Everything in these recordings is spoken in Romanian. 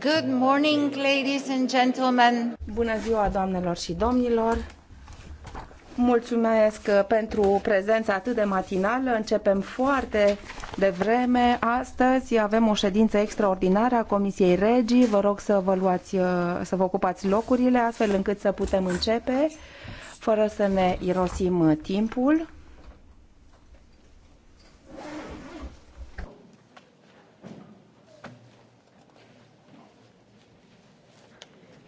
Good morning, ladies and gentlemen. Bună ziua, doamnelor și domnilor. Mulțumesc uh, pentru prezența atât de matinală. Începem foarte devreme. Astăzi avem o ședință extraordinară a Comisiei Regii. Vă rog să vă, luați, uh, să vă ocupați locurile astfel încât să putem începe fără să ne irosim uh, timpul.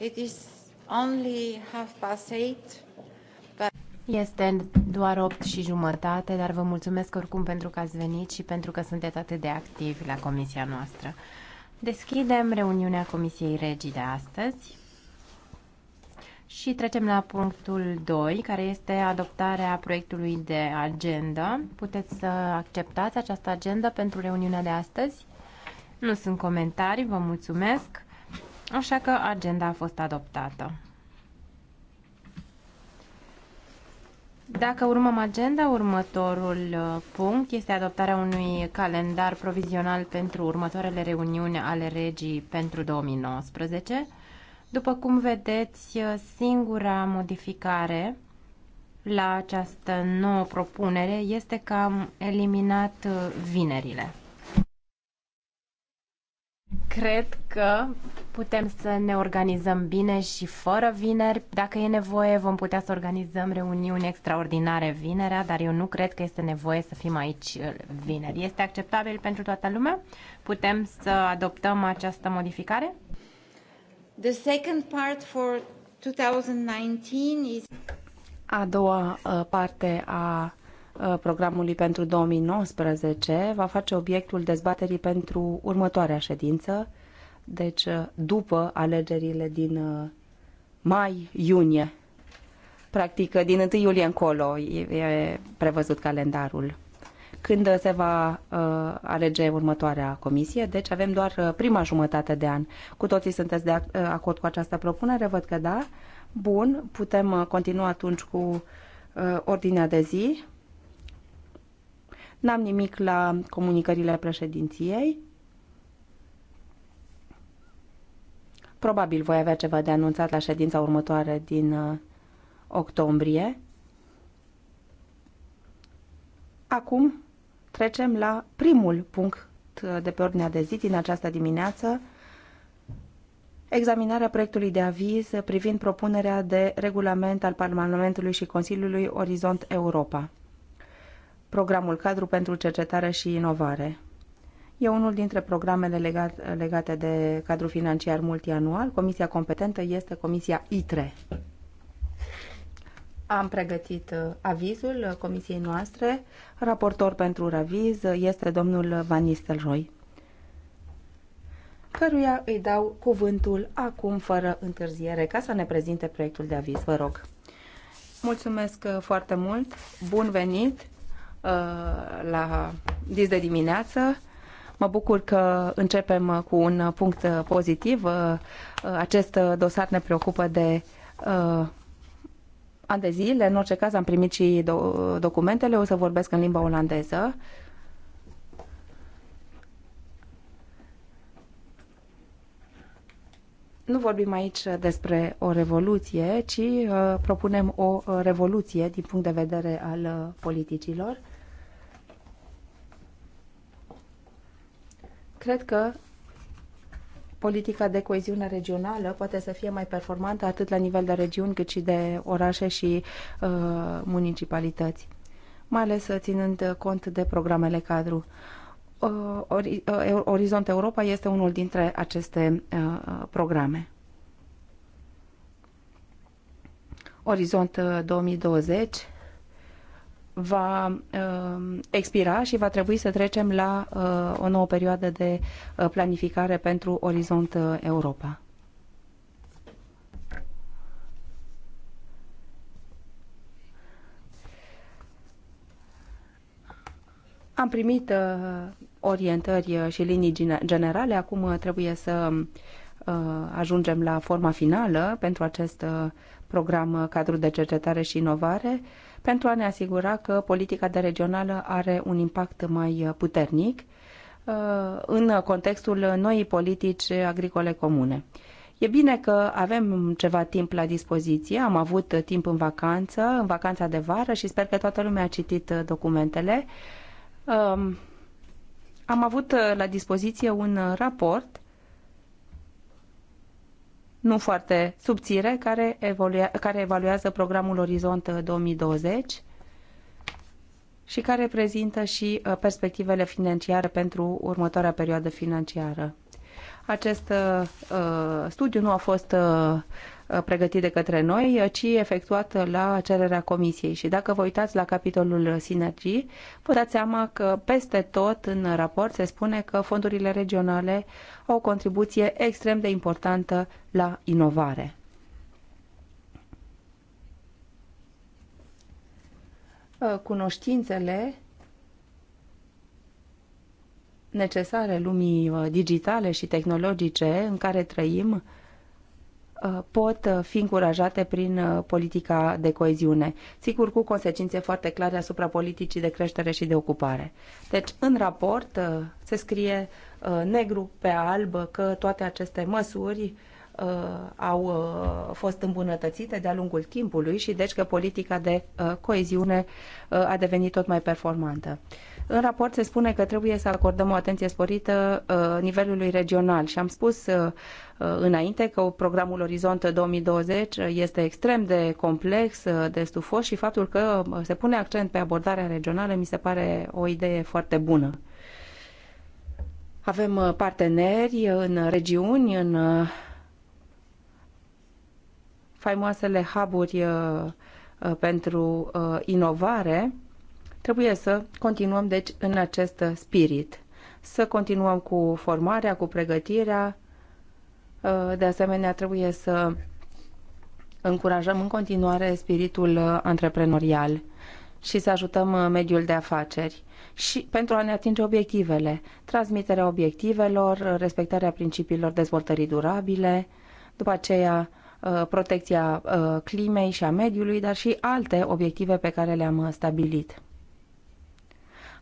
It is only half past eight, Este doar 8 și jumătate, dar vă mulțumesc oricum pentru că ați venit și pentru că sunteți atât de activi la comisia noastră. Deschidem reuniunea Comisiei Regii de astăzi și trecem la punctul 2, care este adoptarea proiectului de agenda. Puteți să acceptați această agenda pentru reuniunea de astăzi? Nu sunt comentarii, vă mulțumesc. Așa că agenda a fost adoptată. Dacă urmăm agenda, următorul uh, punct este adoptarea unui calendar provizional pentru următoarele reuniuni ale regii pentru 2019. După cum vedeți, uh, singura modificare la această nouă propunere este că am eliminat uh, vinerile. Cred că putem să ne organizăm bine și fără vineri. Dacă e nevoie, vom putea să organizăm reuniuni extraordinare vinerea, dar eu nu cred că este nevoie să fim aici uh, vineri. Este acceptabil pentru toată lumea? Putem să adoptăm această modificare? The second part for 2019 is... A doua uh, parte a Uh, programului pentru 2019 va face obiectul dezbaterii pentru următoarea ședință, deci uh, după alegerile din uh, mai-iunie. Practic, din 1 iulie încolo e prevăzut calendarul când se va uh, alege următoarea comisie, deci avem doar prima jumătate de an. Cu toții sunteți de acord cu această propunere? Văd că da. Bun, putem continua atunci cu uh, ordinea de zi. N-am nimic la comunicările președinției. Probabil voi avea ceva de anunțat la ședința următoare din uh, octombrie. Acum trecem la primul punct uh, de pe ordinea de zi din această dimineață, examinarea proiectului de aviz privind propunerea de regulament al Parlamentului și Consiliului Orizont Europa programul cadru pentru cercetare și inovare. E unul dintre programele legat, legate de cadru financiar multianual. Comisia competentă este Comisia ITRE. Am pregătit uh, avizul comisiei noastre. Raportor pentru aviz este domnul Van Nistelrooy, căruia îi dau cuvântul acum fără întârziere ca să ne prezinte proiectul de aviz. Vă rog. Mulțumesc uh, foarte mult. Bun venit Uh, la dis de dimineață. Mă bucur că începem cu un punct pozitiv. Uh, acest dosar ne preocupă de uh, ani de zile. În orice caz am primit și documentele. O să vorbesc în limba olandeză. Nu vorbim aici despre o revoluție, ci propunem o revoluție din punct de vedere al politicilor. Cred că politica de coeziune regională poate să fie mai performantă atât la nivel de regiuni cât și de orașe și uh, municipalități, mai ales uh, ținând cont de programele cadru. Uh, uh Orizont Europa este unul dintre aceste uh, uh programe. Orizont 2020 va uh, expira și va trebui să trecem la uh, o nouă perioadă de uh, planificare pentru Orizont uh, Europa. Am primit uh, orientări uh, și linii generale, acum trebuie să uh, ajungem la forma finală pentru acest uh, program cadru de cercetare și inovare. Uh, pentru a ne asigura că politica de regională are un impact mai puternic uh, în contextul noii politici agricole comune. E bine că avem ceva timp la dispoziție, am avut timp în vacanță, în vacanța de vară și sper că toată lumea a citit documentele. Um, am avut la dispoziție un raport nu foarte subțire care, evoluia, care evaluează programul Orizont 2020 uh, și care prezintă și uh, perspectivele financiare pentru următoarea perioadă financiară. Acest uh, uh studiu nu a fost uh, Uh, pregătit de către noi, uh, ci efectuat la cererea Comisiei. Și dacă vă uitați la capitolul sinergii, vă dați seama că peste tot în raport se spune că fondurile regionale au o contribuție extrem de importantă la inovare. Uh, cunoștințele necesare lumii digitale și tehnologice în care trăim Uh, pot uh, fi încurajate prin uh, politica de coeziune, sigur cu consecințe foarte clare asupra politicii de creștere și de ocupare. Deci, în raport se scrie negru pe alb că toate aceste măsuri au fost îmbunătățite de-a lungul timpului și deci că politica de coeziune a devenit tot mai performantă. În raport se spune că trebuie să acordăm o atenție sporită uh, nivelului regional și am spus uh, uh, înainte că programul Orizont 2020 este extrem de complex, de stufos și faptul că se pune accent pe abordarea regională mi se pare o idee foarte bună. Avem parteneri în regiuni, în faimoasele hub pentru inovare Trebuie să continuăm, deci, în acest spirit. Să continuăm cu formarea, cu pregătirea. Uh, de asemenea, trebuie să încurajăm în continuare spiritul uh, antreprenorial și să ajutăm uh, mediul de afaceri și pentru a ne atinge obiectivele, transmiterea obiectivelor, respectarea principiilor dezvoltării durabile, după aceea protecția climei și a mediului, dar și alte obiective pe care le-am stabilit.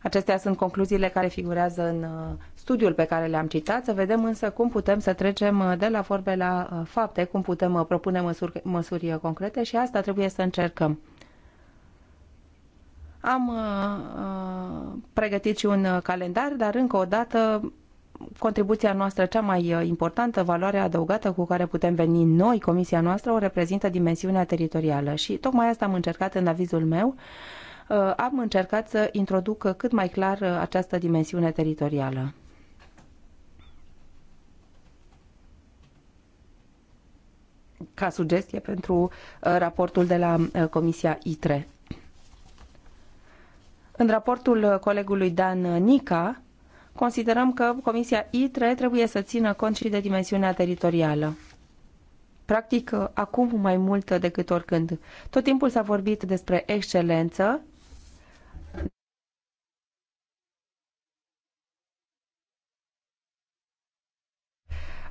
Acestea sunt concluziile care figurează în uh, studiul pe care le-am citat, să vedem însă cum putem să trecem uh, de la vorbe la uh, fapte, cum putem propune măsuri, măsuri concrete și asta trebuie să încercăm. Am uh, pregătit și un calendar, dar încă o dată contribuția noastră cea mai importantă, valoarea adăugată cu care putem veni noi, comisia noastră, o reprezintă dimensiunea teritorială și tocmai asta am încercat în avizul meu. Uh, Uh, am încercat să introduc cât mai clar uh, această dimensiune teritorială. ca sugestie pentru uh, raportul de la Comisia ITRE. În raportul colegului Dan Nica, considerăm că Comisia ITRE trebuie să țină cont și de dimensiunea teritorială. Practic, acum mai mult decât oricând. Tot timpul s-a vorbit despre excelență,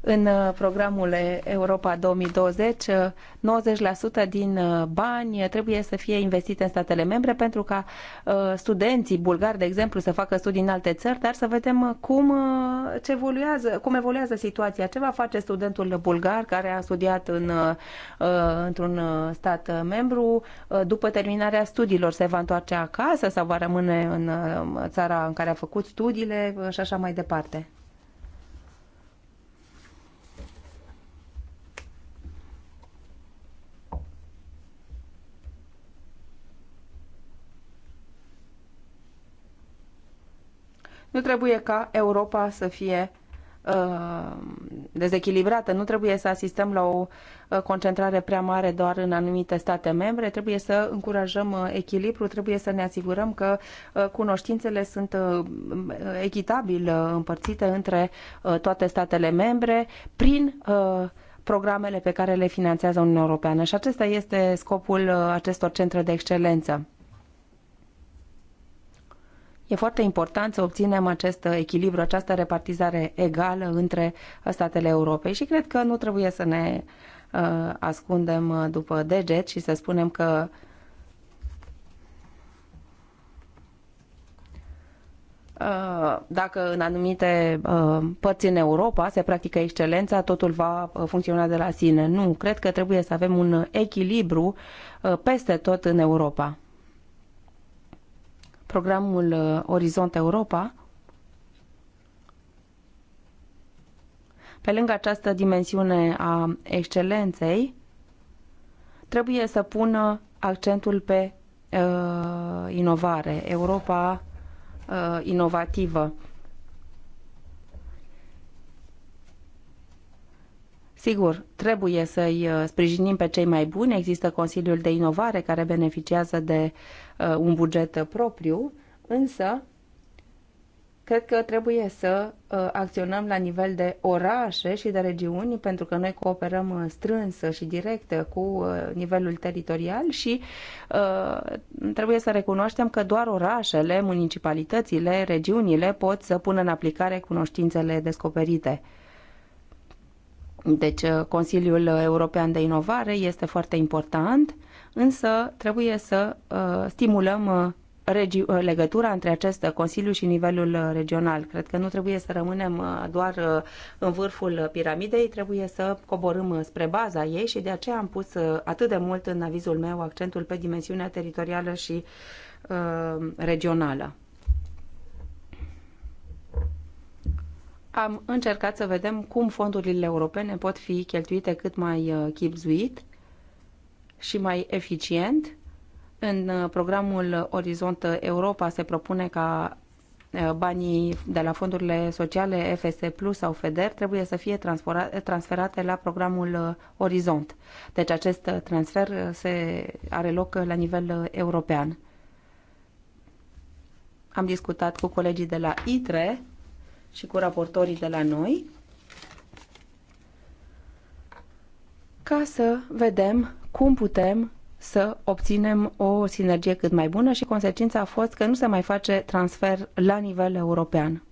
În uh, programul Europa 2020, 90% uh, din uh, bani trebuie să fie investite în statele membre pentru ca studenții bulgari, de exemplu, să facă studii în alte țări, dar să vedem cum, ce evoluează, cum evoluează situația, ce va face studentul bulgar care a studiat în, într-un stat membru după terminarea studiilor, se va întoarce acasă sau va rămâne în țara în care a făcut studiile și așa mai departe. Nu trebuie ca Europa să fie uh, dezechilibrată, nu trebuie să asistăm la o uh, concentrare prea mare doar în anumite state membre, trebuie să încurajăm uh, echilibru, trebuie să ne asigurăm că cunoștințele sunt echitabil împărțite între toate statele membre prin programele pe care le finanțează Uniunea Europeană și acesta este scopul acestor centre de excelență. E foarte important să obținem acest echilibru, această repartizare egală între statele Europei și cred că nu trebuie să ne uh, ascundem uh, după deget și să spunem că uh, dacă în anumite uh, părți în Europa se practică excelența, totul va funcționa de la sine. Nu, cred că trebuie să avem un echilibru peste tot în Europa programul uh, Orizont Europa, pe lângă această dimensiune a excelenței, trebuie să pună accentul pe uh, inovare, Europa uh, inovativă. Sigur, trebuie să-i uh, sprijinim pe cei mai buni. Există Consiliul de Inovare care beneficiază de uh, un buget propriu, însă cred că trebuie să uh, acționăm la nivel de orașe și de regiuni, pentru că noi cooperăm strâns și direct cu nivelul teritorial și trebuie să recunoaștem că doar orașele, municipalitățile, regiunile pot să pună în aplicare cunoștințele descoperite deci uh, Consiliul European de Inovare este foarte important, însă trebuie să uh, stimulăm uh, legătura între acest Consiliu și nivelul regional. Cred că nu trebuie să rămânem doar în vârful piramidei, trebuie să coborâm spre baza ei și de aceea am pus atât de mult în avizul meu accentul pe dimensiunea teritorială și uh, regională. am încercat să vedem cum fondurile europene pot fi cheltuite cât mai uh, chipzuit și mai eficient. În uh, programul Orizont Europa se propune ca uh, banii de la fondurile sociale FS Plus sau FEDER trebuie să fie transferate la programul Orizont. Deci acest transfer se are loc la nivel european. Am discutat cu colegii de la ITRE și cu raportorii de la noi ca să vedem cum putem să obținem o sinergie cât mai bună și consecința a fost că nu se mai face transfer la nivel european.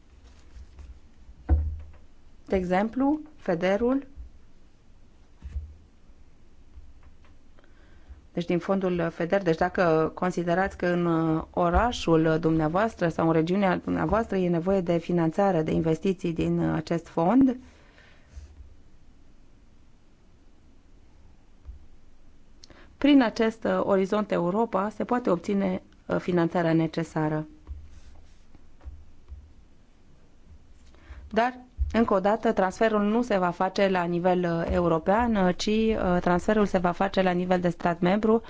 De exemplu, Federul deci din fondul FEDER, deci dacă considerați că în uh, orașul dumneavoastră sau în regiunea dumneavoastră e nevoie de finanțare, de investiții din uh, acest fond, prin acest uh, orizont Europa se poate obține finanțarea necesară. Dar încă o dată, transferul nu se va face la nivel uh, european, uh, ci uh, transferul se va face la nivel de stat membru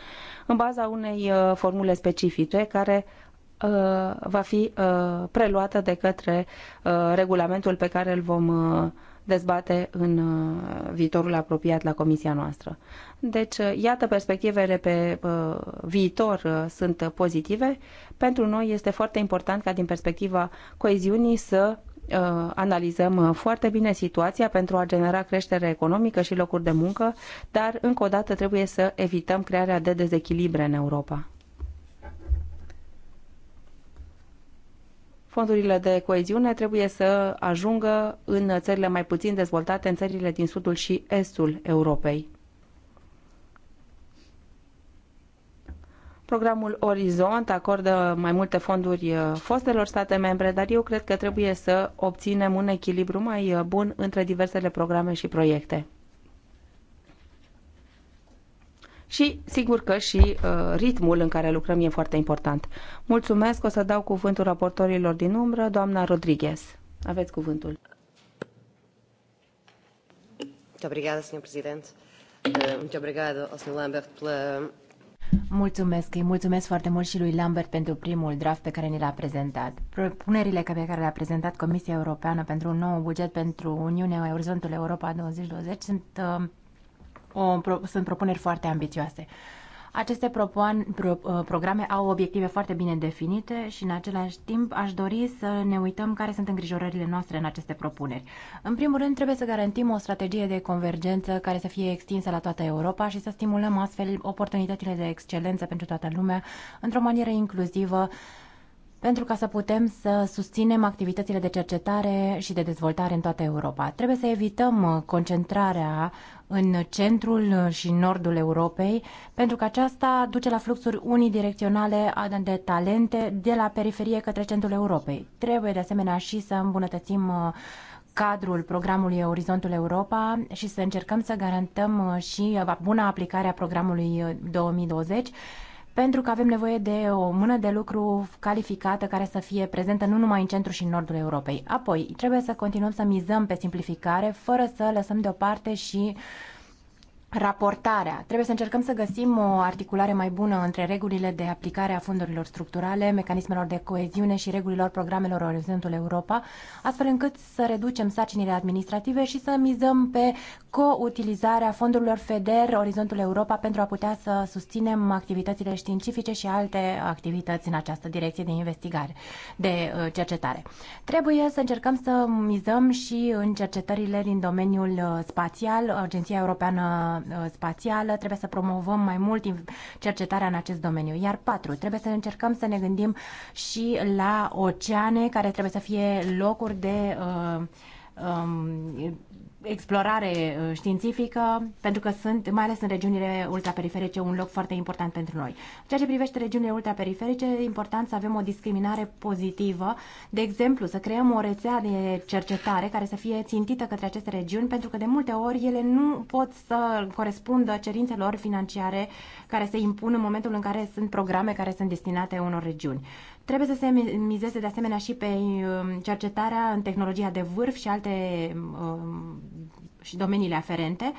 în baza unei formule specifice care va fi preluată de către regulamentul pe care îl vom dezbate în viitorul apropiat la comisia noastră. Deci, iată, perspectivele pe viitor sunt pozitive. Pentru noi este foarte important ca din perspectiva coeziunii să Uh, analizăm uh, foarte bine situația pentru a genera creștere economică și locuri de muncă, dar încă o dată trebuie să evităm crearea de dezechilibre în Europa. Fondurile de coeziune trebuie să ajungă în țările mai puțin dezvoltate, în țările din sudul și estul Europei. Programul Orizont acordă mai multe fonduri uh, fostelor state membre, dar eu cred că trebuie să obținem un echilibru mai uh, bun între diversele programe și proiecte. Și sigur că și uh, ritmul în care lucrăm e foarte important. Mulțumesc, o să dau cuvântul raportorilor din umbră, doamna Rodriguez. Aveți cuvântul. Mulțumesc, obrigada, Sr. Presidente. Uh, muito obrigada eh, Lambert pela Mulțumesc, îi mulțumesc foarte mult și lui Lambert pentru primul draft pe care ni l-a prezentat. Propunerile pe care le-a prezentat Comisia Europeană pentru un nou buget pentru Uniunea Orizontul Europa 2020 sunt, uh, o, pro, sunt propuneri foarte ambițioase. Aceste propoan, pro, uh, programe au obiective foarte bine definite și în același timp aș dori să ne uităm care sunt îngrijorările noastre în aceste propuneri. În primul rând trebuie să garantim o strategie de convergență care să fie extinsă la toată Europa și să stimulăm astfel oportunitățile de excelență pentru toată lumea într-o manieră inclusivă pentru ca să putem să susținem activitățile de cercetare și de dezvoltare în toată Europa. Trebuie să evităm uh, concentrarea în centrul uh, și nordul Europei, pentru că aceasta duce la fluxuri unidirecționale de talente de la periferie către centrul Europei. Trebuie de asemenea și să îmbunătățim uh, cadrul programului Orizontul Europa și să încercăm să garantăm și buna aplicare a programului 2020 pentru că avem nevoie de o mână de lucru calificată care să fie prezentă nu numai în centrul și în nordul Europei. Apoi, trebuie să continuăm să mizăm pe simplificare fără să lăsăm deoparte și uh, raportarea. Trebuie să încercăm să găsim o articulare mai bună între regulile de aplicare a fondurilor structurale, mecanismelor de coeziune și regulilor programelor Orizontul Europa, astfel încât să reducem sarcinile administrative și să mizăm pe coutilizarea fondurilor FEDER Orizontul Europa pentru a putea să susținem activitățile științifice și alte activități în această direcție de investigare, de uh, cercetare. Trebuie să încercăm să mizăm și în cercetările din domeniul uh, spațial, Agenția Europeană Uh, spațială, trebuie să promovăm mai mult cercetarea în acest domeniu. Iar patru, trebuie să încercăm să ne gândim și la oceane care trebuie să fie locuri de uh, um, explorare uh, științifică, pentru că sunt, mai ales în regiunile ultraperiferice, un loc foarte important pentru noi. În ceea ce privește regiunile ultraperiferice, e important să avem o discriminare pozitivă, de exemplu, să creăm o rețea de cercetare care să fie țintită către aceste regiuni, pentru că de multe ori ele nu pot să corespundă cerințelor financiare care se impun în momentul în care sunt programe care sunt destinate unor regiuni. Trebuie să se mizeze de asemenea și pe um, cercetarea în tehnologia de vârf și alte um, și domeniile aferente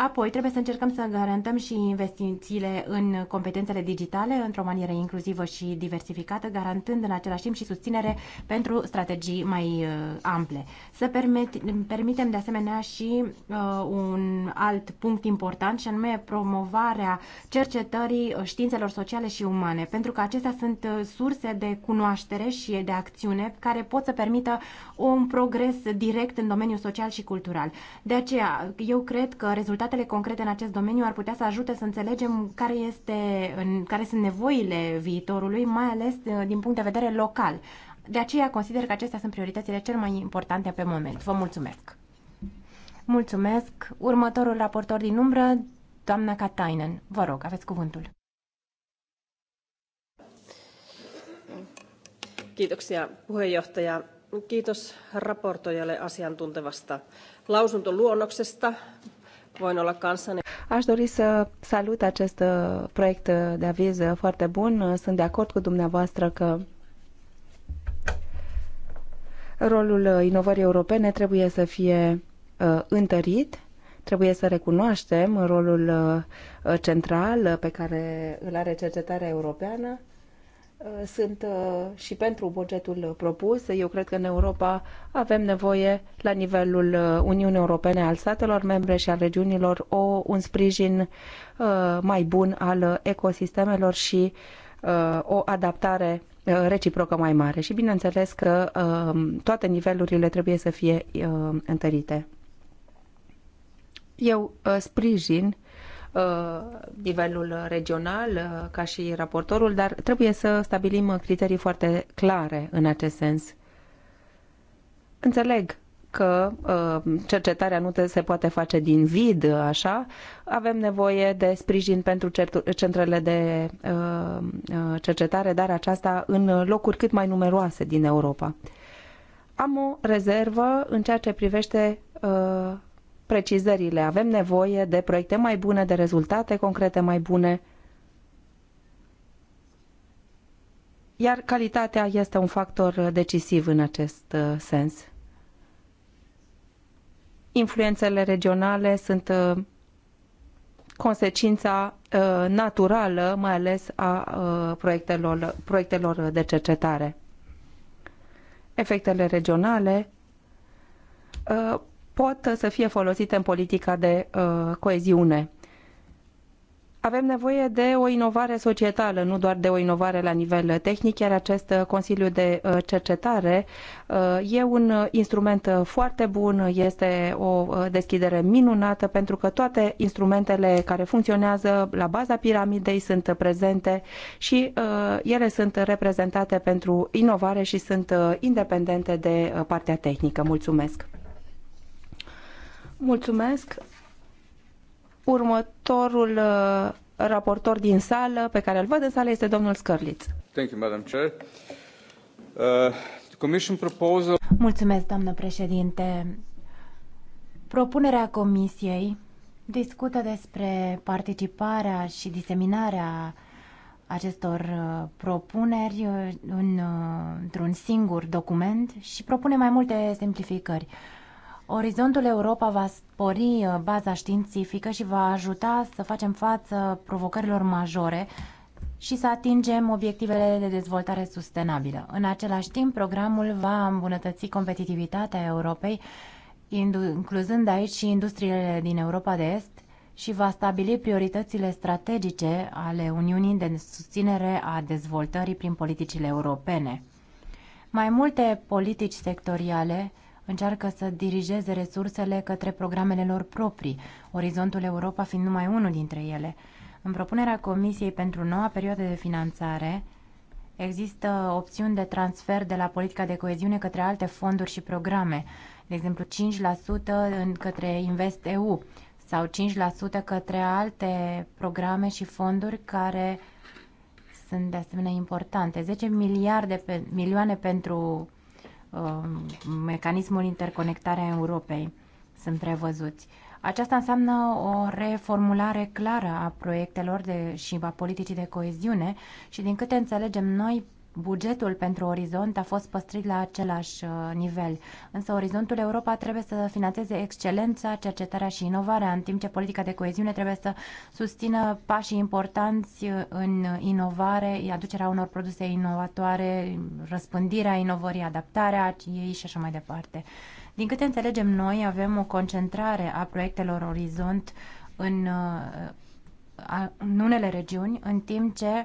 Apoi, trebuie să încercăm să garantăm și investițiile în competențele digitale într-o manieră inclusivă și diversificată, garantând în același timp și susținere pentru strategii mai uh, ample. Să permit, permitem de asemenea și uh, un alt punct important și anume promovarea cercetării uh, științelor sociale și umane, pentru că acestea sunt uh, surse de cunoaștere și de acțiune care pot să permită un progres direct în domeniul social și cultural. De aceea, eu cred că rezultatele rezultatele concrete în acest domeniu ar putea să ajute să înțelegem care, este, care sunt nevoile viitorului, mai ales uh, din punct de vedere local. De aceea consider că acestea sunt prioritățile cel mai importante pe moment. Vă mulțumesc! Mulțumesc! Următorul raportor din umbră, doamna Katainen. Vă rog, aveți cuvântul. Kiitoksia puheenjohtaja. Kiitos raportoijalle asiantuntevasta lausuntoluonnoksesta. Voin Aș dori să salut acest uh, proiect de aviz foarte bun. Sunt de acord cu dumneavoastră că rolul inovării europene trebuie să fie uh, întărit trebuie să recunoaștem rolul uh, central pe care îl are cercetarea europeană Uh, sunt uh, și pentru bugetul propus. Eu cred că în Europa avem nevoie, la nivelul uh, Uniunii Europene, al statelor membre și al regiunilor, o, un sprijin mai bun al ecosistemelor și o adaptare reciprocă mai mare. Și bineînțeles că toate nivelurile trebuie să fie întărite. Eu sprijin uh, Uh, nivelul regional, uh, ca și raportorul, dar trebuie să stabilim criterii foarte clare în acest sens. Înțeleg că uh, cercetarea nu se poate face din vid, așa. Avem nevoie de sprijin pentru centrele de cercetare, dar aceasta în locuri cât mai numeroase din Europa. Am o rezervă în ceea ce privește precizările. Avem nevoie de proiecte mai bune, de rezultate concrete mai bune. Iar calitatea este un factor decisiv în acest uh, sens. Influențele regionale sunt uh, consecința uh, naturală, mai ales a proiectelor, proiectelor de cercetare. Efectele regionale pot să fie folosite în politica de uh, coeziune. Avem nevoie de o inovare societală, nu doar de o inovare la nivel tehnic, iar acest uh, Consiliu de uh, Cercetare e un instrument foarte bun, este o deschidere minunată pentru că toate instrumentele care funcționează la baza piramidei sunt prezente și ele sunt reprezentate pentru inovare și sunt independente de partea tehnică. Mulțumesc! Mulțumesc. Următorul uh, raportor din sală, pe care îl văd în sală, este domnul Scărliț. Thank you, Madam Chair. Uh, commission proposal... Mulțumesc, doamnă președinte. Propunerea Comisiei discută despre participarea și diseminarea acestor uh, propuneri uh, în, într-un singur document și propune mai multe simplificări. Orizontul Europa va spori uh, baza științifică și va ajuta să facem față provocărilor majore și să atingem obiectivele de dezvoltare sustenabilă. În același timp, programul va îmbunătăți competitivitatea Europei, incluzând aici și industriile din Europa de Est și va stabili prioritățile strategice ale Uniunii de susținere a dezvoltării prin politicile europene. Mai multe politici sectoriale încearcă să dirigeze resursele către programele lor proprii, Orizontul Europa fiind numai unul dintre ele. În propunerea Comisiei pentru noua perioadă de finanțare, există opțiuni de transfer de la politica de coeziune către alte fonduri și programe, de exemplu 5% către InvestEU sau 5% către alte programe și fonduri care sunt de asemenea importante. 10 miliarde pe, milioane pentru Um, mecanismul a Europei sunt prevăzuți. Aceasta înseamnă o reformulare clară a proiectelor de, și a politicii de coeziune și din câte înțelegem noi, Bugetul pentru Orizont a fost păstrit la același uh, nivel, însă Orizontul Europa trebuie să finanțeze excelența, cercetarea și inovarea, în timp ce politica de coeziune trebuie să susțină pașii importanți uh, în inovare, aducerea unor produse inovatoare, răspândirea inovării, adaptarea ei și așa mai departe. Din câte înțelegem noi, avem o concentrare a proiectelor Orizont în, uh, în unele regiuni, în timp ce uh,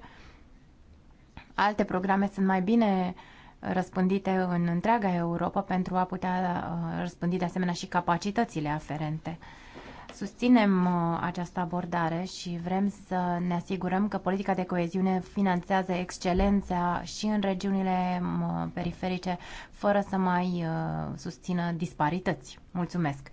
Alte programe sunt mai bine răspândite în întreaga Europa pentru a putea uh, răspândi de asemenea și capacitățile aferente. Susținem uh, această abordare și vrem să ne asigurăm că politica de coeziune finanțează excelența și în regiunile uh, periferice, fără să mai susțină disparități. Mulțumesc!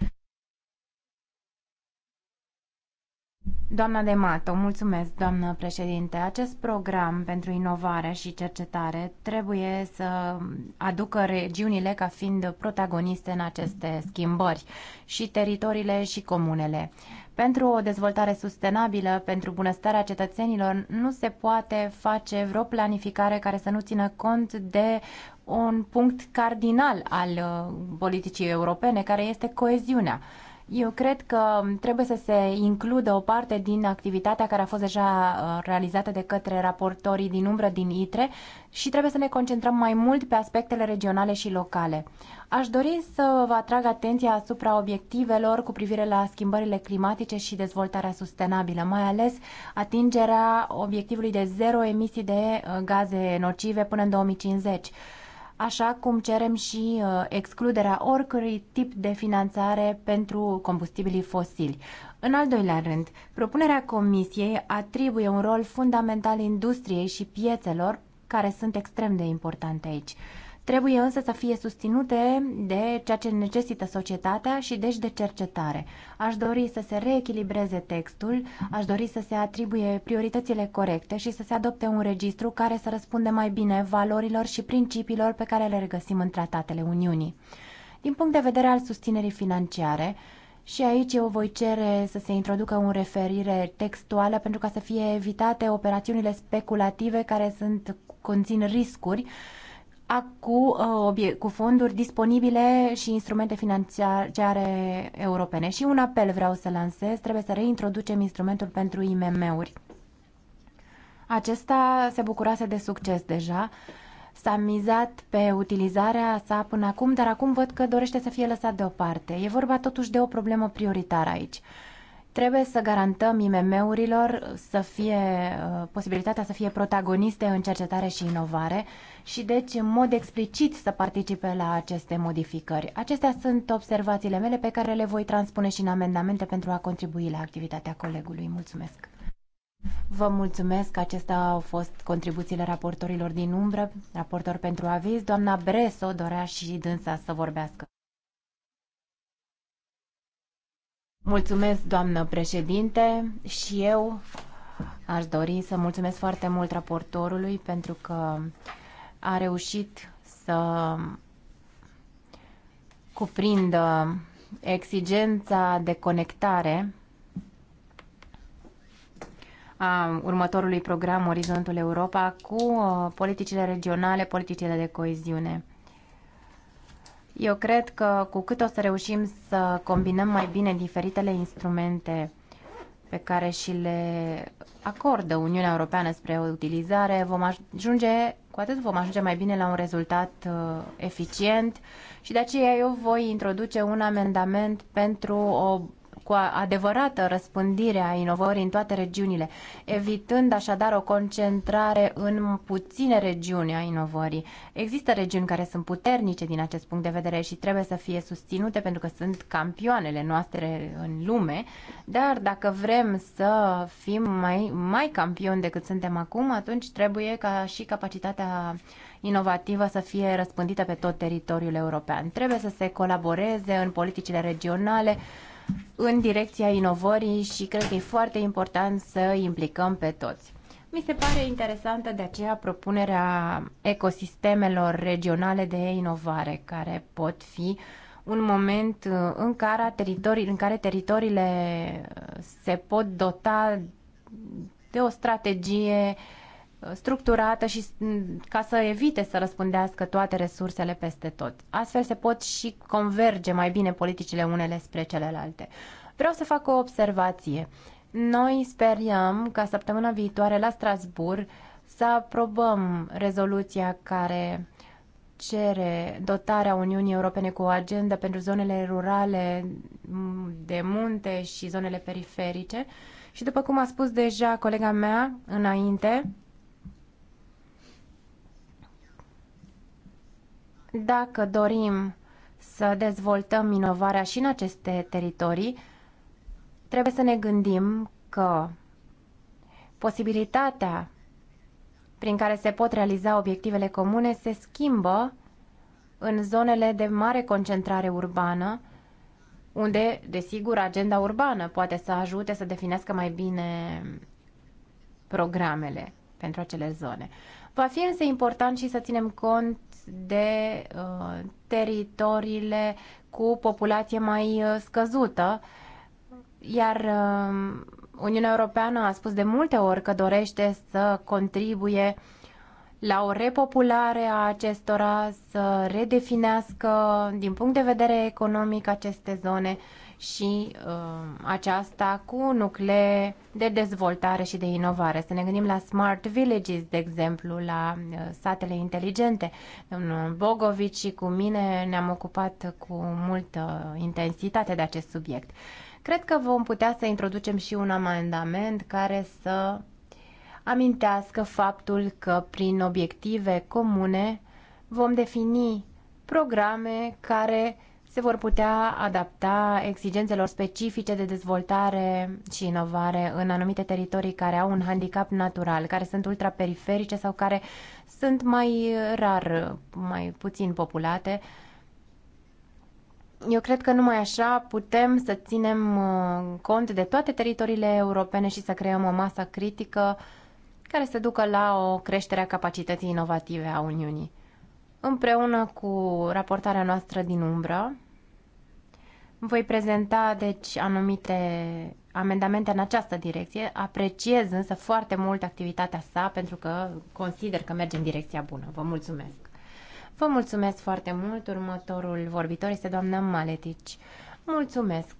Doamna de Mato, mulțumesc, doamnă președinte. Acest program pentru inovare și cercetare trebuie să aducă regiunile ca fiind protagoniste în aceste schimbări și teritoriile și comunele. Pentru o dezvoltare sustenabilă, pentru bunăstarea cetățenilor, nu se poate face vreo planificare care să nu țină cont de un punct cardinal al uh, politicii europene, care este coeziunea. Eu cred că trebuie să se includă o parte din activitatea care a fost deja uh, realizată de către raportorii din umbră din ITRE și trebuie să ne concentrăm mai mult pe aspectele regionale și locale. Aș dori să vă atrag atenția asupra obiectivelor cu privire la schimbările climatice și dezvoltarea sustenabilă, mai ales atingerea obiectivului de zero emisii de uh, gaze nocive până în 2050 așa cum cerem și uh, excluderea oricărui tip de finanțare pentru combustibilii fosili. În al doilea rând, propunerea Comisiei atribuie un rol fundamental industriei și piețelor, care sunt extrem de importante aici. Trebuie însă să fie susținute de ceea ce necesită societatea și deci de cercetare. Aș dori să se reechilibreze textul, aș dori să se atribuie prioritățile corecte și să se adopte un registru care să răspunde mai bine valorilor și principiilor pe care le regăsim în tratatele Uniunii. Din punct de vedere al susținerii financiare, și aici eu voi cere să se introducă un referire textuală pentru ca să fie evitate operațiunile speculative care sunt, conțin riscuri cu, uh, cu fonduri disponibile și instrumente financiare europene. Și un apel vreau să lansez, trebuie să reintroducem instrumentul pentru IMM-uri. Acesta se bucurase de succes deja, s-a mizat pe utilizarea sa până acum, dar acum văd că dorește să fie lăsat deoparte. E vorba totuși de o problemă prioritară aici. Trebuie să garantăm IMM-urilor să fie uh, posibilitatea să fie protagoniste în cercetare și inovare și deci în mod explicit să participe la aceste modificări. Acestea sunt observațiile mele pe care le voi transpune și în amendamente pentru a contribui la activitatea colegului. Mulțumesc! Vă mulțumesc, acestea au fost contribuțiile raportorilor din umbră, raportor pentru aviz. Doamna Breso dorea și dânsa să vorbească. Mulțumesc, doamnă președinte, și eu aș dori să mulțumesc foarte mult raportorului pentru că a reușit să cuprindă exigența de conectare a următorului program Orizontul Europa cu uh, politicile regionale, politicile de coeziune. Eu cred că cu cât o să reușim să combinăm mai bine diferitele instrumente pe care și le acordă Uniunea Europeană spre o utilizare, vom ajunge, cu atât vom ajunge mai bine la un rezultat uh, eficient și de aceea eu voi introduce un amendament pentru o cu adevărată răspândire a inovării în toate regiunile, evitând așadar o concentrare în puține regiuni a inovării. Există regiuni care sunt puternice din acest punct de vedere și trebuie să fie susținute pentru că sunt campioanele noastre în lume, dar dacă vrem să fim mai, mai campioni decât suntem acum, atunci trebuie ca și capacitatea inovativă să fie răspândită pe tot teritoriul european. Trebuie să se colaboreze în politicile regionale, în direcția inovării și cred că e foarte important să implicăm pe toți. Mi se pare interesantă de aceea propunerea ecosistemelor regionale de inovare care pot fi un moment uh, în care, teritorii, în care teritoriile se pot dota de o strategie uh, structurată și mm, ca să evite să răspundească toate resursele peste tot. Astfel se pot și converge mai bine politicile unele spre celelalte. Vreau să fac o observație. Noi sperăm ca săptămâna viitoare la Strasbourg să aprobăm rezoluția care cere dotarea Uniunii Europene cu o agendă pentru zonele rurale mm, de munte și zonele periferice. Și după cum a spus deja colega mea înainte, Dacă dorim să dezvoltăm inovarea și în aceste teritorii, trebuie să ne gândim că posibilitatea prin care se pot realiza obiectivele comune se schimbă în zonele de mare concentrare urbană, unde, desigur, agenda urbană poate să ajute să definească mai bine programele pentru acele zone. Va fi însă important și să ținem cont de uh, teritoriile cu populație mai uh, scăzută, iar uh, Uniunea Europeană a spus de multe ori că dorește să contribuie la o repopulare a acestora, să redefinească din punct de vedere economic aceste zone. Uh, și uh, aceasta cu nuclee de dezvoltare și de inovare. Să ne gândim la smart villages, de exemplu, la uh, satele inteligente. Domnul Bogovici și cu mine ne-am ocupat cu multă intensitate de acest subiect. Cred că vom putea să introducem și un amendament care să amintească faptul că prin obiective comune vom defini programe care se vor putea adapta exigențelor specifice de dezvoltare și inovare în anumite teritorii care au un handicap natural, care sunt ultraperiferice sau care sunt mai rar, mai puțin populate. Eu cred că numai așa putem să ținem uh, cont de toate teritoriile europene și să creăm o masă critică care să ducă la o creștere a capacității inovative a Uniunii. Împreună cu raportarea noastră din umbră, voi prezenta, deci, anumite amendamente în această direcție. Apreciez însă foarte mult activitatea sa pentru că consider că merge în direcția bună. Vă mulțumesc! Vă mulțumesc foarte mult. Următorul vorbitor este doamna Maletici. Mulțumesc!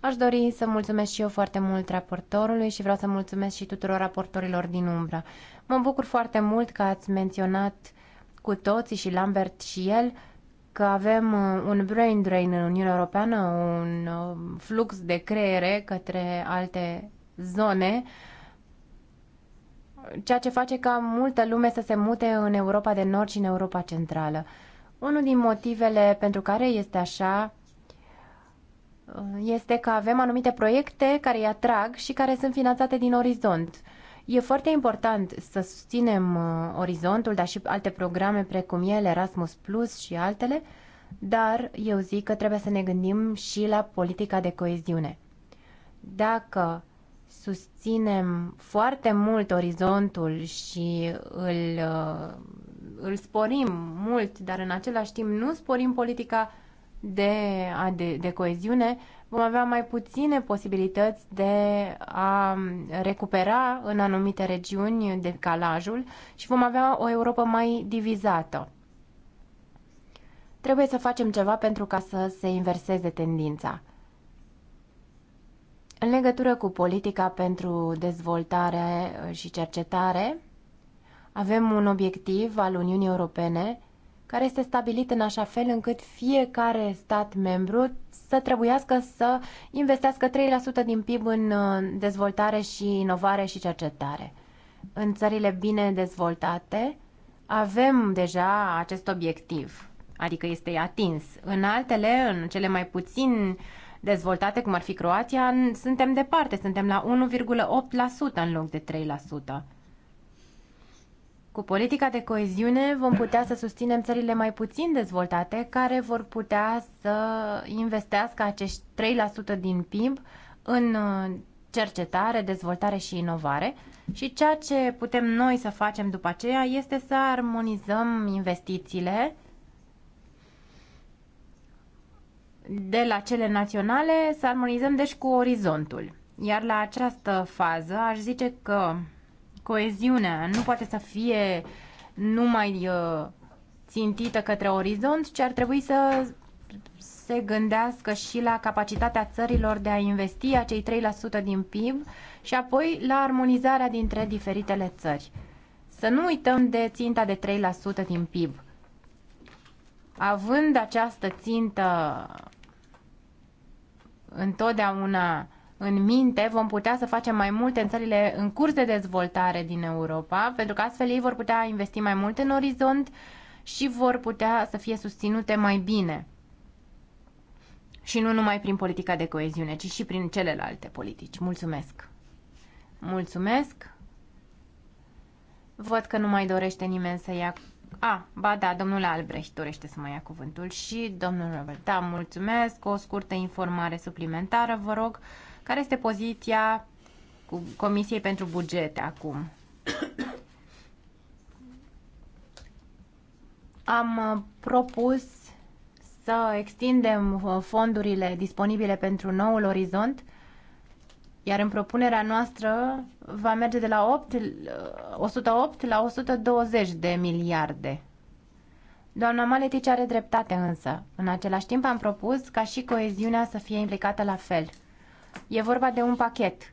Aș dori să mulțumesc și eu foarte mult raportorului și vreau să mulțumesc și tuturor raportorilor din umbră. Mă bucur foarte mult că ați menționat uh, cu toții și Lambert și el că avem uh, un brain drain în Uniunea Europeană, un uh, flux de creiere către alte zone, ceea ce face ca multă lume să se mute în Europa de Nord și în Europa Centrală. Unul din motivele pentru care este așa uh, este că avem anumite proiecte care îi atrag și care sunt finanțate din orizont. E foarte important să susținem uh, Orizontul, dar și alte programe precum ele, Erasmus Plus și altele, dar eu zic că trebuie să ne gândim și la politica de coeziune. Dacă susținem foarte mult orizontul și îl, uh, îl sporim mult, dar în același timp nu sporim politica de, de, de coeziune, vom avea mai puține posibilități de a recupera în anumite regiuni decalajul și vom avea o Europa mai divizată. Trebuie să facem ceva pentru ca să se inverseze tendința. În legătură cu politica pentru dezvoltare și cercetare, avem un obiectiv al Uniunii Europene – care este stabilit în așa fel încât fiecare stat membru să trebuiască să investească 3% din PIB în uh, dezvoltare și inovare și cercetare. În țările bine dezvoltate avem deja acest obiectiv, adică este atins. În altele, în cele mai puțin dezvoltate, cum ar fi Croația, suntem departe, suntem la 1,8% în loc de 3%. Cu politica de coeziune vom putea să susținem țările mai puțin dezvoltate care vor putea să investească acești 3% din PIB în uh, cercetare, dezvoltare și inovare și ceea ce putem noi să facem după aceea este să armonizăm investițiile de la cele naționale, să armonizăm deci cu orizontul. Iar la această fază aș zice că coeziunea nu poate să fie numai uh, țintită către orizont, ci ar trebui să se gândească și la capacitatea țărilor de a investi acei 3% din PIB și apoi la armonizarea dintre diferitele țări. Să nu uităm de ținta de 3% din PIB. Având această țintă întotdeauna în minte, vom putea să facem mai multe în țările în curs de dezvoltare din Europa, pentru că astfel ei vor putea investi mai mult în orizont și vor putea să fie susținute mai bine. Și nu numai prin politica de coeziune, ci și prin celelalte politici. Mulțumesc! Mulțumesc! Văd că nu mai dorește nimeni să ia... A, ba da, domnul Albrecht dorește să mai ia cuvântul și domnul Robert. Da, mulțumesc. O scurtă informare suplimentară, vă rog. Care este poziția Comisiei pentru Bugete acum? Am uh, propus să extindem uh, fondurile disponibile pentru noul orizont, iar în propunerea noastră va merge de la 8, 108 uh, la 120 de miliarde. Doamna Maletici are dreptate însă. În același timp am propus ca și coeziunea să fie implicată la fel – E vorba de un pachet.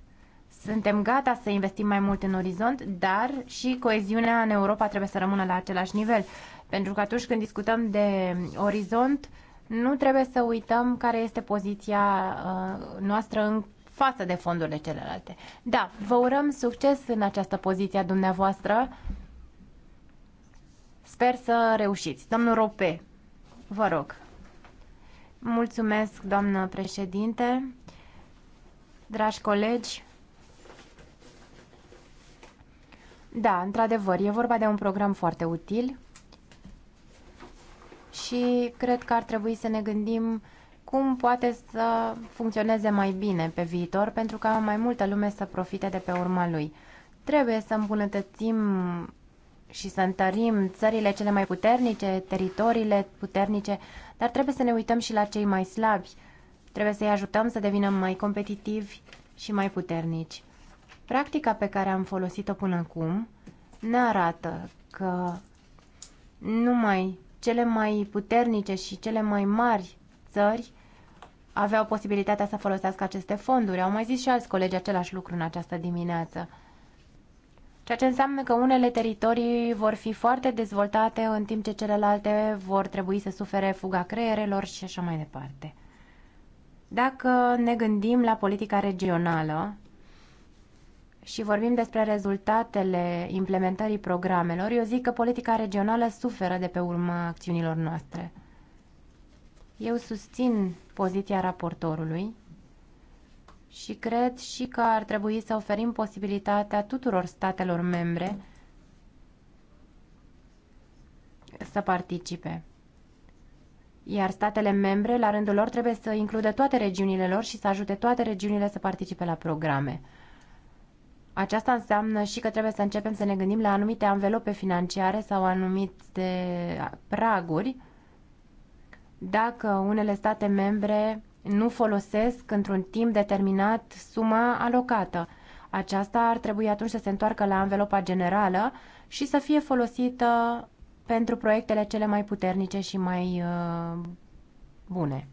Suntem gata să investim mai mult în orizont, dar și coeziunea în Europa trebuie să rămână la același nivel. Pentru că atunci când discutăm de orizont, nu trebuie să uităm care este poziția uh, noastră în față de fondurile celelalte. Da, vă urăm succes în această poziție a dumneavoastră. Sper să reușiți. Domnul Rope, vă rog. Mulțumesc, doamnă președinte dragi colegi, da, într-adevăr, e vorba de un program foarte util și cred că ar trebui să ne gândim cum poate să funcționeze mai bine pe viitor pentru ca mai multă lume să profite de pe urma lui. Trebuie să îmbunătățim și să întărim țările cele mai puternice, teritoriile puternice, dar trebuie să ne uităm și la cei mai slabi Trebuie să-i ajutăm să devină mai competitivi și mai puternici. Practica pe care am folosit-o până acum ne arată că numai cele mai puternice și cele mai mari țări aveau posibilitatea să folosească aceste fonduri. Au mai zis și alți colegi același lucru în această dimineață. Ceea ce înseamnă că unele teritorii vor fi foarte dezvoltate, în timp ce celelalte vor trebui să sufere fuga creierelor și așa mai departe. Dacă ne gândim la politica regională și vorbim despre rezultatele implementării programelor, eu zic că politica regională suferă de pe urma acțiunilor noastre. Eu susțin poziția raportorului și cred și că ar trebui să oferim posibilitatea tuturor statelor membre să participe iar statele membre, la rândul lor, trebuie să includă toate regiunile lor și să ajute toate regiunile să participe la programe. Aceasta înseamnă și că trebuie să începem să ne gândim la anumite anvelope financiare sau anumite praguri dacă unele state membre nu folosesc într-un timp determinat suma alocată. Aceasta ar trebui atunci să se întoarcă la anvelopa generală și să fie folosită pentru proiectele cele mai puternice și mai uh, bune.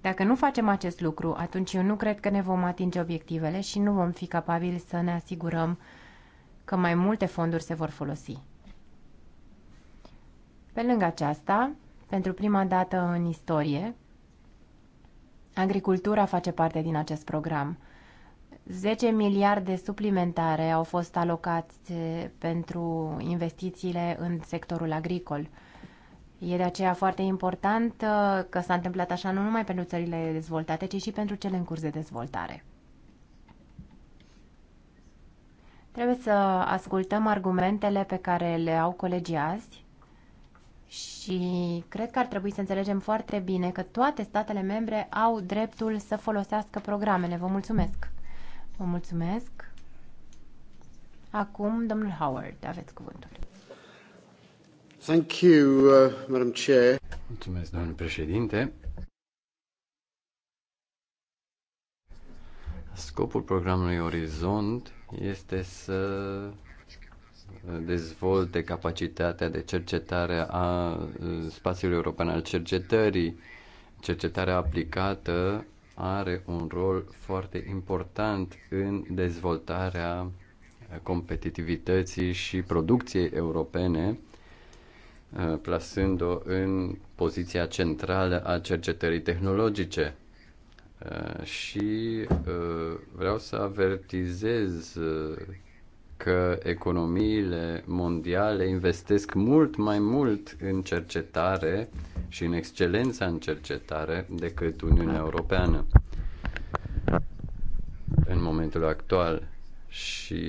Dacă nu facem acest lucru, atunci eu nu cred că ne vom atinge obiectivele și nu vom fi capabili să ne asigurăm că mai multe fonduri se vor folosi. Pe lângă aceasta, pentru prima dată în istorie, agricultura face parte din acest program – 10 miliarde suplimentare au fost alocați eh, pentru investițiile în sectorul agricol. E de aceea foarte important eh, că s-a întâmplat așa nu numai pentru țările dezvoltate, ci și pentru cele în curs de dezvoltare. Trebuie să ascultăm argumentele pe care le au colegii azi și cred că ar trebui să înțelegem foarte bine că toate statele membre au dreptul să folosească programele. Vă mulțumesc! Vă mulțumesc. Acum, domnul Howard, aveți cuvântul. Thank you, uh, Madam Chair. Mulțumesc, domnule președinte. Scopul programului Orizont este să dezvolte capacitatea de cercetare a uh, spațiului european al cercetării, cercetarea aplicată are un rol foarte important în dezvoltarea competitivității și producției europene, uh, plasând-o în poziția centrală a cercetării tehnologice. Uh, și uh, vreau să avertizez că economiile mondiale investesc mult mai mult în cercetare și în excelența în cercetare decât Uniunea Europeană în momentul actual și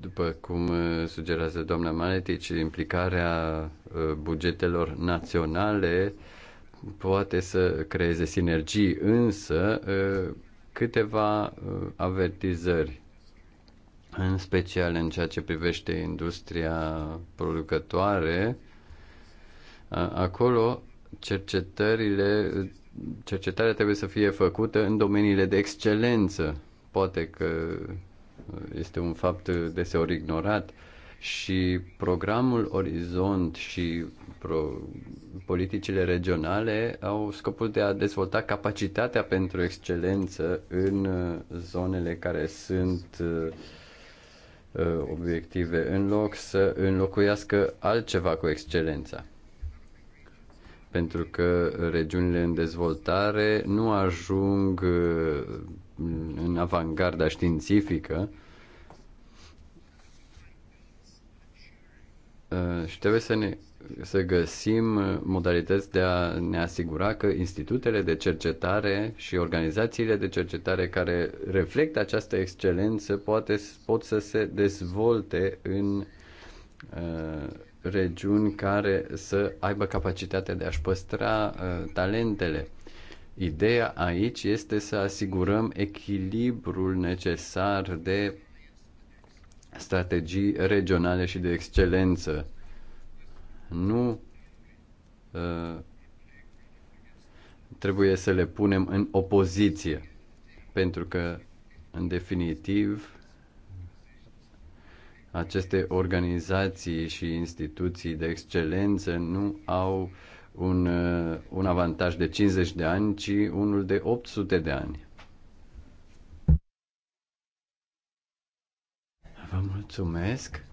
după cum uh, sugerează doamna Maletici, implicarea uh, bugetelor naționale poate să creeze sinergii, însă câteva avertizări, în special în ceea ce privește industria producătoare, acolo cercetările, cercetarea trebuie să fie făcută în domeniile de excelență. Poate că este un fapt deseori ignorat, și programul Orizont și pro, politicile regionale au scopul de a dezvolta capacitatea pentru excelență în uh, zonele care sunt uh, uh, obiective, în loc să înlocuiască altceva cu excelența. Pentru că regiunile în dezvoltare nu ajung în avangarda științifică, Uh, și trebuie să ne să găsim uh, modalități de a ne asigura că institutele de cercetare și organizațiile de cercetare care reflectă această excelență poate, pot să se dezvolte în uh, regiuni care să aibă capacitatea de a-și păstra uh, talentele. Ideea aici este să asigurăm echilibrul necesar de strategii regionale și de excelență. Nu uh, trebuie să le punem în opoziție, pentru că, în definitiv, aceste organizații și instituții de excelență nu au un, uh, un avantaj de 50 de ani, ci unul de 800 de ani. Vă mulțumesc.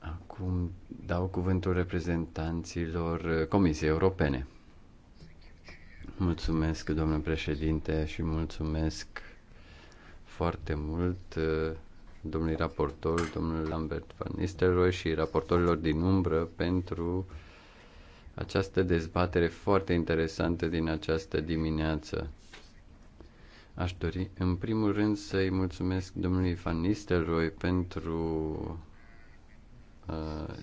Acum dau cuvântul reprezentanților Comisiei Europene. Mulțumesc, domnule președinte, și mulțumesc foarte mult uh, domnului raportor, domnul Lambert van Nistelrooy și raportorilor din umbră pentru această dezbatere foarte interesantă din această dimineață. Aș dori, în primul rând, să-i mulțumesc domnului Van Nistelrooy pentru uh,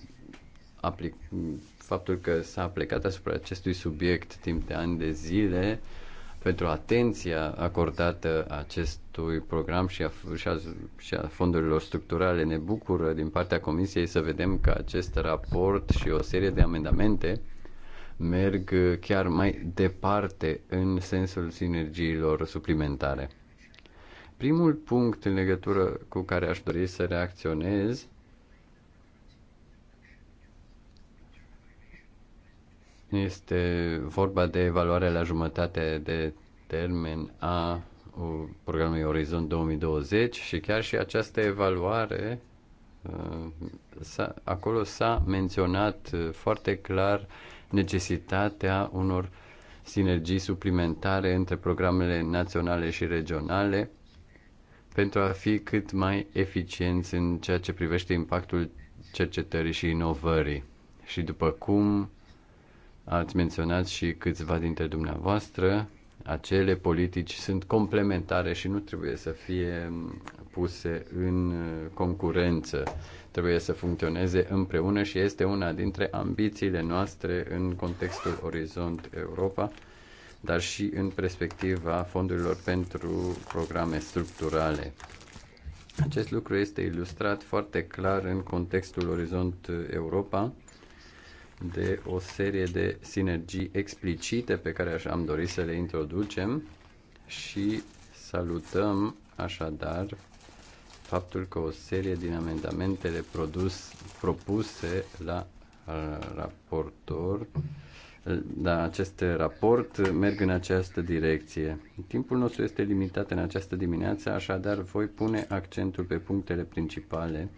aplic- faptul că s-a plecat asupra acestui subiect timp de ani de zile, pentru atenția acordată acestui program și a, și, a, și a fondurilor structurale. Ne bucură din partea Comisiei să vedem că acest raport și o serie de amendamente uh, merg chiar mai departe în sensul sinergiilor suplimentare. Primul punct în legătură cu care aș dori să reacționez este vorba de evaluarea la jumătate de termen a programului Orizont 2020 și chiar și această evaluare uh, acolo s-a menționat uh, foarte clar necesitatea unor sinergii suplimentare între programele naționale și regionale pentru a fi cât mai eficienți în ceea ce privește impactul cercetării și inovării. Și după cum ați menționat și câțiva dintre dumneavoastră, acele politici sunt complementare și nu trebuie să fie mm, puse în mm, concurență. Trebuie să funcționeze împreună și este una dintre ambițiile noastre în contextul Orizont Europa, dar și în perspectiva fondurilor pentru programe structurale. Acest lucru este ilustrat foarte clar în contextul Orizont Europa, de o serie de sinergii explicite pe care am dorit să le introducem și salutăm așadar faptul că o serie din amendamentele produs, propuse la raportor da, acest raport merg în această direcție. Timpul nostru este limitat în această dimineață, așadar voi pune accentul pe punctele principale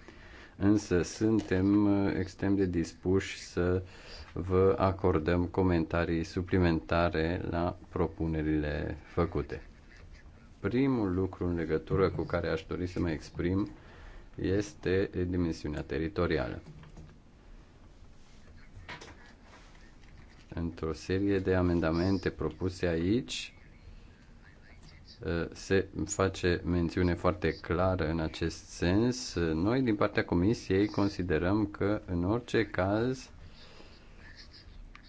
însă suntem uh, extrem de dispuși să vă acordăm comentarii suplimentare la propunerile făcute. Primul lucru în legătură cu care aș dori să mă exprim este dimensiunea teritorială. Într-o serie de amendamente propuse aici, Eh, se face mențiune foarte clară în acest sens. Noi, din partea Comisiei, considerăm că, în orice caz,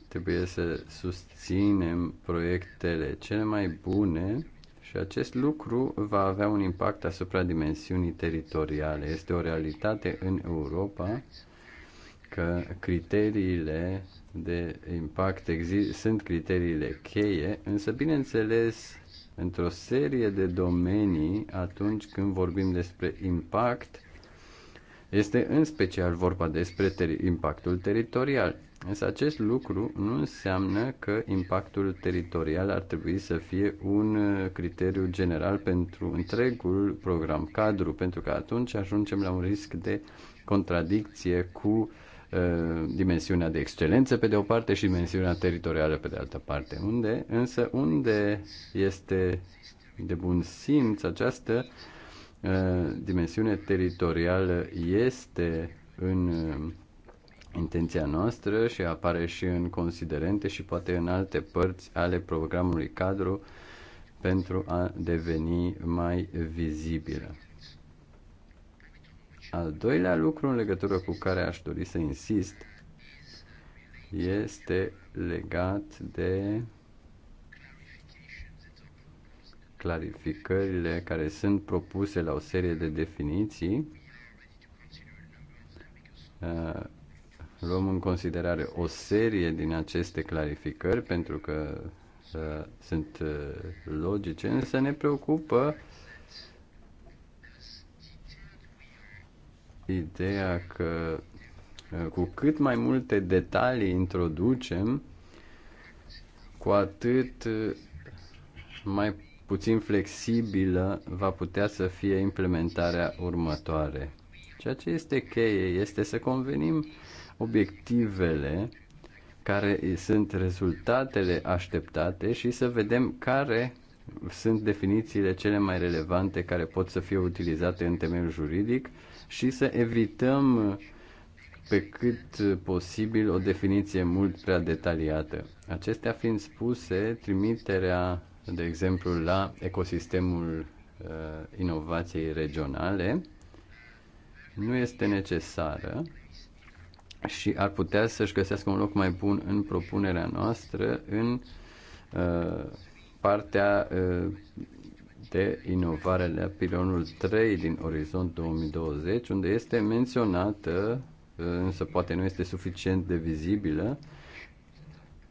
trebuie să susținem proiectele cele mai bune și acest lucru va avea un impact asupra dimensiunii teritoriale. Este o realitate în Europa că criteriile de impact exist- sunt criteriile cheie, însă, bineînțeles, într-o serie de domenii atunci când vorbim despre impact. Este în special vorba despre teri- impactul teritorial. Însă acest lucru nu înseamnă că impactul teritorial ar trebui să fie un uh, criteriu general pentru întregul program cadru, pentru că atunci ajungem la un risc de contradicție cu Uh, dimensiunea de excelență pe de o parte și dimensiunea teritorială pe de altă parte. Unde, însă unde este de bun simț această uh, dimensiune teritorială este în uh, intenția noastră și apare și în considerente și poate în alte părți ale programului cadru pentru a deveni mai vizibilă. Al doilea lucru în legătură cu care aș dori să insist este legat de clarificările care sunt propuse la o serie de definiții. Uh, luăm în considerare o serie din aceste clarificări pentru că uh, sunt uh, logice, însă ne preocupă ideea că uh, cu cât mai multe detalii introducem, cu atât uh, mai puțin flexibilă va putea să fie implementarea următoare. Ceea ce este cheie este să convenim obiectivele care sunt rezultatele așteptate și să vedem care sunt definițiile cele mai relevante care pot să fie utilizate în temeiul juridic și să evităm pe cât posibil o definiție mult prea detaliată. Acestea fiind spuse, trimiterea, de exemplu, la ecosistemul uh, inovației regionale nu este necesară și ar putea să-și găsească un loc mai bun în propunerea noastră în uh, partea uh, de inovare la pilonul 3 din Orizont 2020, unde este menționată, însă poate nu este suficient de vizibilă,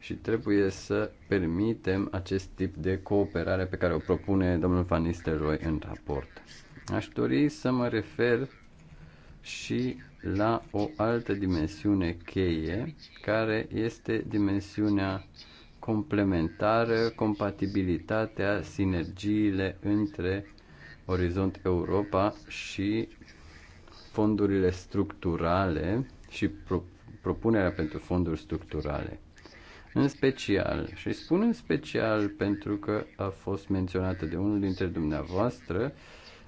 și trebuie să permitem acest tip de cooperare pe care o propune domnul Van Nistelrooy în raport. Aș dori să mă refer și la o altă dimensiune cheie, care este dimensiunea complementară, compatibilitatea, sinergiile între Orizont Europa și fondurile structurale și pro- propunerea pentru fonduri structurale. În special, și spun în special pentru că a fost menționată de unul dintre dumneavoastră,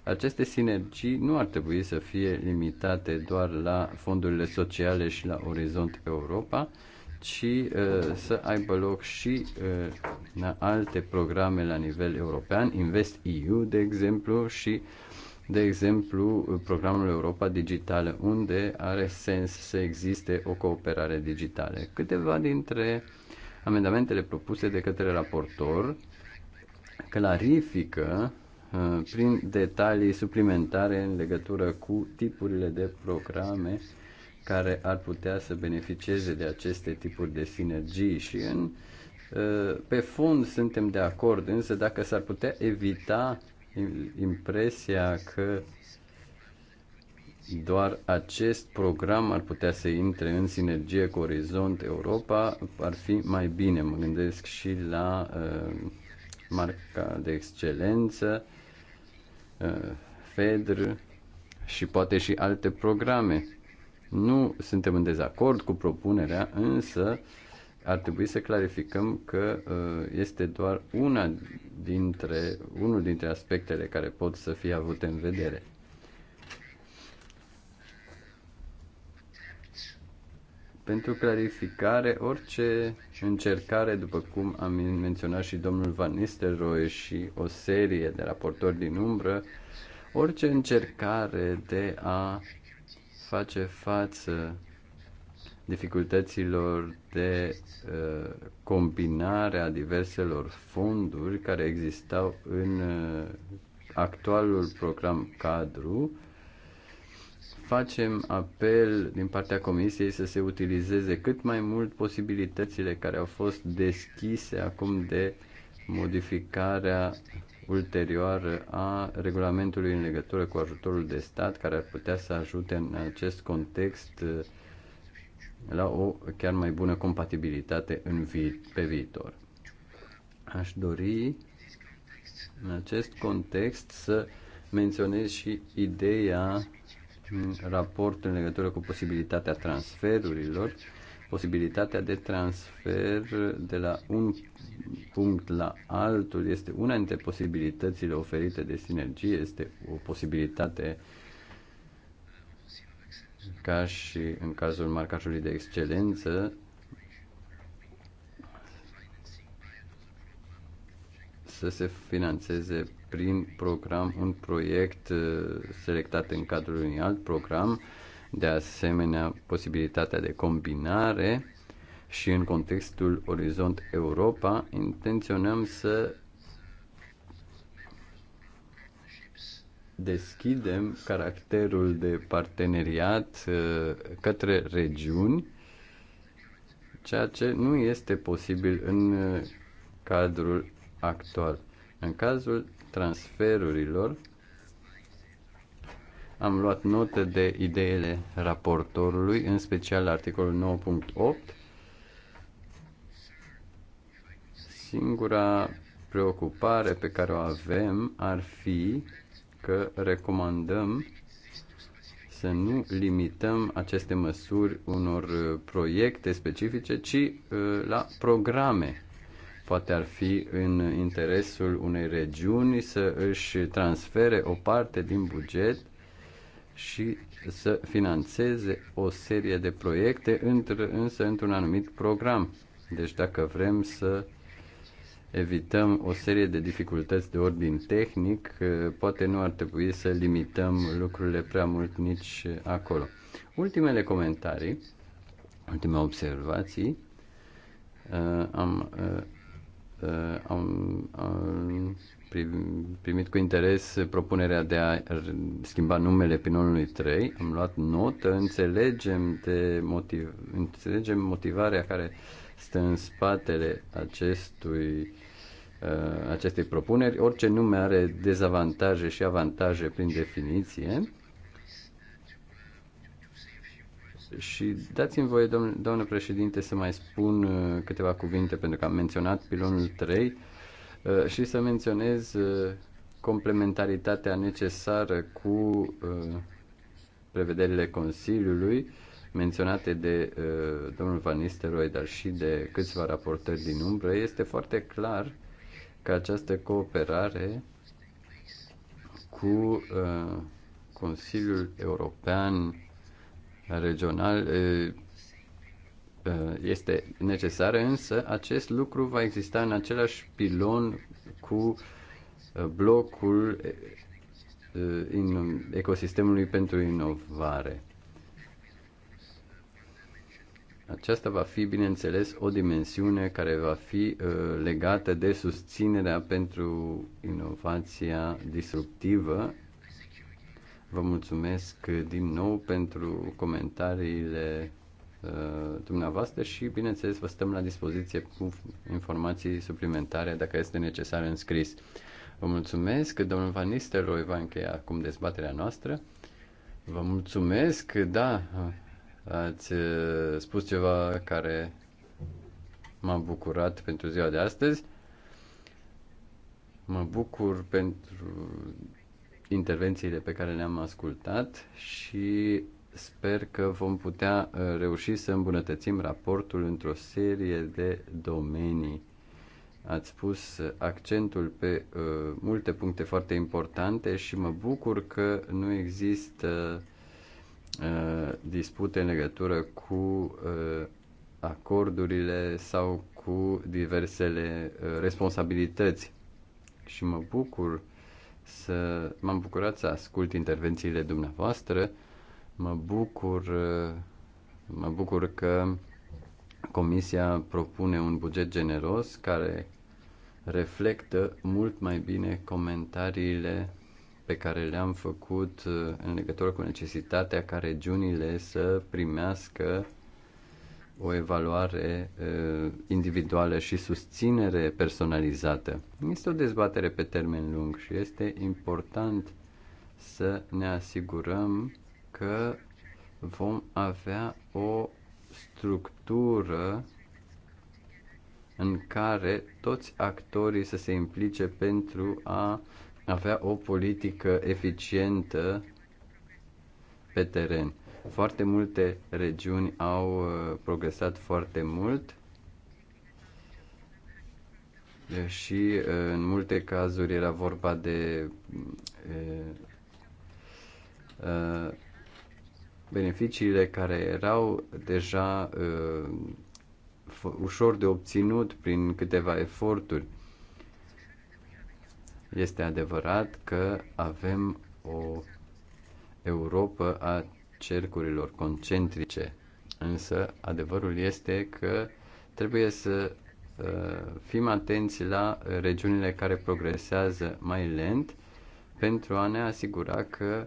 aceste sinergii nu ar trebui să fie limitate doar la fondurile sociale și la Orizont Europa, ci uh, să aibă loc și uh, alte programe la nivel european, Invest EU, de exemplu, și, de exemplu, programul Europa Digitală, unde are sens să existe o cooperare digitală. Câteva dintre amendamentele propuse de către raportor clarifică uh, prin detalii suplimentare în legătură cu tipurile de programe uh, care ar putea să beneficieze de aceste tipuri de sinergii și în, ă, pe fond suntem de acord, însă dacă s-ar putea evita impresia că doar acest program ar putea să intre în sinergie cu Orizont Europa, ar fi mai bine. Mă gândesc și la uh, marca de excelență, uh, FEDR și poate și alte programe nu suntem în dezacord cu propunerea, însă ar trebui să clarificăm că uh, este doar una dintre, unul dintre aspectele care pot să fie avute în vedere. Pentru clarificare, orice încercare, după cum am menționat și domnul Van Nistelrooy și o serie de raportori din umbră, orice încercare de a face față dificultăților de uh, combinare a diverselor fonduri care existau în uh, actualul program cadru, facem apel din partea Comisiei să se utilizeze cât mai mult posibilitățile care au fost deschise acum de modificarea ulterioară a regulamentului în legătură cu ajutorul de stat care ar putea să ajute în acest context uh, la o chiar mai bună compatibilitate în vi- pe viitor. Aș dori în acest context să menționez și ideea în mm, raport în legătură cu posibilitatea transferurilor posibilitatea de transfer de la un punct la altul este una dintre posibilitățile oferite de sinergie, este o posibilitate ca și în cazul marcajului de excelență să se financeze prin program un proiect uh, selectat în cadrul unui alt program de asemenea posibilitatea de combinare și în contextul Orizont Europa intenționăm să deschidem caracterul de parteneriat uh, către regiuni, ceea ce nu este posibil în uh, cadrul actual. În cazul transferurilor, am luat notă de ideile raportorului, în special articolul 9.8. Singura preocupare pe care o avem ar fi că recomandăm să nu limităm aceste măsuri unor proiecte specifice, ci uh, la programe. Poate ar fi în interesul unei regiuni să își transfere o parte din buget și să financeze o serie de proiecte, însă într-un anumit program. Deci dacă vrem să evităm o serie de dificultăți de ordin tehnic, poate nu ar trebui să limităm lucrurile prea mult nici acolo. Ultimele comentarii, ultime observații, uh, am uh, Uh, am, am primit cu interes propunerea de a schimba numele pinonului 3. Am luat notă, înțelegem, de motiv, înțelegem motivarea care stă în spatele acestui uh, acestei propuneri. Orice nume are dezavantaje și avantaje prin definiție Și dați-mi voie, domn, doamnă președinte, să mai spun uh, câteva cuvinte, pentru că am menționat pilonul 3 uh, și să menționez uh, complementaritatea necesară cu prevederile Consiliului menționate de uh, domnul Van Nistelrooy, dar și de câțiva raportări din umbră, este foarte clar că această cooperare cu uh, Consiliul European regional este necesară, însă acest lucru va exista în același pilon cu blocul în ecosistemului pentru inovare. Aceasta va fi, bineînțeles, o dimensiune care va fi legată de susținerea pentru inovația disruptivă Vă mulțumesc din nou pentru comentariile uh, dumneavoastră și, bineînțeles, vă stăm la dispoziție cu informații suplimentare dacă este necesar în scris. Vă mulțumesc, domnul Van Nistelrooy va încheia acum dezbaterea noastră. Vă mulțumesc, da, ați uh, spus ceva care m-a bucurat pentru ziua de astăzi. Mă bucur pentru intervențiile pe care le-am ascultat și sper că vom putea uh, reuși să îmbunătățim raportul într-o serie de domenii. Ați pus uh, accentul pe uh, multe puncte foarte importante și mă bucur că nu există uh, dispute în legătură cu uh, acordurile sau cu diversele uh, responsabilități. Și mă bucur să m-am bucurat să ascult intervențiile dumneavoastră. Mă bucur, mă bucur că Comisia propune un buget generos care reflectă mult mai bine comentariile pe care le-am făcut uh, în legătură cu necesitatea ca regiunile să primească o evaluare individuală și susținere personalizată. Este o dezbatere pe termen lung și este important să ne asigurăm că vom avea o structură în care toți actorii să se implice pentru a avea o politică eficientă pe teren. Foarte multe regiuni au uh, progresat foarte mult și uh, în multe cazuri era vorba de uh, beneficiile care erau deja ușor de obținut prin câteva eforturi. Este adevărat că avem o Europa a cercurilor concentrice. Însă, adevărul este că trebuie să uh, fim atenți la regiunile care progresează mai lent pentru a ne asigura că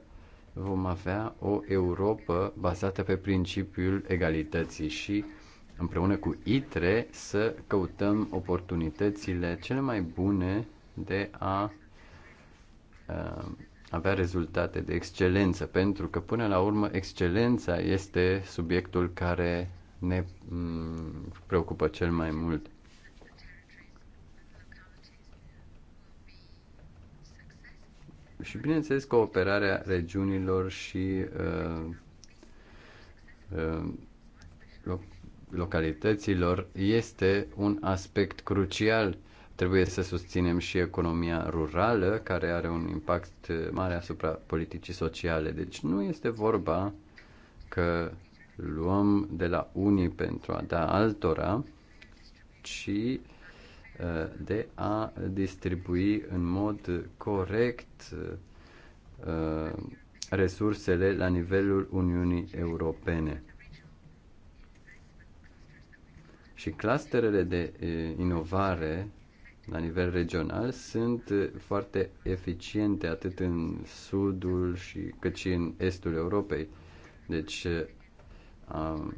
vom avea o Europa bazată pe principiul egalității și împreună cu ITRE să căutăm oportunitățile cele mai bune de a uh, avea rezultate de excelență, pentru că până la urmă excelența este subiectul care ne mm, preocupă cel mai mult. Și bineînțeles cooperarea regiunilor și uh, uh, localităților este un aspect crucial uh, Trebuie să susținem și economia rurală, care are un impact mare asupra politicii sociale. Deci nu este vorba că luăm de la unii pentru a da altora, ci uh, de a distribui în mod corect uh, resursele la nivelul Uniunii Europene. Și clusterele de uh, inovare la nivel regional sunt foarte eficiente atât în sudul și cât și în estul Europei. Deci am,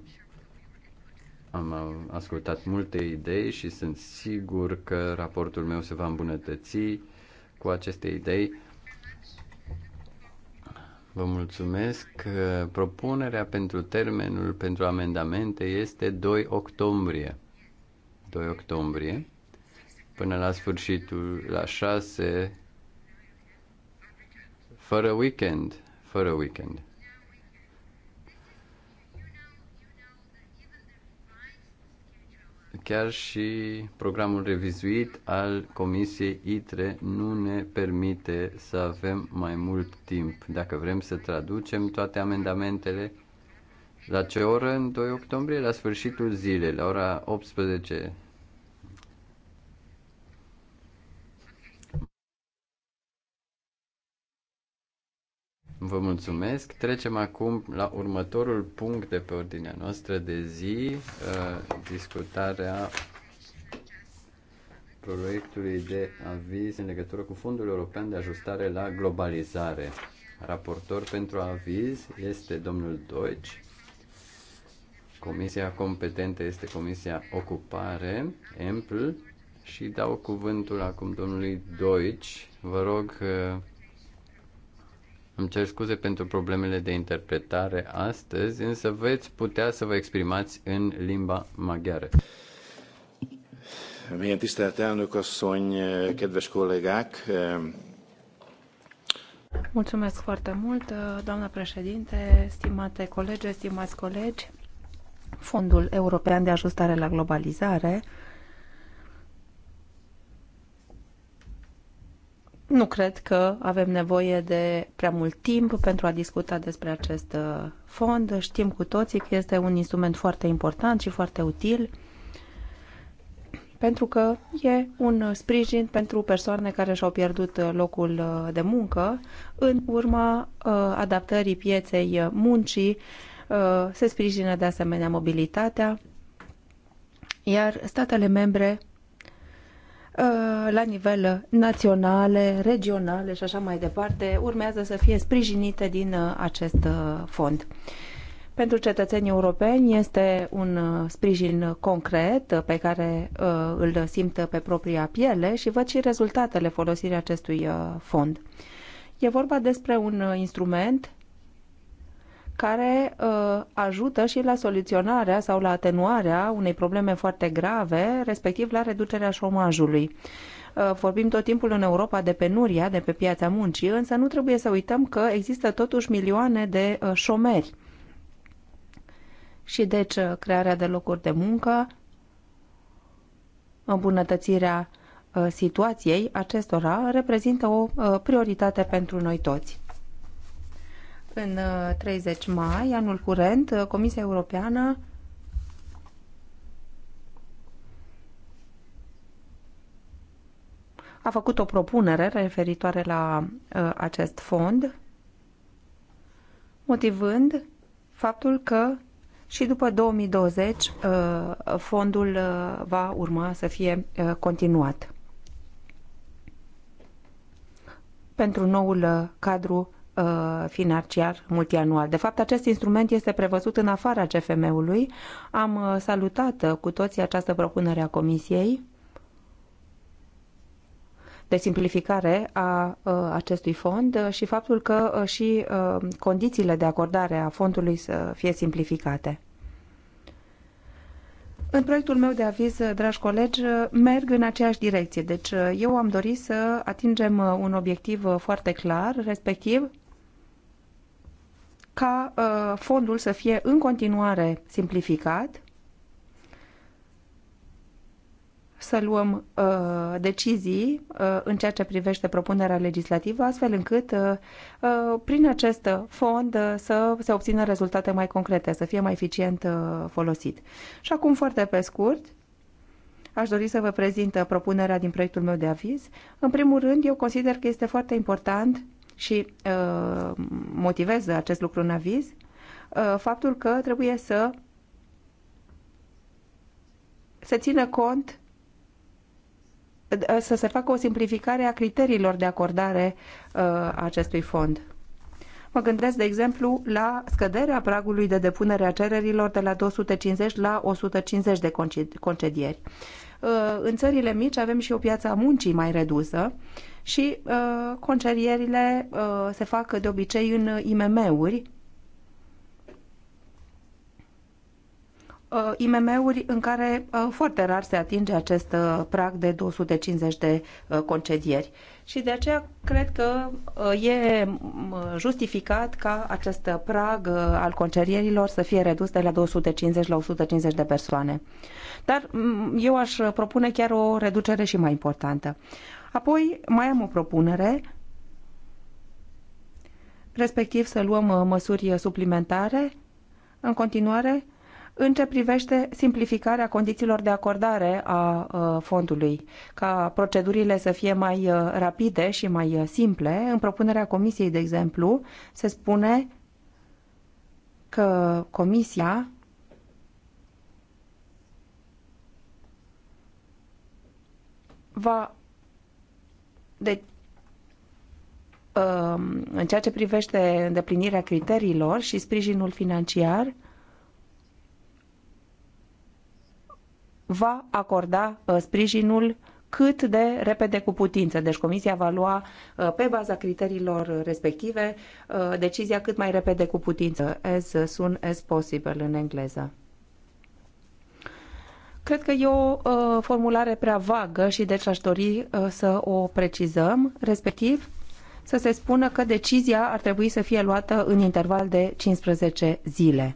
am ascultat multe idei și sunt sigur că raportul meu se va îmbunătăți cu aceste idei. Vă mulțumesc. Propunerea pentru termenul pentru amendamente este 2 octombrie. 2 octombrie până la sfârșitul, la 6, fără weekend, fără weekend. Chiar și programul revizuit al Comisiei ITRE nu ne permite să avem mai mult timp. Dacă vrem să traducem toate amendamentele, la ce oră? În 2 octombrie, la sfârșitul zilei, la ora 18 Vă mulțumesc. Trecem acum la următorul punct de pe ordinea noastră de zi, uh, discutarea proiectului de aviz în legătură cu Fondul European de Ajustare la Globalizare. Raportor pentru aviz este domnul Deutsch. Comisia competentă este Comisia Ocupare, EMPL, și dau cuvântul acum domnului Deutsch. Vă rog uh, îmi cer scuze pentru problemele de interpretare astăzi, însă veți putea să vă exprimați în limba maghiară. Milyen tisztelt elnök asszony, kedves kollégák! Mulțumesc foarte mult, doamnă președinte, stimate colegi, stimați colegi. Fondul European de Ajustare la Globalizare Nu cred că avem nevoie de prea mult timp pentru a discuta despre acest uh, fond. Știm cu toții că este un instrument foarte important și foarte util pentru că e un sprijin pentru persoane care și-au pierdut uh, locul uh, de muncă în urma adaptării pieței muncii, se sprijină de asemenea mobilitatea, iar statele membre Uh, la nivel naționale, regionale și așa mai departe, urmează să fie sprijinite din uh, acest uh, fond. Pentru cetățenii europeni este un sprijin concret pe care îl simt pe propria piele și văd și rezultatele folosirii acestui fond. E vorba despre un instrument care uh, ajută și la soluționarea sau la atenuarea unei probleme foarte grave, respectiv la reducerea șomajului. Uh, vorbim tot timpul în Europa de penuria de pe piața muncii, însă nu trebuie să uităm că există totuși milioane de uh, șomeri. Și deci uh, crearea de locuri de muncă, îmbunătățirea uh, situației acestora reprezintă o uh, prioritate pentru noi toți. În 30 uh, mai, anul curent, uh, Comisia Europeană a făcut o propunere referitoare la uh, acest fond, motivând faptul că și după 2020 uh, fondul uh, va urma să fie uh, continuat pentru noul uh, cadru Uh, financiar multianual. De fapt, acest instrument este prevăzut în afara CFM-ului. Am uh, salutat uh, cu toții această propunere a Comisiei de simplificare a acestui fond și faptul că și condițiile de acordare a fondului să fie simplificate. În proiectul meu de aviz, dragi colegi, merg în aceeași direcție. Deci eu am dorit să atingem un obiectiv foarte clar, respectiv ca uh, fondul să fie în continuare simplificat, să luăm uh, decizii uh, în ceea ce privește propunerea legislativă, astfel încât uh, uh prin acest fond uh, să se obțină rezultate mai concrete, să fie mai eficient folosit. Și acum, foarte pe scurt, aș dori să vă prezint propunerea din proiectul meu de aviz. În primul rând, eu consider că este foarte important și uh, motivez acest lucru în aviz, uh, faptul că trebuie să se țină cont uh, să se facă o simplificare a criteriilor de acordare uh, acestui fond. Mă gândesc, de exemplu, la scăderea pragului de depunere a cererilor de la 250 la 150 de concedieri. Uh, Uh, în țările mici avem și o piață a muncii mai redusă și uh, concerierile uh, se fac de obicei în IMM-uri Uh, IMM-uri în care uh, foarte rar se atinge acest uh, prag de 250 de concedieri. Și de aceea cred că e justificat ca acest prag al concedierilor să fie redus de la 250 la 150 de persoane. Dar eu aș propune chiar o reducere și mai importantă. Apoi mai am o propunere respectiv să luăm măsuri suplimentare în continuare în ce privește simplificarea condițiilor de acordare a uh, fondului, ca procedurile să fie mai uh, rapide și mai uh, simple. În propunerea comisiei, de exemplu, se spune că comisia va de um, în ceea ce privește îndeplinirea criteriilor și sprijinul financiar, va acorda uh, sprijinul cât de repede cu putință. Deci comisia va lua uh, pe baza criteriilor respective uh, decizia cât mai repede cu putință. As soon as possible în engleză. Cred că e o formulare prea vagă și deci aș dori să o precizăm, respectiv să se spună că decizia ar trebui să fie luată în interval de 15 zile.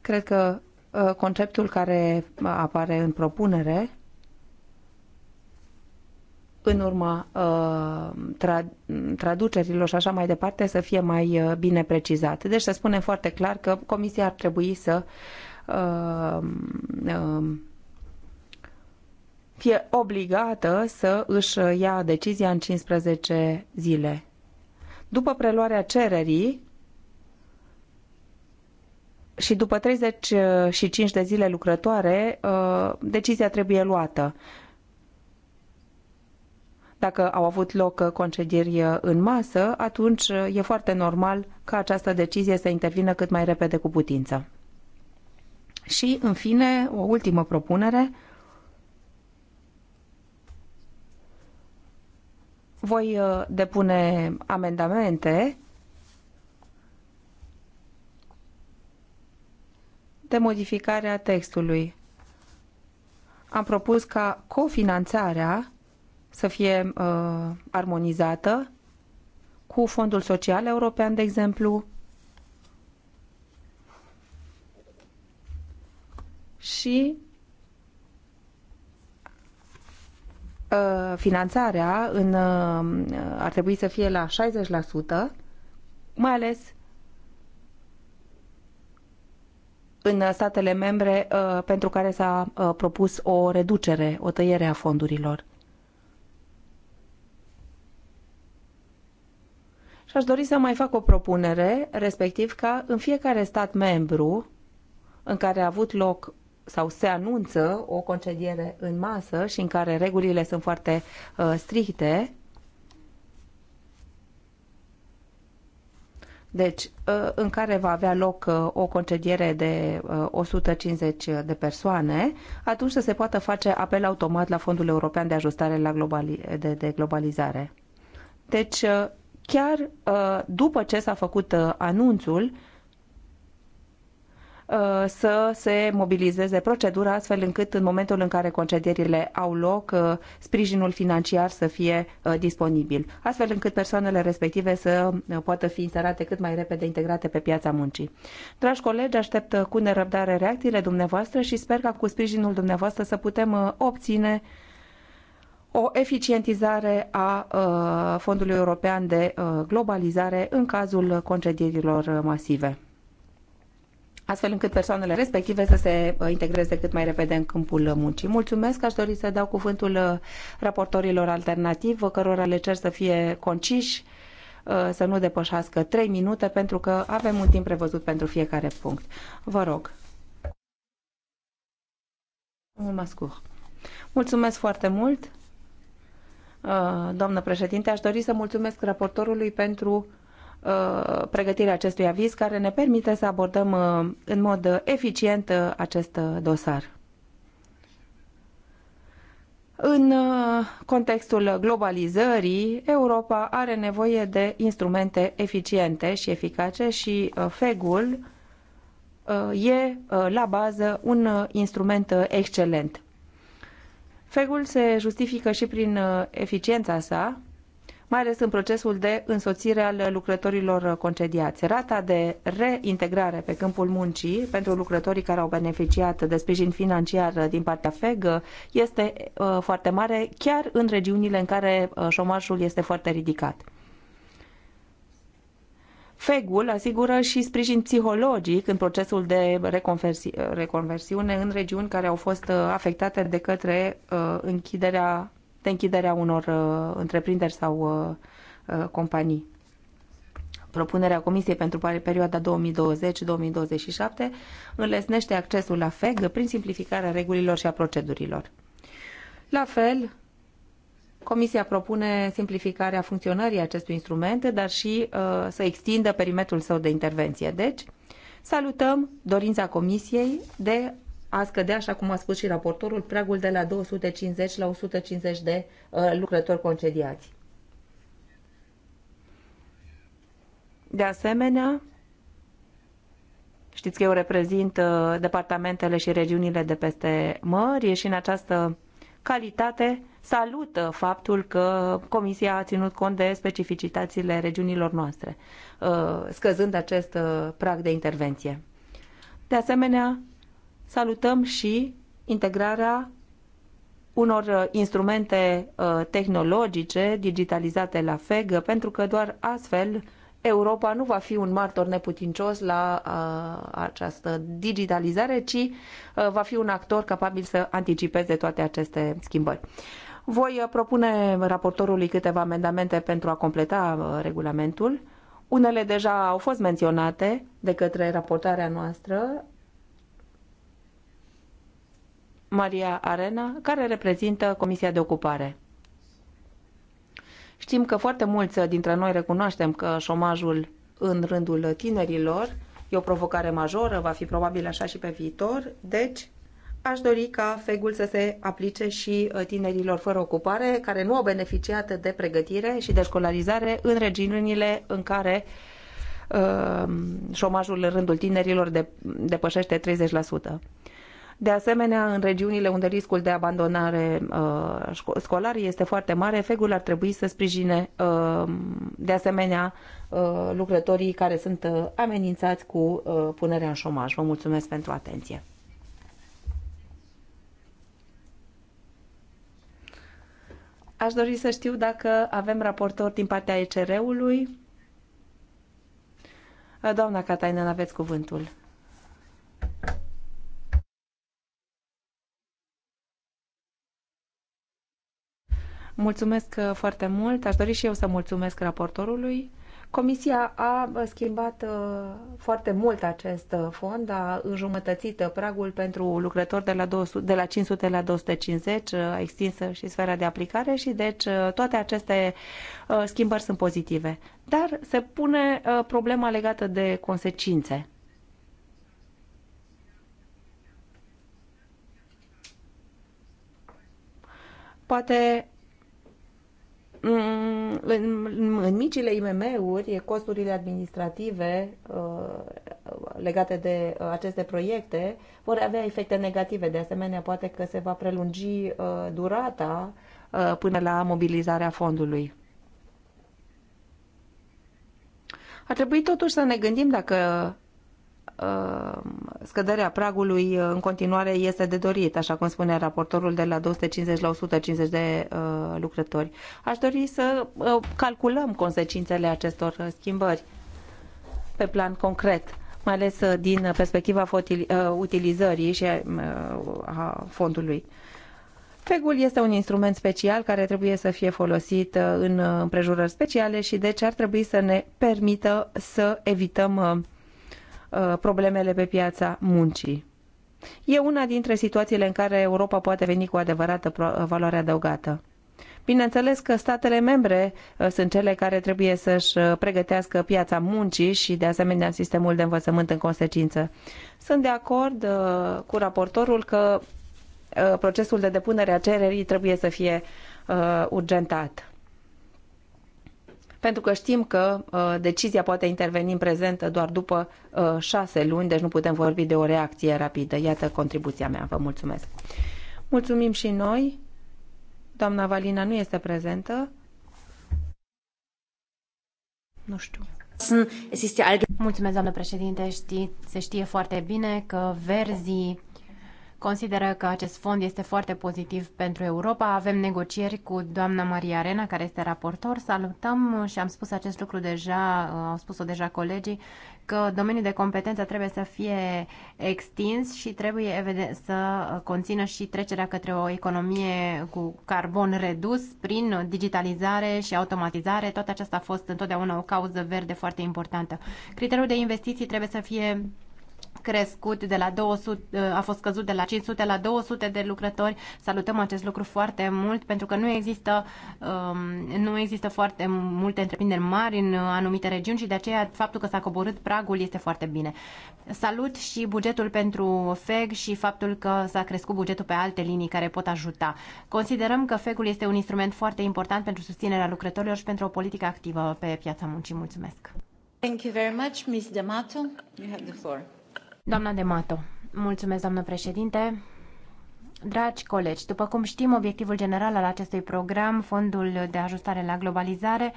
Cred că Uh, conceptul care uh, apare în propunere în urma uh, tra traducerilor și așa mai departe să fie mai bine precizat. Deci să spunem foarte clar că comisia ar trebui să um, fie obligată să își ia decizia în 15 zile. După preluarea cererii, și după 35 de zile lucrătoare, uh, decizia trebuie luată. Dacă au avut loc uh, concedieri uh, în masă, atunci e foarte normal ca această decizie să intervină cât mai repede cu putință. Și, în fine, o ultimă propunere. Voi depune amendamente de modificare a textului. Am propus ca cofinanțarea să fie uh, armonizată cu Fondul Social European, de exemplu, și uh, finanțarea în, uh, ar trebui să fie la 60%, mai ales în statele membre uh, pentru care s-a uh, propus o reducere, o tăiere a fondurilor. Și aș dori să mai fac o propunere, respectiv ca în fiecare stat membru în care a avut loc sau se anunță o concediere în masă și în care regulile sunt foarte uh, stricte, deci ă, în care va avea loc ă, o concediere de 150 ă, de persoane, atunci să se poată face apel automat la Fondul European de Ajustare la globali- de, de Globalizare. Deci, chiar după ce s-a făcut anunțul, Uh, să se mobilizeze procedura astfel încât în momentul în care concedierile au loc, uh, sprijinul financiar să fie uh, disponibil, astfel încât persoanele respective să poată fi inserate cât mai repede integrate pe piața muncii. Dragi colegi, aștept cu nerăbdare reacțiile dumneavoastră și sper ca cu sprijinul dumneavoastră să putem obține o eficientizare a Fondului European de Globalizare în cazul concedierilor masive astfel încât persoanele respective să se uh, integreze cât mai repede în câmpul muncii. Mulțumesc, aș dori să dau cuvântul uh, raportorilor alternativ, cărora le cer să fie conciși, uh, să nu depășească 3 minute, pentru că avem un timp prevăzut pentru fiecare punct. Vă rog. Mascur. Mulțumesc foarte mult, doamnă președinte. Aș dori să mulțumesc raportorului pentru Uh, pregătirea acestui aviz care ne permite să abordăm uh, în mod eficient uh, acest dosar. În contextul globalizării, Europa are nevoie de instrumente eficiente și eficace și FEG-ul e la bază un instrument excelent. FEG-ul se justifică și prin eficiența sa, mai ales în procesul de însoțire al lucrătorilor concediați. Rata de reintegrare pe câmpul muncii pentru lucrătorii care au beneficiat de sprijin financiar din partea FEG este uh, foarte mare, chiar în regiunile în care uh, șomajul este foarte ridicat. FEG-ul asigură și sprijin psihologic în procesul de reconversi- reconversiune în regiuni care au fost uh, afectate de către uh, închiderea de închiderea unor uh, întreprinderi sau uh, uh, companii. Propunerea Comisiei pentru perioada 2020-2027 înlesnește accesul la FEG prin simplificarea regulilor și a procedurilor. La fel, Comisia propune simplificarea funcționării acestui instrument, dar și uh, să extindă perimetrul său de intervenție. Deci, salutăm dorința Comisiei de a scădea, așa cum a spus și raportorul, pragul de la 250 la 150 de uh, lucrători concediați. De asemenea, știți că eu reprezint uh, departamentele și regiunile de peste mări și în această calitate salută uh, faptul că Comisia a ținut cont de specificitățile regiunilor noastre, uh, scăzând acest uh, prag de intervenție. De asemenea, Salutăm și integrarea unor uh, instrumente uh, tehnologice digitalizate la FEG, pentru că doar astfel Europa nu va fi un martor neputincios la uh, această digitalizare, ci va fi un actor capabil să anticipeze toate aceste schimbări. Voi propune raportorului câteva amendamente pentru a completa regulamentul. Unele deja au fost menționate de către raportarea noastră, Maria Arena, care reprezintă Comisia de Ocupare. Știm că foarte mulți dintre noi recunoaștem că șomajul în rândul tinerilor e o provocare majoră, va fi probabil așa și pe viitor, deci aș dori ca fegul să se aplice și uh, tinerilor fără ocupare care nu au beneficiat de pregătire și de școlarizare în regiunile în care uh, șomajul în rândul tinerilor de, depășește 30%. De asemenea, în regiunile unde riscul de abandonare uh, școlară este foarte mare, FEG-ul ar trebui să sprijine uh, de asemenea uh, lucrătorii care sunt uh, amenințați cu uh, punerea în șomaj. Vă mulțumesc pentru atenție. Aș dori să știu dacă avem raportor din partea ECR-ului. Doamna Catainen, aveți cuvântul. Mulțumesc uh, foarte mult. Aș dori și eu să mulțumesc raportorului. Comisia a uh, schimbat uh, foarte mult acest fond, a înjumătățit pragul pentru lucrători de la, 200, de la 500 la 250, a extins și sfera de aplicare și deci toate aceste schimbări sunt pozitive. Dar se pune problema legată de consecințe. Poate în, în micile IMM-uri, costurile administrative uh, legate de uh, aceste proiecte vor avea efecte negative. De asemenea, poate că se va prelungi uh, durata uh, până la mobilizarea fondului. Ar trebui totuși să ne gândim dacă Uh, scăderea pragului uh, în continuare este de dorit, așa cum spune raportorul, de la 250 la 150 de uh, lucrători. Aș dori să calculăm consecințele acestor schimbări pe plan concret, mai ales din perspectiva utilizării și a fondului. Fegul este un instrument special care trebuie să fie folosit în împrejurări speciale și deci ar trebui să ne permită să evităm Uh, problemele pe piața muncii. E una dintre situațiile în care Europa poate veni cu adevărată uh, valoare adăugată. Bineînțeles că statele membre uh, sunt cele care trebuie să-și pregătească piața muncii și, de asemenea, sistemul de învățământ în consecință. Sunt de acord cu raportorul că procesul de depunere a cererii trebuie să fie urgentat pentru că știm că uh, decizia poate interveni în prezent doar după uh, șase luni, deci nu putem vorbi de o reacție rapidă. Iată contribuția mea. Vă mulțumesc. Mulțumim și noi. Doamna Valina nu este prezentă. Nu știu. Mulțumesc, doamnă președinte. Știi, se știe foarte bine că verzii consideră că acest fond este foarte pozitiv pentru Europa. Avem negocieri cu doamna Maria Arena, care este raportor. Salutăm și am spus acest lucru deja, uh, au spus-o deja colegii, că domeniul de competență trebuie să fie extins și trebuie să conțină și trecerea către o economie cu carbon redus prin digitalizare și automatizare. Tot aceasta a fost întotdeauna o cauză verde foarte importantă. Criteriul de investiții trebuie să fie crescut de la 200, uh, a fost scăzut de la 500 la 200 de lucrători. Salutăm acest lucru foarte mult pentru că nu există, um, nu există foarte multe întreprinderi mari în anumite regiuni și de aceea faptul că s-a coborât pragul este foarte bine. Salut și bugetul pentru FEG și faptul că s-a crescut bugetul pe alte linii care pot ajuta. Considerăm că FEG-ul este un instrument foarte important pentru susținerea lucrătorilor și pentru o politică activă pe piața muncii. Mulțumesc! Thank you very much, Ms. D'Amato. You have the floor. Doamna Demato, mulțumesc, doamnă președinte. Dragi colegi, după cum știm, obiectivul general al acestui program, Fondul de Ajustare la Globalizare,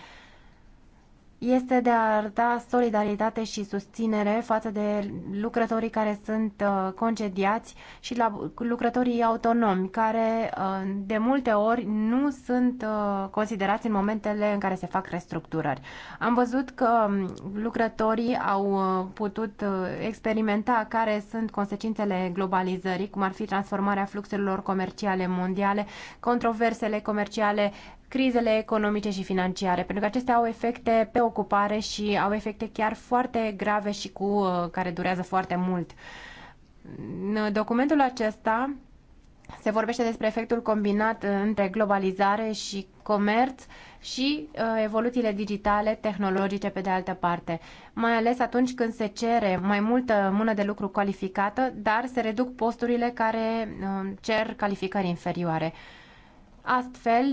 este de a arăta solidaritate și susținere față de lucrătorii care sunt uh, concediați și la lucrătorii autonomi, care uh, de multe ori nu sunt uh, considerați în momentele în care se fac restructurări. Am văzut că um, lucrătorii au putut experimenta care sunt consecințele globalizării, cum ar fi transformarea fluxurilor comerciale mondiale, controversele comerciale crizele economice și financiare, pentru că acestea au efecte pe ocupare și au efecte chiar foarte grave și cu uh, care durează foarte mult. În uh, documentul acesta se vorbește despre efectul combinat uh, între globalizare și comerț și uh, evoluțiile digitale, tehnologice pe de altă parte, mai ales atunci când se cere mai multă mână de lucru calificată, dar se reduc posturile care uh, cer calificări inferioare. Uh, Astfel,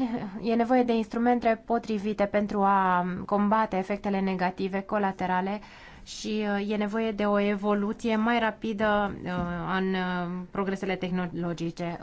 e nevoie de instrumente potrivite pentru a combate efectele negative colaterale și uh, e nevoie de o evoluție mai rapidă uh, în uh, progresele tehnologice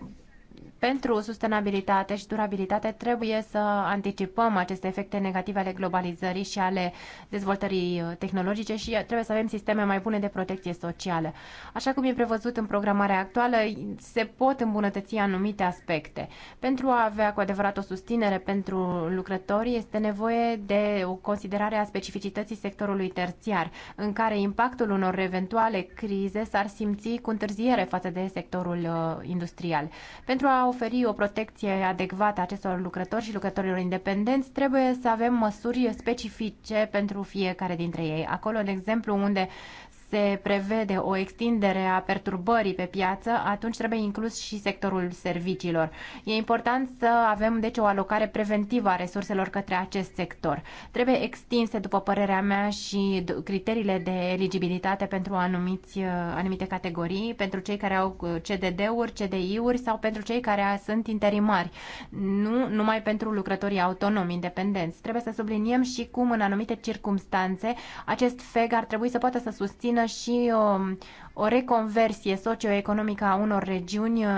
pentru sustenabilitate și durabilitate trebuie să anticipăm aceste efecte negative ale globalizării și ale dezvoltării uh, tehnologice și uh, trebuie să avem sisteme mai bune de protecție socială. Așa cum e prevăzut în programarea actuală, se pot îmbunătăți anumite aspecte. Pentru a avea cu adevărat o susținere pentru lucrători, este nevoie de o considerare a specificității sectorului terțiar, în care impactul unor eventuale crize s-ar simți cu întârziere față de sectorul uh, industrial. Pentru a oferi o protecție adecvată acestor lucrători și lucrătorilor independenți, trebuie să avem măsuri specifice pentru fiecare dintre ei. Acolo, de exemplu, unde se prevede o extindere a perturbării pe piață, atunci trebuie inclus și sectorul serviciilor. E important să avem, deci, o alocare preventivă a resurselor către acest sector. Trebuie extinse, după părerea mea, și criteriile de eligibilitate pentru anumiți, anumite categorii, pentru cei care au uh, CDD-uri, CDI-uri sau pentru cei care sunt interimari, nu numai pentru lucrătorii autonomi, independenți. Trebuie să subliniem și cum, în anumite circunstanțe, acest FEG ar trebui să poată să susțină determină și o, o reconversie socioeconomică a unor regiuni uh,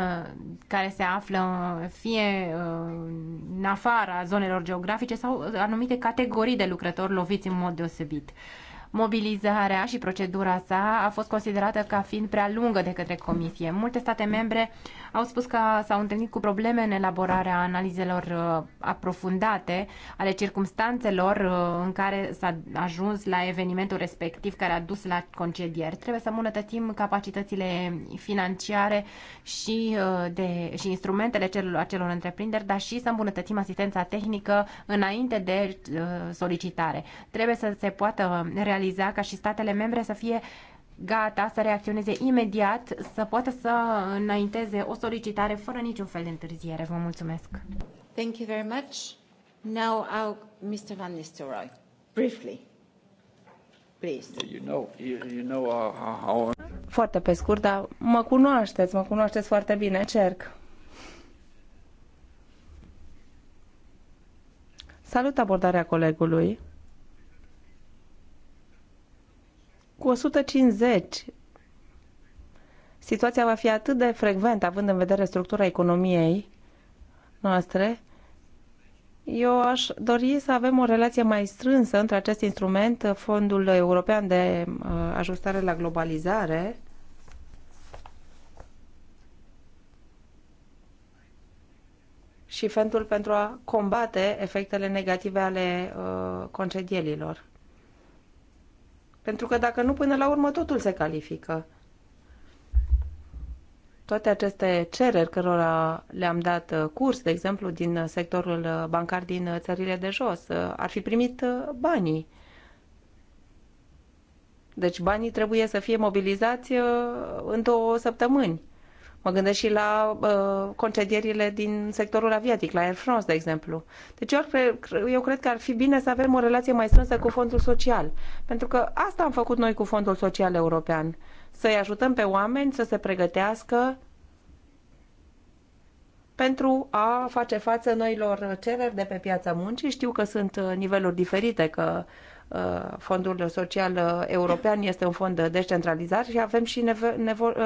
care se află uh, fie uh, în afara zonelor geografice sau anumite categorii de lucrători loviți în mod deosebit. Mobilizarea și procedura sa a fost considerată ca fiind prea lungă de către Comisie. Multe state membre au spus că s-au întâlnit cu probleme în elaborarea analizelor uh, aprofundate ale circumstanțelor uh, în care s-a ajuns la evenimentul respectiv care a dus la concedieri. Trebuie să îmbunătățim capacitățile financiare și, uh, de, și instrumentele celor, acelor întreprinderi, dar și să îmbunătățim asistența tehnică înainte de solicitare. Trebuie să se poată realiza ca și statele membre să fie gata să reacționeze imediat, să poată să înainteze o solicitare fără niciun fel de întârziere. Vă mulțumesc. Thank you very much. Now, I'll, Mr. Van Nistelrooy, briefly. Please. You know, you, you know how... Foarte pe scurt, dar mă cunoașteți, mă cunoașteți foarte bine, cerc. Salut abordarea colegului cu 150. Situația va fi atât de frecventă, având în vedere structura economiei noastre, eu aș dori să avem o relație mai strânsă între acest instrument, Fondul European de uh, Ajustare la Globalizare, și Fentul pentru a combate efectele negative ale uh, concedierilor. Pentru că dacă nu, până la urmă totul se califică. Toate aceste cereri cărora le-am dat uh, curs, de exemplu, din sectorul uh, bancar din uh, țările de jos, ar fi primit banii. Deci banii trebuie să fie mobilizați în două săptămâni. Mă gândesc și la uh, concedierile din sectorul aviatic, la Air France, de exemplu. Deci eu, eu cred că ar fi bine să avem o relație mai strânsă cu fondul social. Pentru că asta am făcut noi cu fondul social european. Să-i ajutăm pe oameni să se pregătească pentru a face față noilor cereri de pe piața muncii. Știu că sunt niveluri diferite, că uh, Fondul Social European este un fond descentralizat și avem și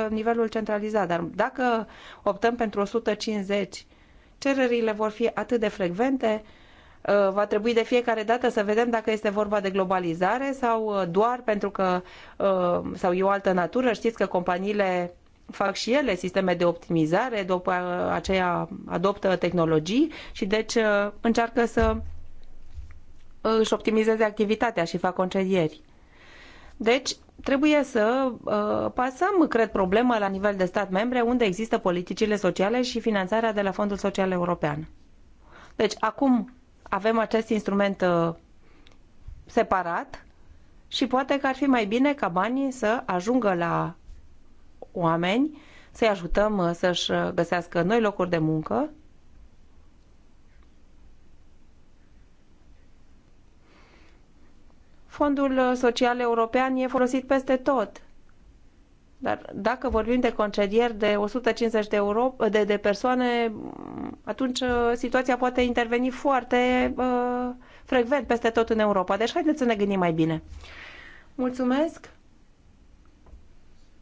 nivelul centralizat. Dar dacă optăm pentru 150, cererile vor fi atât de frecvente, uh, va trebui de fiecare dată să vedem dacă este vorba de globalizare sau uh, doar pentru că uh, sau e o altă natură. Știți că companiile fac și ele sisteme de optimizare, după aceea adoptă tehnologii și deci încearcă să își optimizeze activitatea și fac concedieri. Deci, trebuie să uh, pasăm, cred, problema la nivel de stat membre unde există politicile sociale și finanțarea de la Fondul Social European. Deci, acum avem acest instrument uh, separat și poate că ar fi mai bine ca banii să ajungă la oameni, să-i ajutăm uh, să-și uh, găsească noi locuri de muncă Fondul Social European e folosit peste tot. Dar dacă vorbim de concedieri de 150 de, euro, de, de persoane, atunci uh, situația poate interveni foarte uh, frecvent peste tot în Europa. Deci haideți să ne gândim mai bine. Mulțumesc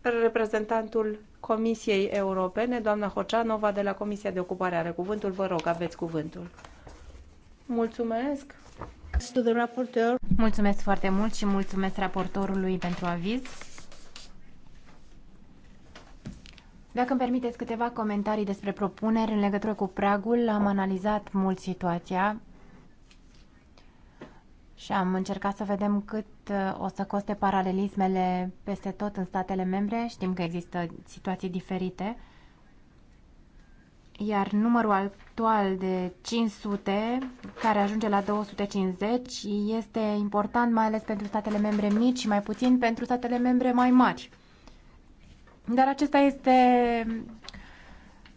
reprezentantul Comisiei Europene, doamna Hoceanova de la Comisia de Ocupare are cuvântul. Vă rog, aveți cuvântul. Mulțumesc. Mulțumesc foarte mult și mulțumesc raportorului pentru aviz. Dacă îmi permiteți câteva comentarii despre propuneri în legătură cu pragul, am analizat mult situația și am încercat să vedem cât uh, o să coste paralelismele peste tot în statele membre. Știm că există situații diferite iar numărul actual de 500, care ajunge la 250, este important mai ales pentru statele membre mici și mai puțin pentru statele membre mai mari. Dar acesta este,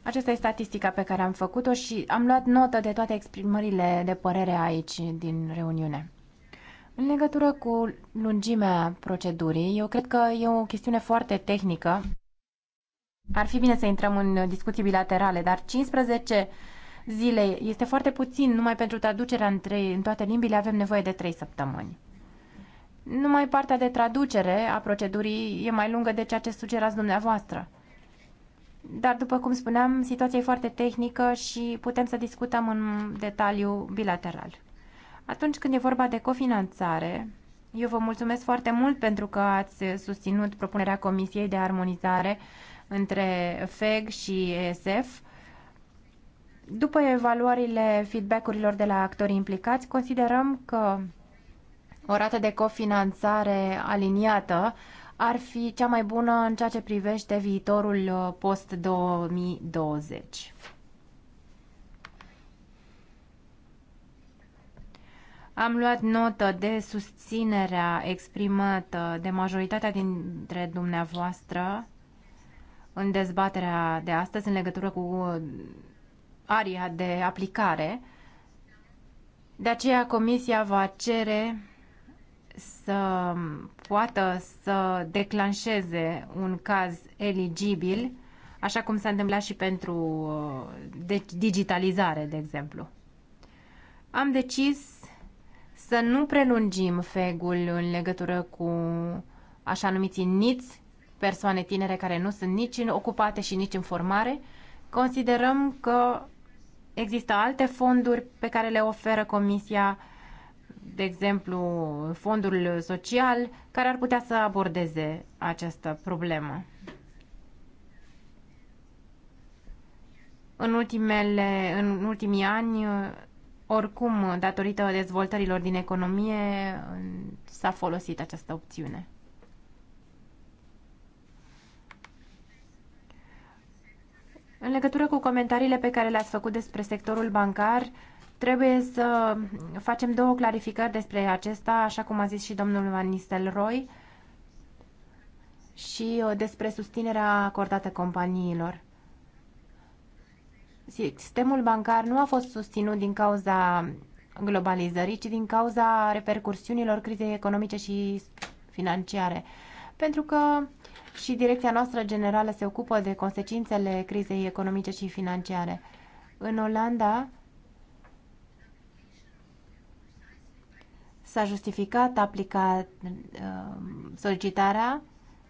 aceasta este statistica pe care am făcut-o și am luat notă de toate exprimările de părere aici din reuniune. În legătură cu lungimea procedurii, eu cred că e o chestiune foarte tehnică ar fi bine să intrăm în discuții bilaterale, dar 15 zile este foarte puțin, numai pentru traducerea în, trei, în toate limbile avem nevoie de 3 săptămâni. Numai partea de traducere a procedurii e mai lungă de ceea ce sugerați dumneavoastră. Dar, după cum spuneam, situația e foarte tehnică și putem să discutăm în detaliu bilateral. Atunci când e vorba de cofinanțare, eu vă mulțumesc foarte mult pentru că ați susținut propunerea Comisiei de Armonizare între FEG și ESF. După evaluările feedback-urilor de la actorii implicați, considerăm că o rată de cofinanțare aliniată ar fi cea mai bună în ceea ce privește viitorul uh, post-2020. Am luat notă de susținerea exprimată de majoritatea dintre dumneavoastră în dezbaterea de astăzi în legătură cu aria de aplicare. De aceea Comisia va cere să poată să declanșeze un caz eligibil, așa cum s-a întâmplat și pentru uh, deci, digitalizare, de exemplu. Am decis să nu prelungim fegul în legătură cu așa numiții niți persoane tinere care nu sunt nici în ocupate și nici în formare. Considerăm că există alte fonduri pe care le oferă Comisia, de exemplu fondul social, care ar putea să abordeze această problemă. În, ultimele, în ultimii ani oricum, datorită dezvoltărilor din economie, s-a folosit această opțiune. În legătură cu comentariile pe care le-ați făcut despre sectorul bancar, trebuie să facem două clarificări despre acesta, așa cum a zis și domnul Van Nistelrooy, și uh, despre susținerea acordată companiilor. Sistemul bancar nu a fost susținut din cauza globalizării, ci din cauza repercursiunilor crizei economice și financiare. Pentru că și direcția noastră generală se ocupă de consecințele crizei economice și financiare. În Olanda s-a justificat aplicat um, solicitarea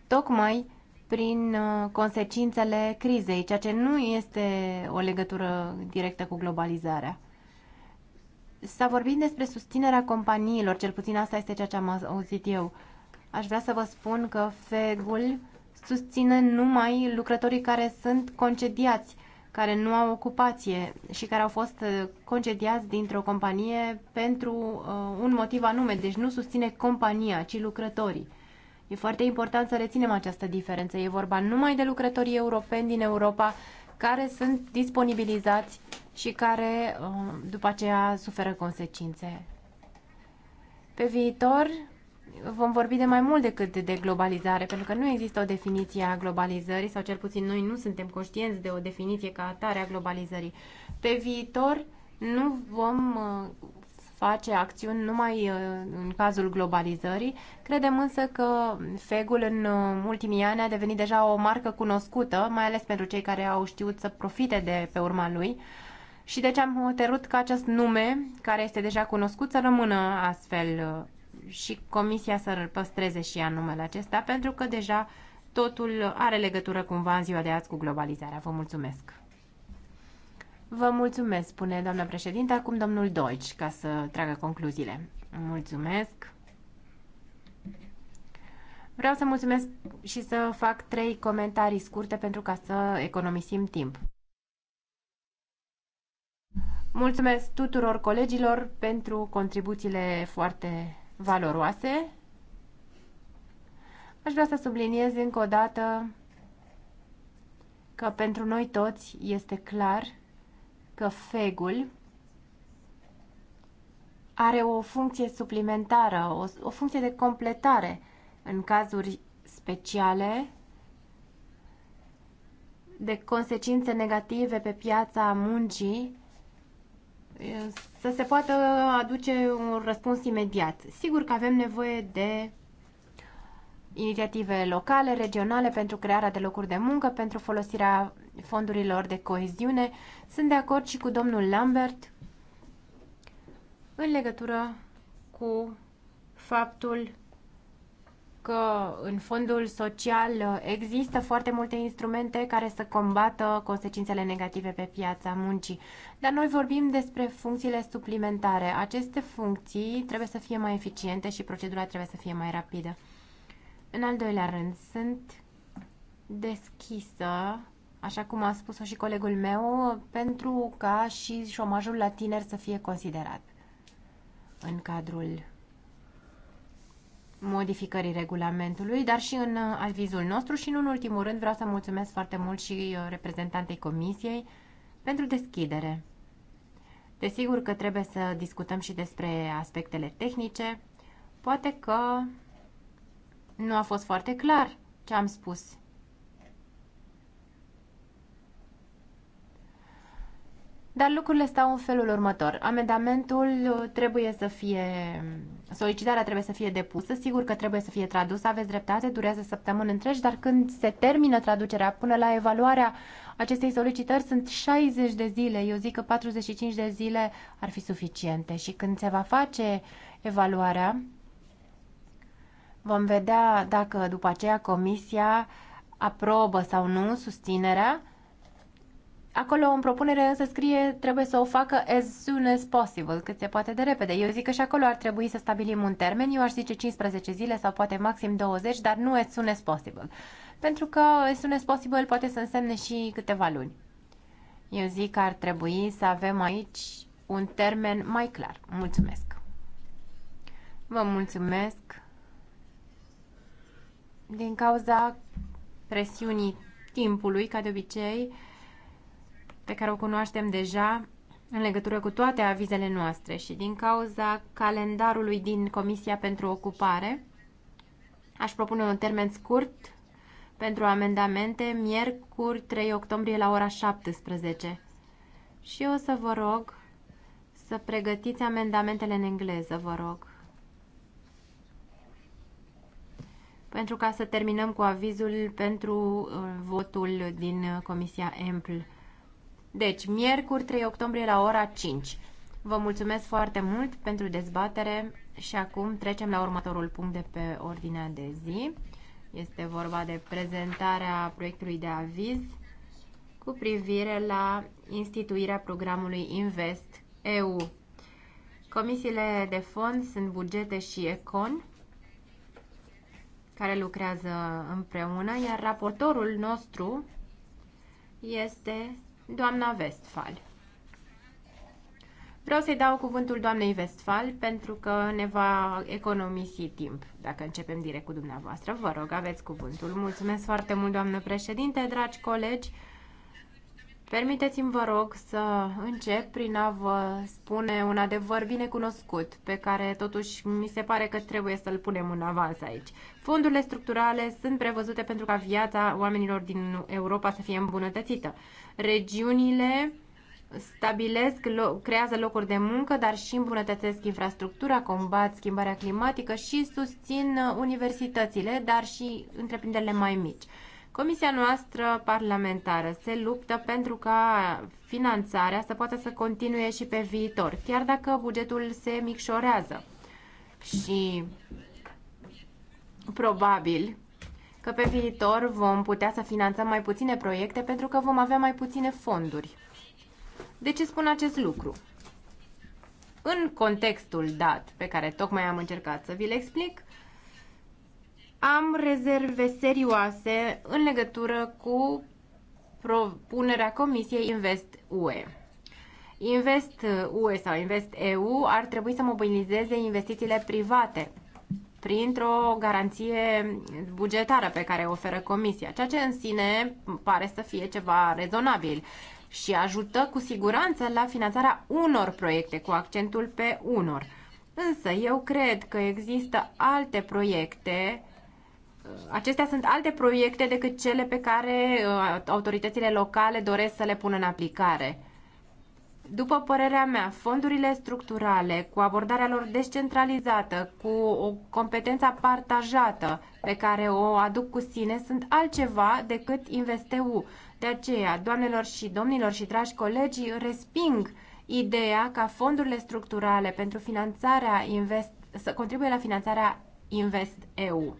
tocmai prin uh, consecințele crizei, ceea ce nu este o legătură directă cu globalizarea. S-a vorbit despre susținerea companiilor, cel puțin asta este ceea ce am auzit eu. Aș vrea să vă spun că FEGUL susține numai lucrătorii care sunt concediați, care nu au ocupație și care au fost uh, concediați dintr-o companie pentru uh, un motiv anume, deci nu susține compania, ci lucrătorii. E foarte important să reținem această diferență. E vorba numai de lucrătorii europeni din Europa care sunt disponibilizați și care uh, după aceea suferă consecințe. Pe viitor, vom vorbi de mai mult decât de globalizare, pentru că nu există o definiție a globalizării, sau cel puțin noi nu suntem conștienți de o definiție ca atare a globalizării. Pe viitor nu vom uh, face acțiuni numai uh, în cazul globalizării. Credem însă că Fegul în uh, ultimii ani a devenit deja o marcă cunoscută, mai ales pentru cei care au știut să profite de pe urma lui. Și deci am hotărât ca acest nume, care este deja cunoscut, să rămână astfel și comisia să păstreze și ea numele acesta, pentru că deja totul are legătură cumva în ziua de azi cu globalizarea. Vă mulțumesc! Vă mulțumesc, spune doamna președinte, acum domnul Deutsch, ca să tragă concluziile. Mulțumesc! Vreau să mulțumesc și să fac trei comentarii scurte pentru ca să economisim timp. Mulțumesc tuturor colegilor pentru contribuțiile foarte valoroase. Aș vrea să subliniez încă o dată că pentru noi toți este clar că fegul are o funcție suplimentară, o, o funcție de completare în cazuri speciale de consecințe negative pe piața muncii să se poată aduce un răspuns imediat. Sigur că avem nevoie de inițiative locale, regionale pentru crearea de locuri de muncă, pentru folosirea fondurilor de coeziune. Sunt de acord și cu domnul Lambert în legătură cu faptul că în fondul social uh, există foarte multe instrumente care să combată consecințele negative pe piața muncii. Dar noi vorbim despre funcțiile suplimentare. Aceste funcții trebuie să fie mai eficiente și procedura trebuie să fie mai rapidă. În al doilea rând, sunt deschisă, așa cum a spus-o și colegul meu, pentru ca și șomajul la tineri să fie considerat în cadrul modificării regulamentului, dar și în uh, avizul nostru și, nu în ultimul rând, vreau să mulțumesc foarte mult și uh, reprezentantei Comisiei pentru deschidere. Desigur că trebuie să discutăm și despre aspectele tehnice. Poate că nu a fost foarte clar ce am spus Dar lucrurile stau în felul următor. Amendamentul uh, trebuie să fie, solicitarea trebuie să fie depusă, sigur că trebuie să fie tradusă, aveți dreptate, durează săptămâni întregi, dar când se termină traducerea până la evaluarea acestei solicitări sunt 60 de zile, eu zic că 45 de zile ar fi suficiente și când se va face evaluarea, vom vedea dacă după aceea comisia aprobă sau nu susținerea Acolo în propunere însă scrie trebuie să o facă as soon as possible, cât se poate de repede. Eu zic că și acolo ar trebui să stabilim un termen, eu aș zice 15 zile sau poate maxim 20, dar nu as soon as possible. Pentru că as soon as possible poate să însemne și câteva luni. Eu zic că ar trebui să avem aici un termen mai clar. Mulțumesc! Vă mulțumesc! Din cauza presiunii timpului, ca de obicei, pe care o cunoaștem deja în legătură cu toate avizele noastre și din cauza calendarului din Comisia pentru Ocupare, aș propune un termen scurt pentru amendamente, miercuri 3 octombrie la ora 17. Și o să vă rog să pregătiți amendamentele în engleză, vă rog. Pentru ca să terminăm cu avizul pentru uh, votul din uh, Comisia Ample. Deci, miercuri 3 octombrie la ora 5. Vă mulțumesc foarte mult pentru dezbatere și acum trecem la următorul punct de pe ordinea de zi. Este vorba de prezentarea proiectului de aviz cu privire la instituirea programului Invest EU. Comisiile de fond sunt bugete și econ care lucrează împreună, iar raportorul nostru este doamna Vestfal. Vreau să-i dau cuvântul doamnei Vestfal, pentru că ne va economisi timp dacă începem direct cu dumneavoastră. Vă rog, aveți cuvântul. Mulțumesc foarte mult, doamnă președinte, dragi colegi. Permiteți-mi, vă rog, să încep prin a vă spune un adevăr bine cunoscut, pe care totuși mi se pare că trebuie să-l punem în avans aici. Fondurile structurale sunt prevăzute pentru ca viața oamenilor din Europa să fie îmbunătățită. Regiunile stabilesc, lo- creează locuri de muncă, dar și îmbunătățesc infrastructura, combat schimbarea climatică și susțin universitățile, dar și întreprinderile mai mici. Comisia noastră parlamentară se luptă pentru ca finanțarea să poată să continue și pe viitor, chiar dacă bugetul se micșorează. Și probabil că pe viitor vom putea să finanțăm mai puține proiecte pentru că vom avea mai puține fonduri. De ce spun acest lucru? În contextul dat pe care tocmai am încercat să vi-l explic, am rezerve serioase în legătură cu propunerea Comisiei Invest UE. Invest UE sau Invest EU ar trebui să mobilizeze investițiile private printr-o garanție bugetară pe care o oferă Comisia, ceea ce în sine pare să fie ceva rezonabil și ajută cu siguranță la finanțarea unor proiecte cu accentul pe unor. Însă eu cred că există alte proiecte Uh, acestea sunt alte proiecte decât cele pe care uh, autoritățile locale doresc să le pună în aplicare. După părerea mea, fondurile structurale, cu abordarea lor descentralizată, cu o competență partajată pe care o aduc cu sine, sunt altceva decât InvestEU. De aceea, doamnelor și domnilor și dragi colegi, resping ideea ca fondurile structurale pentru finanțarea Invest să contribuie la finanțarea InvestEU.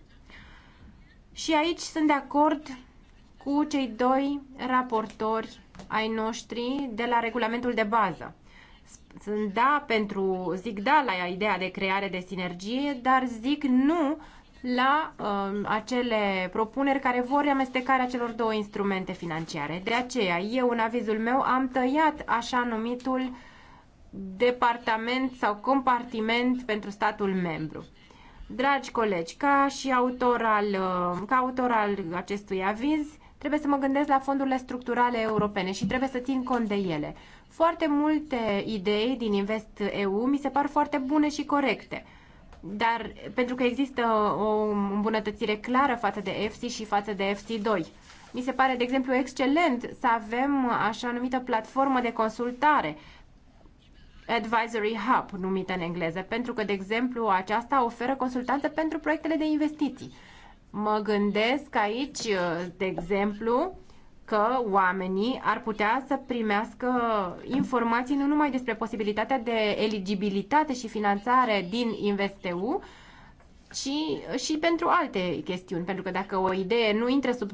Și aici sunt de acord cu cei doi raportori ai noștri de la regulamentul de bază. Sunt da pentru, zic da la ideea de creare de sinergie, dar zic nu la uh, acele propuneri care vor amestecarea celor două instrumente financiare. De aceea, eu în avizul meu am tăiat așa numitul departament sau compartiment pentru statul membru. Dragi colegi, ca și autor al, uh, ca autor al acestui aviz, trebuie să mă gândesc la fondurile structurale europene și trebuie să țin cont de ele. Foarte multe idei din Invest EU mi se par foarte bune și corecte. Dar pentru că există o îmbunătățire clară față de FC și față de FC2. Mi se pare, de exemplu, excelent să avem așa numită platformă de consultare Advisory Hub, numită în engleză, pentru că, de exemplu, aceasta oferă consultanță pentru proiectele de investiții. Mă gândesc aici, de exemplu, că oamenii ar putea să primească informații nu numai despre posibilitatea de eligibilitate și finanțare din InvestEU, ci și pentru alte chestiuni. Pentru că dacă o idee nu intră sub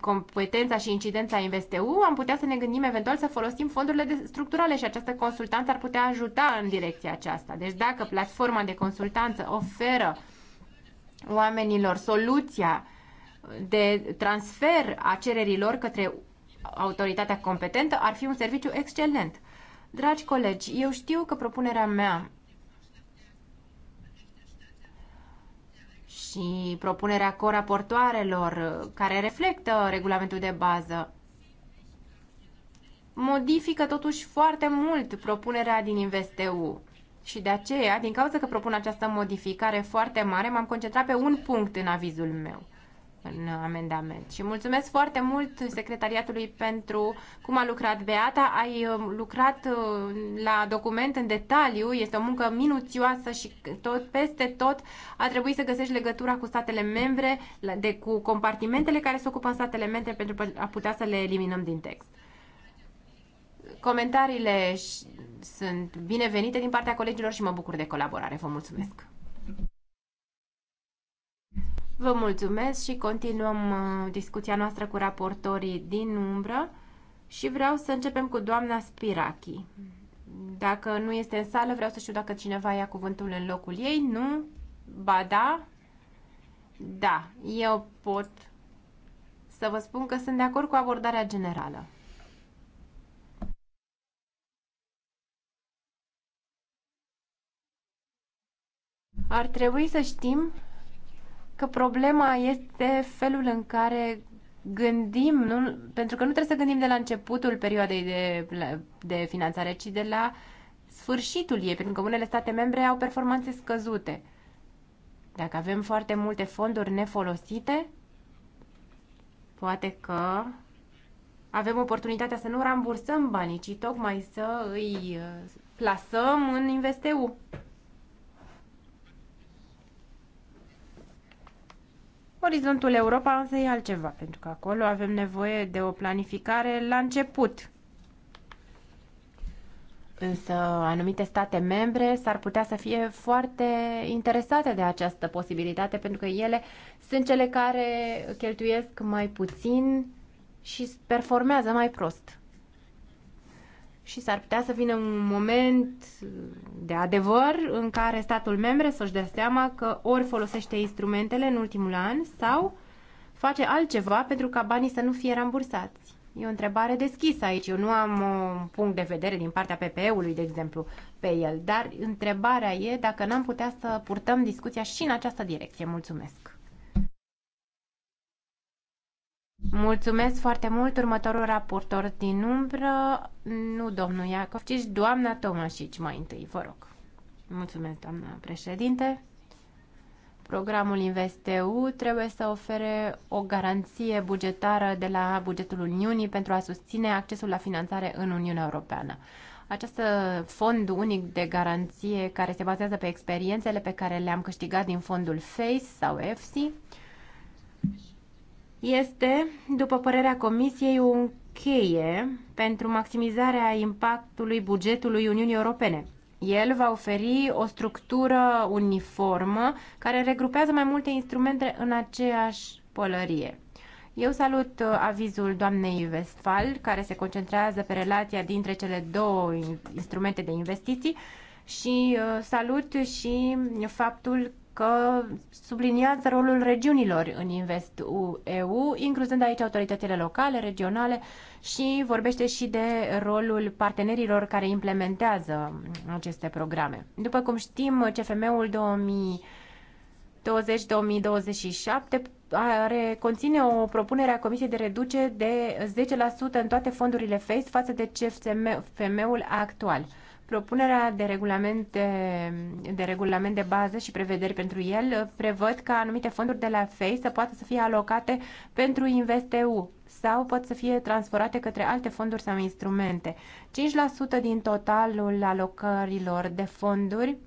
competența și incidența InvestEU, am putea să ne gândim eventual să folosim fondurile structurale și această consultanță ar putea ajuta în direcția aceasta. Deci dacă platforma de consultanță oferă oamenilor soluția de transfer a cererilor către autoritatea competentă, ar fi un serviciu excelent. Dragi colegi, eu știu că propunerea mea și propunerea coraportoarelor uh, care reflectă regulamentul de bază modifică totuși foarte mult propunerea din InvestEU. Și de aceea, din cauza că propun această modificare foarte mare, m-am concentrat pe un punct în avizul meu în amendament. Și mulțumesc foarte mult secretariatului pentru cum a lucrat Beata. Ai uh, lucrat uh, la document în detaliu, este o muncă minuțioasă și tot, peste tot a trebuit să găsești legătura cu statele membre, de, cu compartimentele care se ocupă în statele membre pentru a putea să le eliminăm din text. Comentariile sunt binevenite din partea colegilor și mă bucur de colaborare. Vă mulțumesc! Vă mulțumesc și continuăm uh, discuția noastră cu raportorii din umbră și vreau să începem cu doamna Spirachi. Dacă nu este în sală, vreau să știu dacă cineva ia cuvântul în locul ei. Nu? Ba da? Da, eu pot să vă spun că sunt de acord cu abordarea generală. Ar trebui să știm că problema este felul în care gândim, nu, pentru că nu trebuie să gândim de la începutul perioadei de, de finanțare, ci de la sfârșitul ei, pentru că unele state membre au performanțe scăzute. Dacă avem foarte multe fonduri nefolosite, poate că avem oportunitatea să nu rambursăm banii, ci tocmai să îi uh, plasăm în InvestEU. Orizontul Europa însă e altceva, pentru că acolo avem nevoie de o planificare la început. Însă anumite state membre s-ar putea să fie foarte interesate de această posibilitate, pentru că ele sunt cele care cheltuiesc mai puțin și performează mai prost și s-ar putea să vină un moment de adevăr în care statul membre să-și dea seama că ori folosește instrumentele în ultimul an sau face altceva pentru ca banii să nu fie rambursați. E o întrebare deschisă aici. Eu nu am un punct de vedere din partea PPE-ului, de exemplu, pe el, dar întrebarea e dacă n-am putea să purtăm discuția și în această direcție. Mulțumesc! Mulțumesc foarte mult. Următorul raportor din umbră, nu domnul Iacov, ci doamna Tomașici mai întâi, vă rog. Mulțumesc, doamna președinte. Programul InvestEU trebuie să ofere o garanție bugetară de la bugetul Uniunii pentru a susține accesul la finanțare în Uniunea Europeană. Acest fond unic de garanție care se bazează pe experiențele pe care le-am câștigat din fondul FACE sau EFSI este, după părerea Comisiei, un cheie pentru maximizarea impactului bugetului Uniunii Europene. El va oferi o structură uniformă care regrupează mai multe instrumente în aceeași pălărie. Eu salut uh, avizul doamnei Westphal, care se concentrează pe relația dintre cele două instrumente de investiții și uh, salut și faptul că subliniază rolul regiunilor în Invest EU, incluzând aici autoritățile locale, regionale și vorbește și de rolul partenerilor care implementează aceste programe. După cum știm, CFM-ul 2020-2027 are, conține o propunere a Comisiei de reduce de 10% în toate fondurile FACE față de CFM-ul actual. Propunerea de regulament de, de regulament de bază și prevederi pentru el prevăd ca anumite fonduri de la FEI să poată să fie alocate pentru InvestEU sau pot să fie transferate către alte fonduri sau instrumente. 5% din totalul alocărilor de fonduri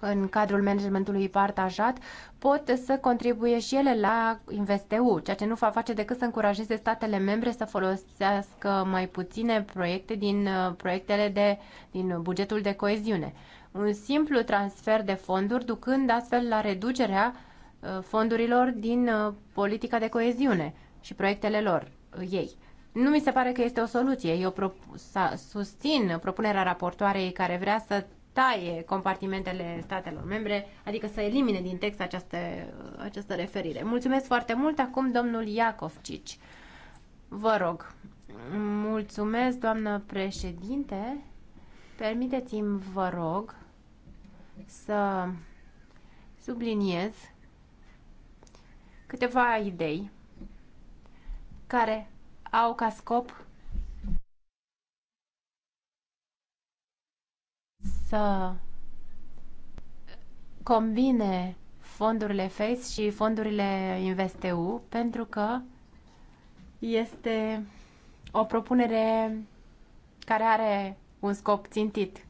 în cadrul managementului partajat pot să contribuie și ele la InvestEU, ceea ce nu va face decât să încurajeze statele membre să folosească mai puține proiecte din uh, proiectele de, din bugetul de coeziune. Un simplu transfer de fonduri ducând astfel la reducerea uh, fondurilor din uh, politica de coeziune și proiectele lor ei. Nu mi se pare că este o soluție. Eu pro- susțin propunerea raportoarei care vrea să taie compartimentele statelor membre, adică să elimine din text această, această referire. Mulțumesc foarte mult. Acum domnul Cici. Vă rog. Mulțumesc, doamnă președinte. Permiteți-mi, vă rog, să subliniez câteva idei care au ca scop să combine fondurile FACE și fondurile InvestEU pentru că este o propunere care are un scop țintit.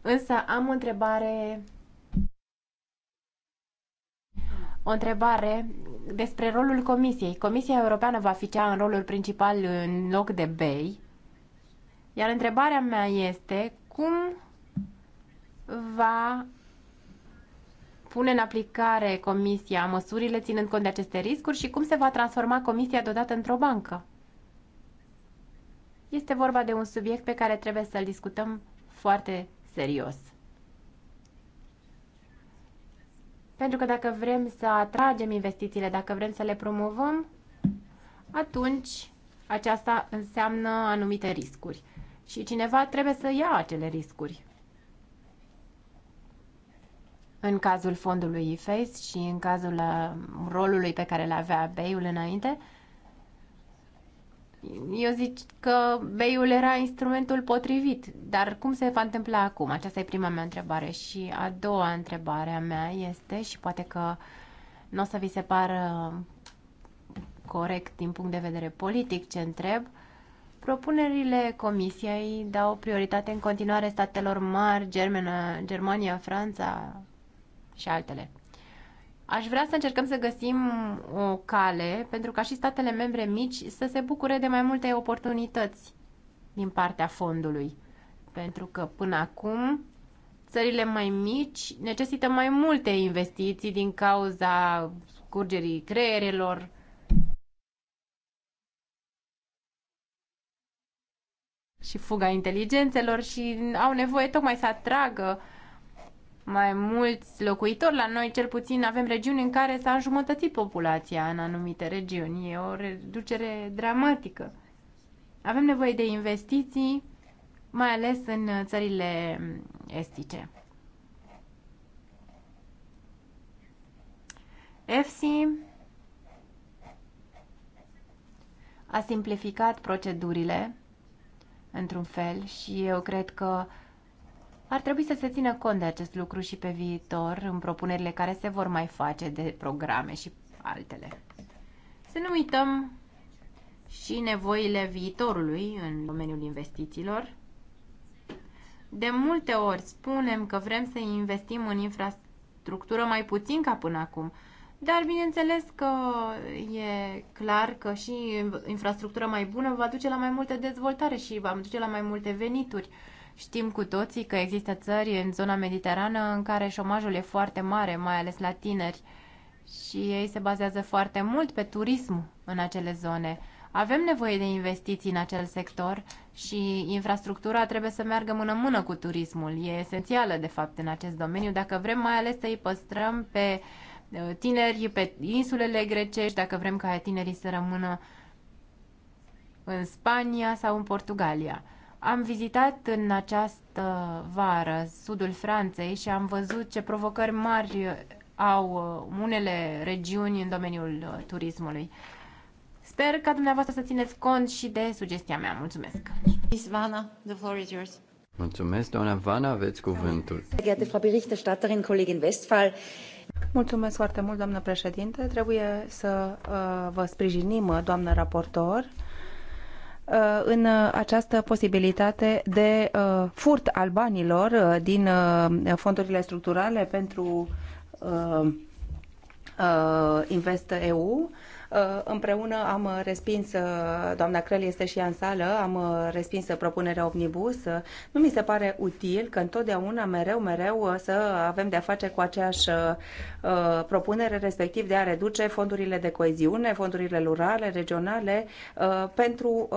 Însă am o întrebare o întrebare despre rolul Comisiei. Comisia Europeană va fi cea în rolul principal în loc de BEI. Iar întrebarea mea este cum va pune în aplicare Comisia măsurile ținând cont de aceste riscuri și cum se va transforma Comisia deodată într-o bancă? Este vorba de un subiect pe care trebuie să-l discutăm foarte serios. Pentru că dacă vrem să atragem investițiile, dacă vrem să le promovăm, atunci aceasta înseamnă anumite riscuri. Și cineva trebuie să ia acele riscuri în cazul fondului IFACE și în cazul uh, rolului pe care îl avea Beiul înainte, eu zic că Beiul era instrumentul potrivit, dar cum se va întâmpla acum? Aceasta e prima mea întrebare și a doua întrebare a mea este și poate că nu o să vi se pară corect din punct de vedere politic ce întreb, Propunerile Comisiei dau prioritate în continuare statelor mari, Germana, Germania, Franța, și altele. Aș vrea să încercăm să găsim o cale pentru ca și statele membre mici să se bucure de mai multe oportunități din partea fondului. Pentru că până acum țările mai mici necesită mai multe investiții din cauza scurgerii creierelor, și fuga inteligențelor și au nevoie tocmai să atragă mai mulți locuitori. La noi, cel puțin, avem regiuni în care s-a înjumătățit populația în anumite regiuni. E o reducere dramatică. Avem nevoie de investiții, mai ales în țările estice. EFSI a simplificat procedurile într-un fel și eu cred că ar trebui să se țină cont de acest lucru și pe viitor în propunerile care se vor mai face de programe și altele. Să nu uităm și nevoile viitorului în domeniul investițiilor. De multe ori spunem că vrem să investim în infrastructură mai puțin ca până acum, dar bineînțeles că e clar că și infrastructura mai bună va duce la mai multă dezvoltare și va duce la mai multe venituri. Știm cu toții că există țări în zona mediterană în care șomajul e foarte mare, mai ales la tineri, și ei se bazează foarte mult pe turism în acele zone. Avem nevoie de investiții în acel sector și infrastructura trebuie să meargă mână-mână cu turismul. E esențială, de fapt, în acest domeniu, dacă vrem mai ales să îi păstrăm pe uh, tineri pe insulele grecești, dacă vrem ca tinerii să rămână în Spania sau în Portugalia. Am vizitat în această vară sudul Franței și am văzut ce provocări mari au uh, unele regiuni în domeniul uh, turismului. Sper ca dumneavoastră să țineți cont și de sugestia mea. Mulțumesc! Isvana, the floor is yours. Mulțumesc, doamna Vana, aveți cuvântul. Mulțumesc foarte mult, doamnă președinte. Trebuie să uh, vă sprijinim, doamnă raportor, Uh, în uh, această posibilitate de uh, furt al banilor din fondurile structurale pentru Invest EU Uh, împreună am uh, respins, uh, doamna Crăl este și ea în sală, am respins propunerea omnibus. Nu mi se pare util că întotdeauna, mereu, mereu, să avem de-a face cu aceeași propunere, respectiv de a reduce fondurile de coeziune, fondurile rurale, regionale, pentru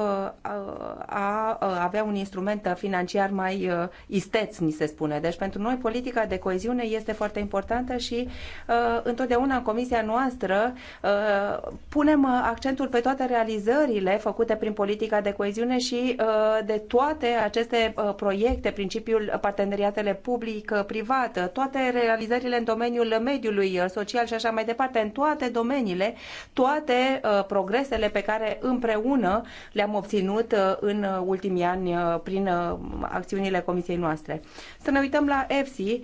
a avea un instrument financiar mai isteț, ni se spune. Deci, pentru noi, politica de coeziune este foarte importantă și întotdeauna în comisia noastră punem uh, accentul pe toate realizările făcute prin politica de coeziune și uh, de toate aceste uh, proiecte, principiul parteneriatele public-privat, toate realizările în domeniul mediului social și așa mai departe, în toate domeniile, toate progresele pe care împreună le-am obținut în ultimii ani prin acțiunile comisiei noastre. Să ne uităm la EFSI,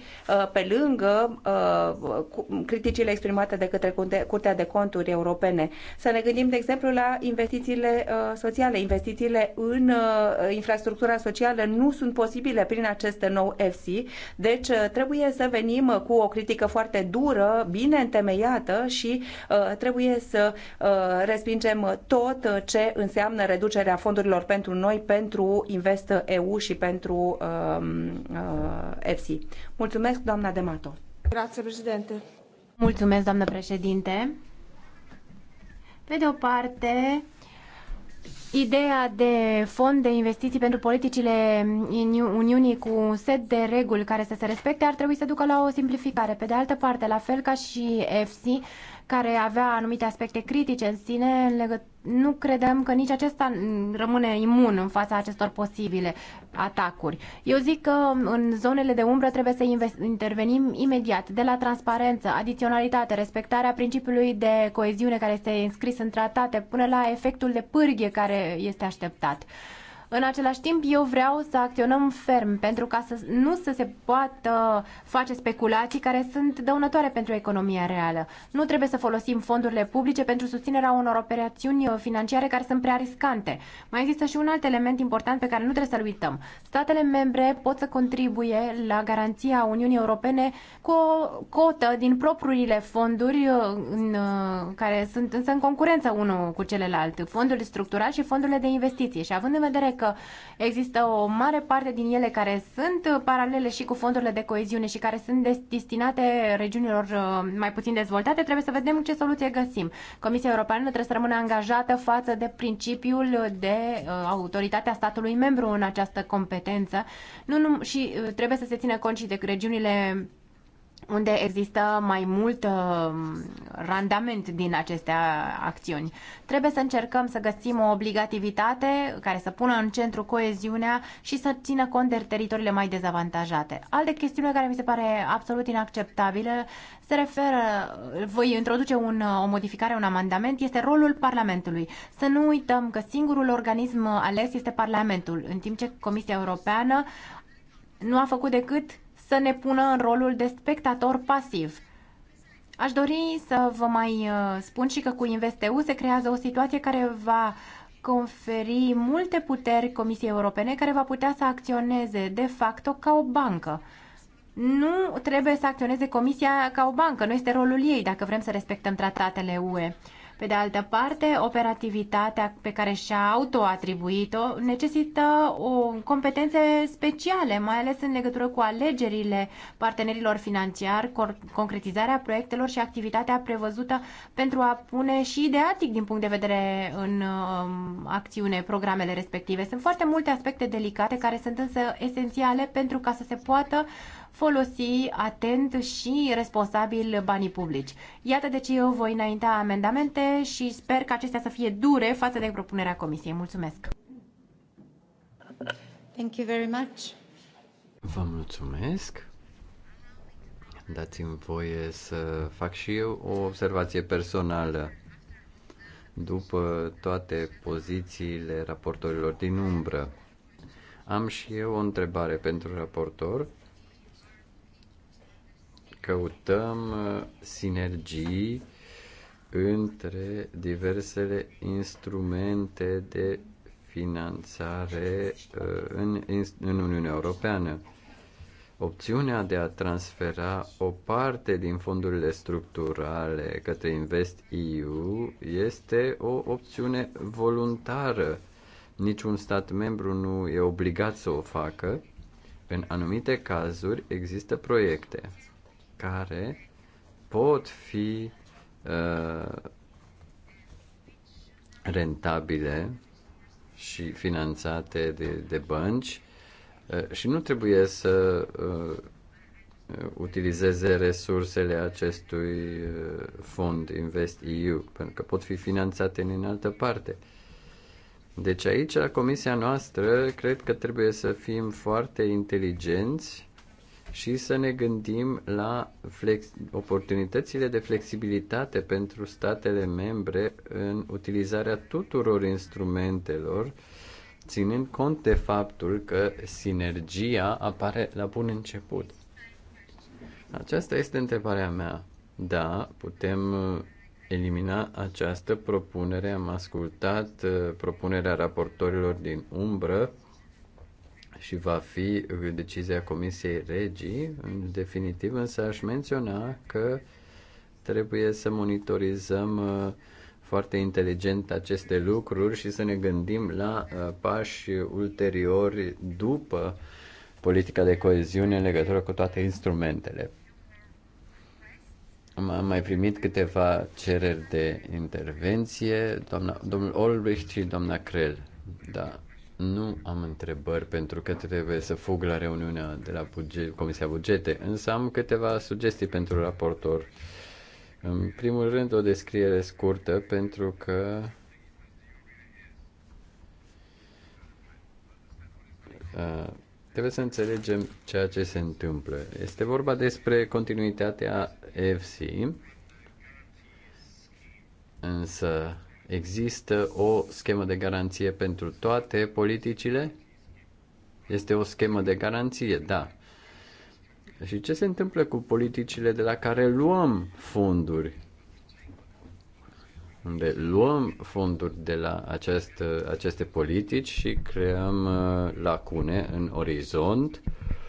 pe lângă criticile exprimate de către Curtea de Conturi Europene, să ne gândim, de exemplu, la investițiile uh, sociale. Investițiile în uh, infrastructura socială nu sunt posibile prin acest nou FC, deci uh, trebuie să venim cu o critică foarte dură, bine întemeiată și trebuie să respingem tot ce înseamnă reducerea fondurilor pentru noi, pentru Invest EU și pentru um, FC. Mulțumesc, doamna Demato. Grazie, președinte. Mulțumesc, doamnă președinte. Pe de o parte, Ideea de fond de investiții pentru politicile Uniunii cu un set de reguli care să se respecte ar trebui să ducă la o simplificare. Pe de altă parte, la fel ca și EFSI, care avea anumite aspecte critice în sine, nu credem că nici acesta rămâne imun în fața acestor posibile atacuri. Eu zic că în zonele de umbră trebuie să intervenim imediat, de la transparență, adiționalitate, respectarea principiului de coeziune care este înscris în tratate, până la efectul de pârghie care este așteptat. În același timp, eu vreau să acționăm ferm pentru ca să nu să se poată face speculații care sunt dăunătoare pentru economia reală. Nu trebuie să folosim fondurile publice pentru susținerea unor operațiuni financiare care sunt prea riscante. Mai există și un alt element important pe care nu trebuie să-l uităm. Statele membre pot să contribuie la garanția Uniunii Europene cu o cotă din propriile fonduri uh, în, uh, care sunt însă în concurență unul cu celălalt, fondurile structurale și fondurile de investiție. Și având în vedere că că există o mare parte din ele care sunt paralele și cu fondurile de coeziune și care sunt destinate regiunilor uh, mai puțin dezvoltate, trebuie să vedem ce soluție găsim. Comisia Europeană trebuie să rămână angajată față de principiul de uh, autoritatea statului membru în această competență nu, nu, și uh, trebuie să se țină cont și de regiunile unde există mai mult um, randament din aceste acțiuni. Trebuie să încercăm să găsim o obligativitate care să pună în centru coeziunea și să țină cont de teritoriile mai dezavantajate. Alte chestiune care mi se pare absolut inacceptabilă se referă, voi introduce un, o modificare, un amendament, este rolul Parlamentului. Să nu uităm că singurul organism ales este Parlamentul, în timp ce Comisia Europeană nu a făcut decât să ne pună în rolul de spectator pasiv. Aș dori să vă mai uh, spun și că cu InvestEU se creează o situație care va conferi multe puteri Comisiei Europene care va putea să acționeze de facto ca o bancă. Nu trebuie să acționeze Comisia ca o bancă, nu este rolul ei dacă vrem să respectăm tratatele UE. Pe de altă parte, operativitatea pe care și-a autoatribuit-o necesită o competențe speciale, mai ales în legătură cu alegerile partenerilor financiari, concretizarea proiectelor și activitatea prevăzută pentru a pune și ideatic din punct de vedere în um, acțiune programele respective. Sunt foarte multe aspecte delicate care sunt însă esențiale pentru ca să se poată folosi atent și responsabil banii publici. Iată de ce eu voi înainta amendamente și sper că acestea să fie dure față de propunerea Comisiei. Mulțumesc! Thank you very much. Vă mulțumesc. Dați-mi voie să fac și eu o observație personală. După toate pozițiile raportorilor din umbră, am și eu o întrebare pentru raportor căutăm uh, sinergii între diversele instrumente de finanțare uh, în, în Uniunea Europeană. Opțiunea de a transfera o parte din fondurile structurale către Invest EU este o opțiune voluntară. Niciun stat membru nu e obligat să o facă. În anumite cazuri există proiecte care pot fi uh, rentabile și finanțate de, de bănci uh, și nu trebuie să uh, utilizeze resursele acestui uh, fond Invest EU pentru că pot fi finanțate în altă parte. Deci aici, la comisia noastră, cred că trebuie să fim foarte inteligenți și să ne gândim la flex, oportunitățile de flexibilitate pentru statele membre în utilizarea tuturor instrumentelor, ținând cont de faptul că sinergia apare la bun început. Aceasta este întrebarea mea. Da, putem uh, elimina această propunere. Am ascultat uh, propunerea raportorilor din umbră și va fi decizia Comisiei Regii, în definitiv, însă aș menționa că trebuie să monitorizăm uh, foarte inteligent aceste lucruri și să ne gândim la uh, pași ulteriori după politica de coeziune în legătură cu toate instrumentele. Am mai primit câteva cereri de intervenție, doamna, domnul Olbricht și doamna Crel. Da, nu am întrebări pentru că trebuie să fug la reuniunea de la buget, Comisia Bugete, însă am câteva sugestii pentru raportor. În primul rând, o descriere scurtă pentru că uh, trebuie să înțelegem ceea ce se întâmplă. Este vorba despre continuitatea EFSI, însă Există o schemă de garanție pentru toate politicile? Este o schemă de garanție, da. Și ce se întâmplă cu politicile de la care luăm fonduri? Unde luăm fonduri de la acest, aceste politici și creăm uh, lacune în orizont uh,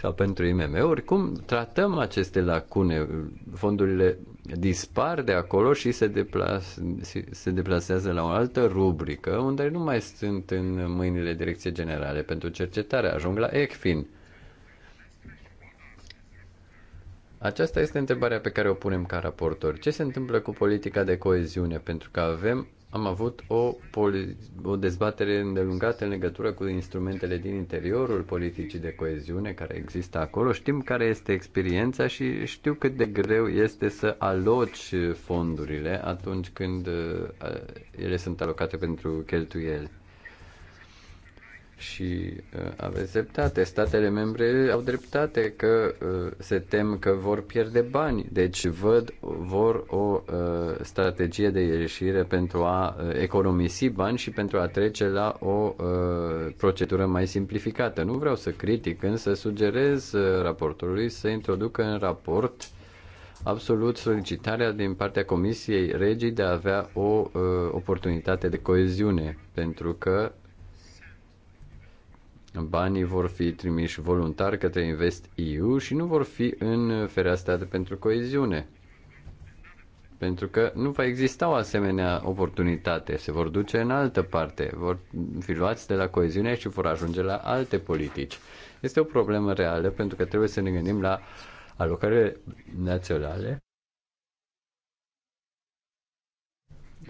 sau pentru IMM-uri, cum tratăm aceste lacune? Fondurile dispar de acolo și se, deplas, se deplasează la o altă rubrică unde nu mai sunt în mâinile Direcției Generale pentru Cercetare, ajung la ECFIN. Aceasta este întrebarea pe care o punem ca raportor. Ce se întâmplă cu politica de coeziune? Pentru că avem am avut o, o dezbatere îndelungată în legătură cu instrumentele din interiorul politicii de coeziune care există acolo. Știm care este experiența și știu cât de greu este să aloci fondurile atunci când uh, ele sunt alocate pentru cheltuieli. Și uh, aveți dreptate, statele membre au dreptate că uh, se tem că vor pierde bani, deci văd, vor o uh, strategie de ieșire pentru a uh, economisi bani și pentru a trece la o uh, procedură mai simplificată. Nu vreau să critic, însă sugerez uh, raportului să introducă în raport absolut solicitarea din partea Comisiei Regii de a avea o uh, oportunitate de coeziune, pentru că Banii vor fi trimiși voluntar către Invest EU și nu vor fi în fereastra de pentru coeziune. Pentru că nu va exista o asemenea oportunitate. Se vor duce în altă parte. Vor fi luați de la coeziune și vor ajunge la alte politici. Este o problemă reală pentru că trebuie să ne gândim la alocările naționale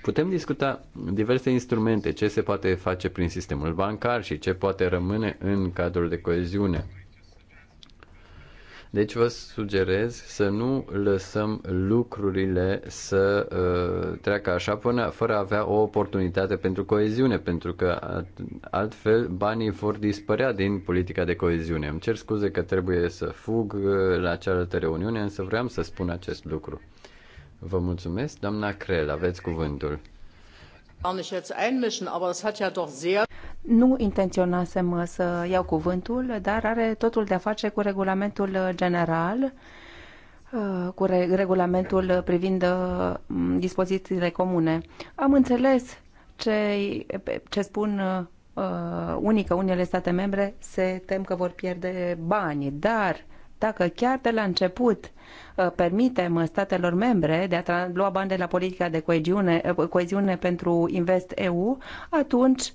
Putem discuta diverse instrumente, ce se poate face prin sistemul bancar și ce poate rămâne în cadrul de coeziune. Deci vă sugerez să nu lăsăm lucrurile să uh, treacă așa până fără a avea o oportunitate pentru coeziune, pentru că altfel banii vor dispărea din politica de coeziune. Îmi cer scuze că trebuie să fug uh, la cealaltă reuniune, însă vreau să spun acest lucru. Vă mulțumesc, doamna Crel, aveți cuvântul. Nu intenționasem uh, să iau cuvântul, dar are totul de a face cu regulamentul general, uh, cu regulamentul privind uh, dispozițiile comune. Am înțeles ce, ce spun unii că unele state membre se tem că vor pierde bani, dar dacă chiar de la început uh, permitem statelor membre de a lua bani de la politica de coeziune, uh, coeziune pentru Invest EU, atunci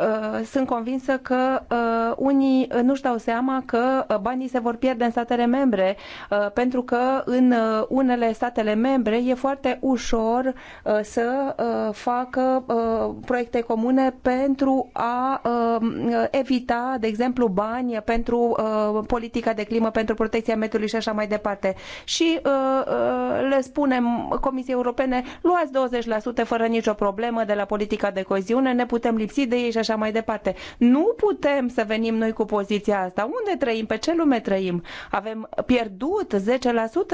Uh, sunt convinsă că uh, unii nu-și dau seama că uh, banii se vor pierde în statele membre, pentru că în unele statele membre e foarte ușor să facă proiecte comune pentru a evita, de exemplu, bani pentru politica de climă, pentru protecția mediului și așa mai departe. Și le spunem Comisiei Europene, luați 20% fără nicio problemă de la politica de coeziune, ne putem lipsi de ei și așa așa mai departe. Nu putem să venim noi cu poziția asta. Unde trăim? Pe ce lume trăim? Avem pierdut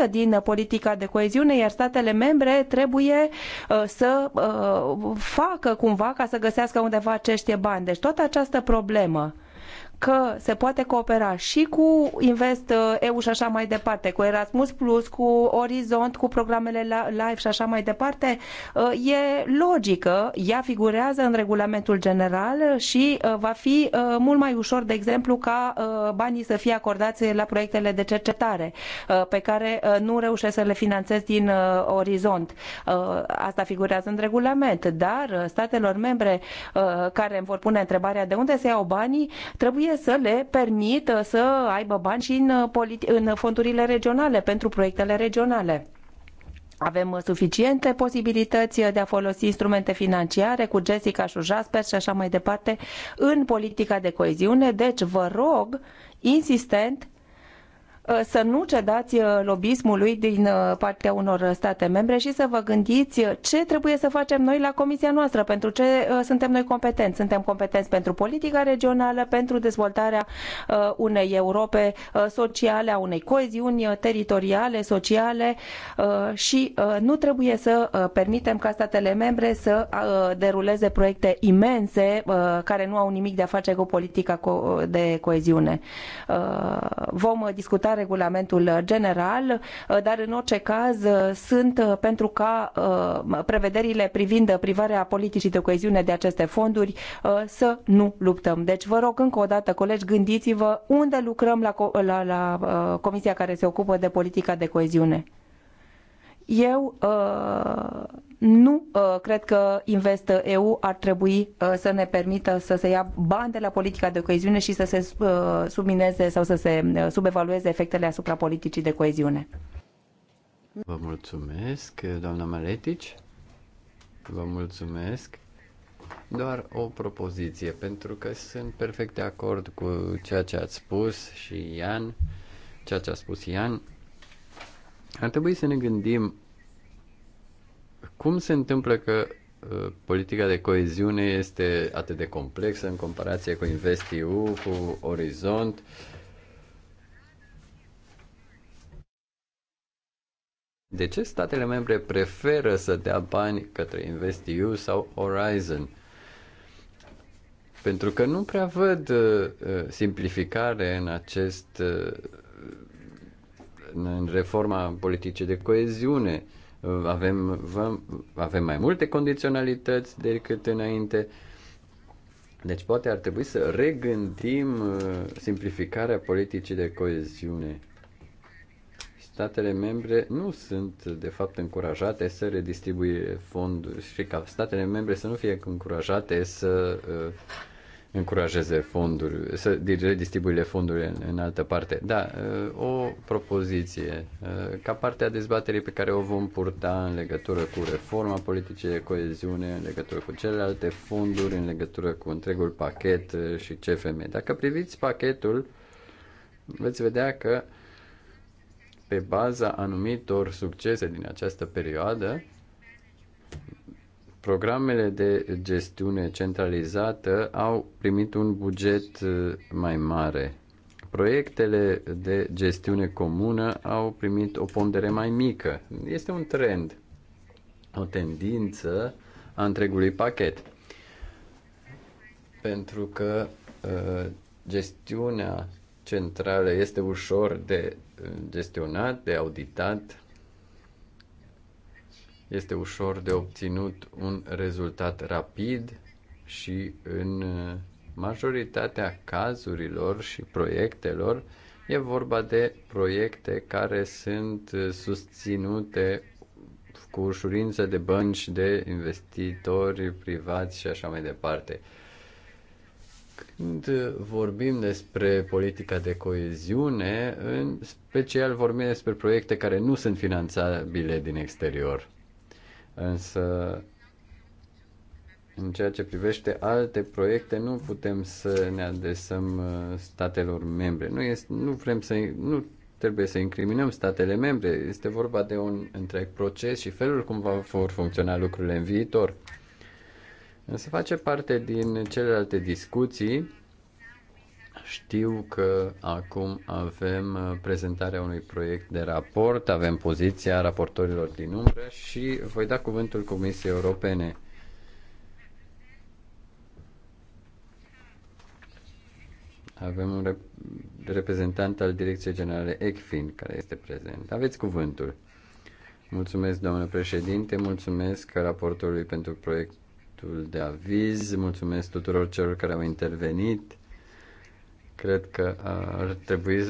10% din politica de coeziune, iar statele membre trebuie uh, să uh, facă cumva ca să găsească undeva acești bani. Deci toată această problemă că se poate coopera și cu Invest uh, EU și așa mai departe, cu Erasmus Plus, cu Orizont, cu programele Live și așa mai departe, uh, e logică, ea figurează în regulamentul general și uh, va fi mult mai ușor, de exemplu, ca banii să fie acordați la proiectele de cercetare pe care nu reușesc să le finanțez din Orizont. Asta figurează în regulament, dar statelor membre care îmi vor pune întrebarea de unde se iau banii, trebuie trebuie să le permită să aibă bani și în, uh, în fondurile regionale, pentru proiectele regionale. Avem uh, suficiente posibilități uh, de a folosi instrumente financiare cu Jessica și Jasper și așa mai departe în politica de coeziune, deci vă rog insistent Uh, să nu cedați uh, lobismului din uh, partea unor state membre și să vă gândiți ce trebuie să facem noi la comisia noastră, pentru ce suntem noi competenți. Suntem competenți pentru politica regională, pentru dezvoltarea unei Europe sociale, a unei coeziuni teritoriale, sociale și nu trebuie să permitem ca statele membre să deruleze proiecte imense care nu au nimic de a face cu politica de coeziune. Vom discuta regulamentul general, uh, dar în orice caz uh, sunt uh, pentru ca prevederile privind privarea politicii de coeziune de aceste fonduri să nu luptăm. Deci vă rog încă o dată, colegi, gândiți-vă unde lucrăm la, la, la comisia care se ocupă de politica de coeziune. Eu uh, nu uh, cred că Invest EU ar trebui uh, să ne permită să se ia bani de la politica de coeziune și să se uh, submineze sau să se subevalueze efectele asupra politicii de coeziune. Vă mulțumesc, doamna Maletici. Vă mulțumesc. Doar o propoziție, pentru că sunt perfect de acord cu ceea ce ați spus și Ian, ceea ce a spus Ian. Ar trebui să ne gândim cum se întâmplă că uh, politica de coeziune este atât de complexă în comparație cu InvestEU, cu Orizont? De ce statele membre preferă să dea bani către InvestEU sau Horizon? Pentru că nu prea văd uh, uh, simplificare în acest în reforma politicii de coeziune. Uh, avem, avem mai multe condiționalități decât înainte. Deci poate ar trebui să regândim uh, simplificarea politicii de coeziune. Statele membre nu sunt, de fapt, încurajate să redistribuie fonduri și ca statele membre să nu fie încurajate să uh, încurajeze fonduri, să redistribuie fondurile în, în altă parte. Da, uh, o propoziție uh, ca parte a dezbaterii pe care o vom purta în legătură cu reforma politicii de coeziune, în legătură cu celelalte fonduri, în legătură cu întregul pachet uh, și CFM. Dacă priviți pachetul, veți vedea că pe baza anumitor succese din această perioadă, Programele de gestiune centralizată au primit un buget uh, mai mare. Proiectele de gestiune comună au primit o pondere mai mică. Este un trend, o tendință a întregului pachet. Pentru că uh, gestiunea centrală este ușor de uh, gestionat, de auditat, este ușor de obținut un rezultat rapid și în uh, majoritatea cazurilor și proiectelor e vorba de proiecte care sunt uh, susținute cu ușurință de bănci, de investitori privați și așa mai departe. Când uh, vorbim despre politica de coeziune, în special vorbim despre proiecte care nu sunt finanțabile din exterior. Însă, în ceea ce privește alte proiecte, nu putem să ne adresăm uh, statelor membre. Nu, este, nu vrem să, nu trebuie să incriminăm statele membre. Este vorba de un întreg proces și felul cum va, vor funcționa lucrurile în viitor. Însă face parte din celelalte discuții știu că acum avem uh, prezentarea unui proiect de raport, avem poziția raportorilor din umbră și voi da cuvântul Comisiei Europene. Avem un rep- reprezentant al Direcției Generale ECFIN care este prezent. Aveți cuvântul. Mulțumesc, domnule președinte, mulțumesc raportorului pentru proiectul de aviz, mulțumesc tuturor celor care au intervenit Cred că ar trebui,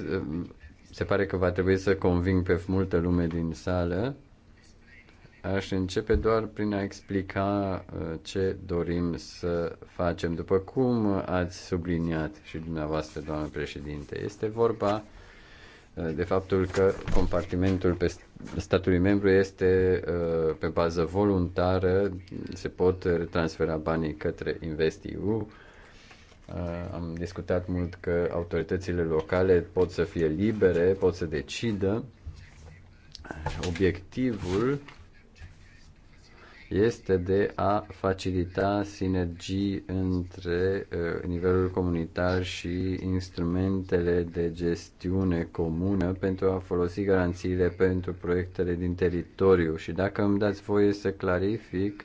se pare că va trebui să conving pe multă lume din sală. Aș începe doar prin a explica ce dorim să facem. După cum ați subliniat și dumneavoastră, doamnă președinte, este vorba de faptul că compartimentul pe statului membru este pe bază voluntară, se pot transfera banii către InvestEU am discutat mult că autoritățile locale pot să fie libere, pot să decidă. Obiectivul este de a facilita sinergii între nivelul comunitar și instrumentele de gestiune comună pentru a folosi garanțiile pentru proiectele din teritoriu. Și dacă îmi dați voie să clarific,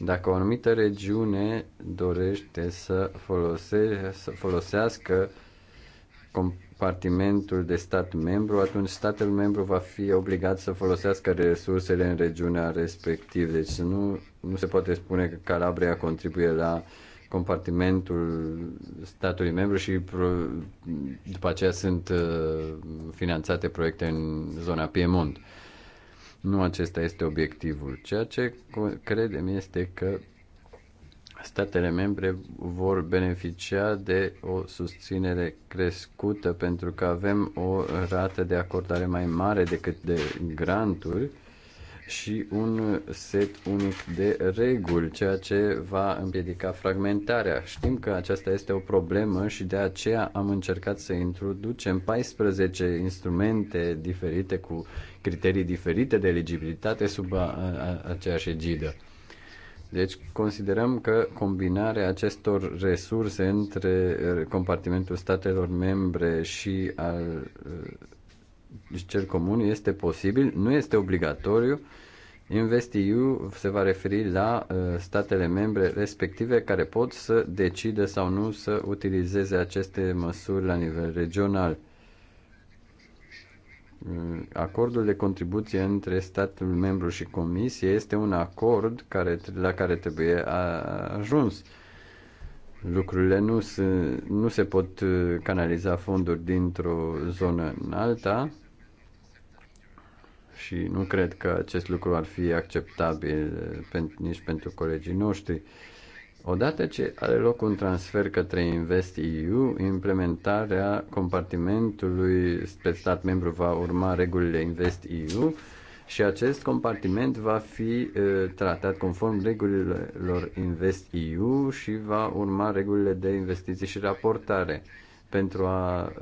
dacă o anumită regiune dorește să, folose, să folosească compartimentul de stat membru, atunci statul membru va fi obligat să folosească resursele în regiunea respectivă. Deci nu, nu se poate spune că Calabria contribuie la compartimentul statului membru și pro, după aceea sunt uh, finanțate proiecte în zona Piemont. Uh, nu acesta este obiectivul. Ceea ce credem este că statele membre vor beneficia de o susținere crescută pentru că avem o rată de acordare mai mare decât de granturi și un set unic de reguli, ceea ce va împiedica fragmentarea. Știm că aceasta este o problemă și de aceea am încercat să introducem 14 instrumente diferite cu criterii diferite de eligibilitate sub a, a, aceeași egidă. Deci considerăm că combinarea acestor resurse între eh, compartimentul statelor membre și al eh, cel comun este posibil, nu este obligatoriu. InvestEU se va referi la eh, statele membre respective care pot să decide sau nu să utilizeze aceste măsuri la nivel regional. Mm, acordul de contribuție între statul membru și comisie este un acord care, la care trebuie ajuns. Lucrurile nu se, nu se pot uh, canaliza fonduri dintr-o zonă în alta și nu cred că acest lucru ar fi acceptabil uh, nici pentru colegii noștri. Uh, Odată ce are loc un transfer către InvestEU, implementarea compartimentului spre stat membru va urma regulile InvestEU și acest compartiment va fi e, tratat conform regulilor InvestEU și va urma regulile de investiții și raportare pentru a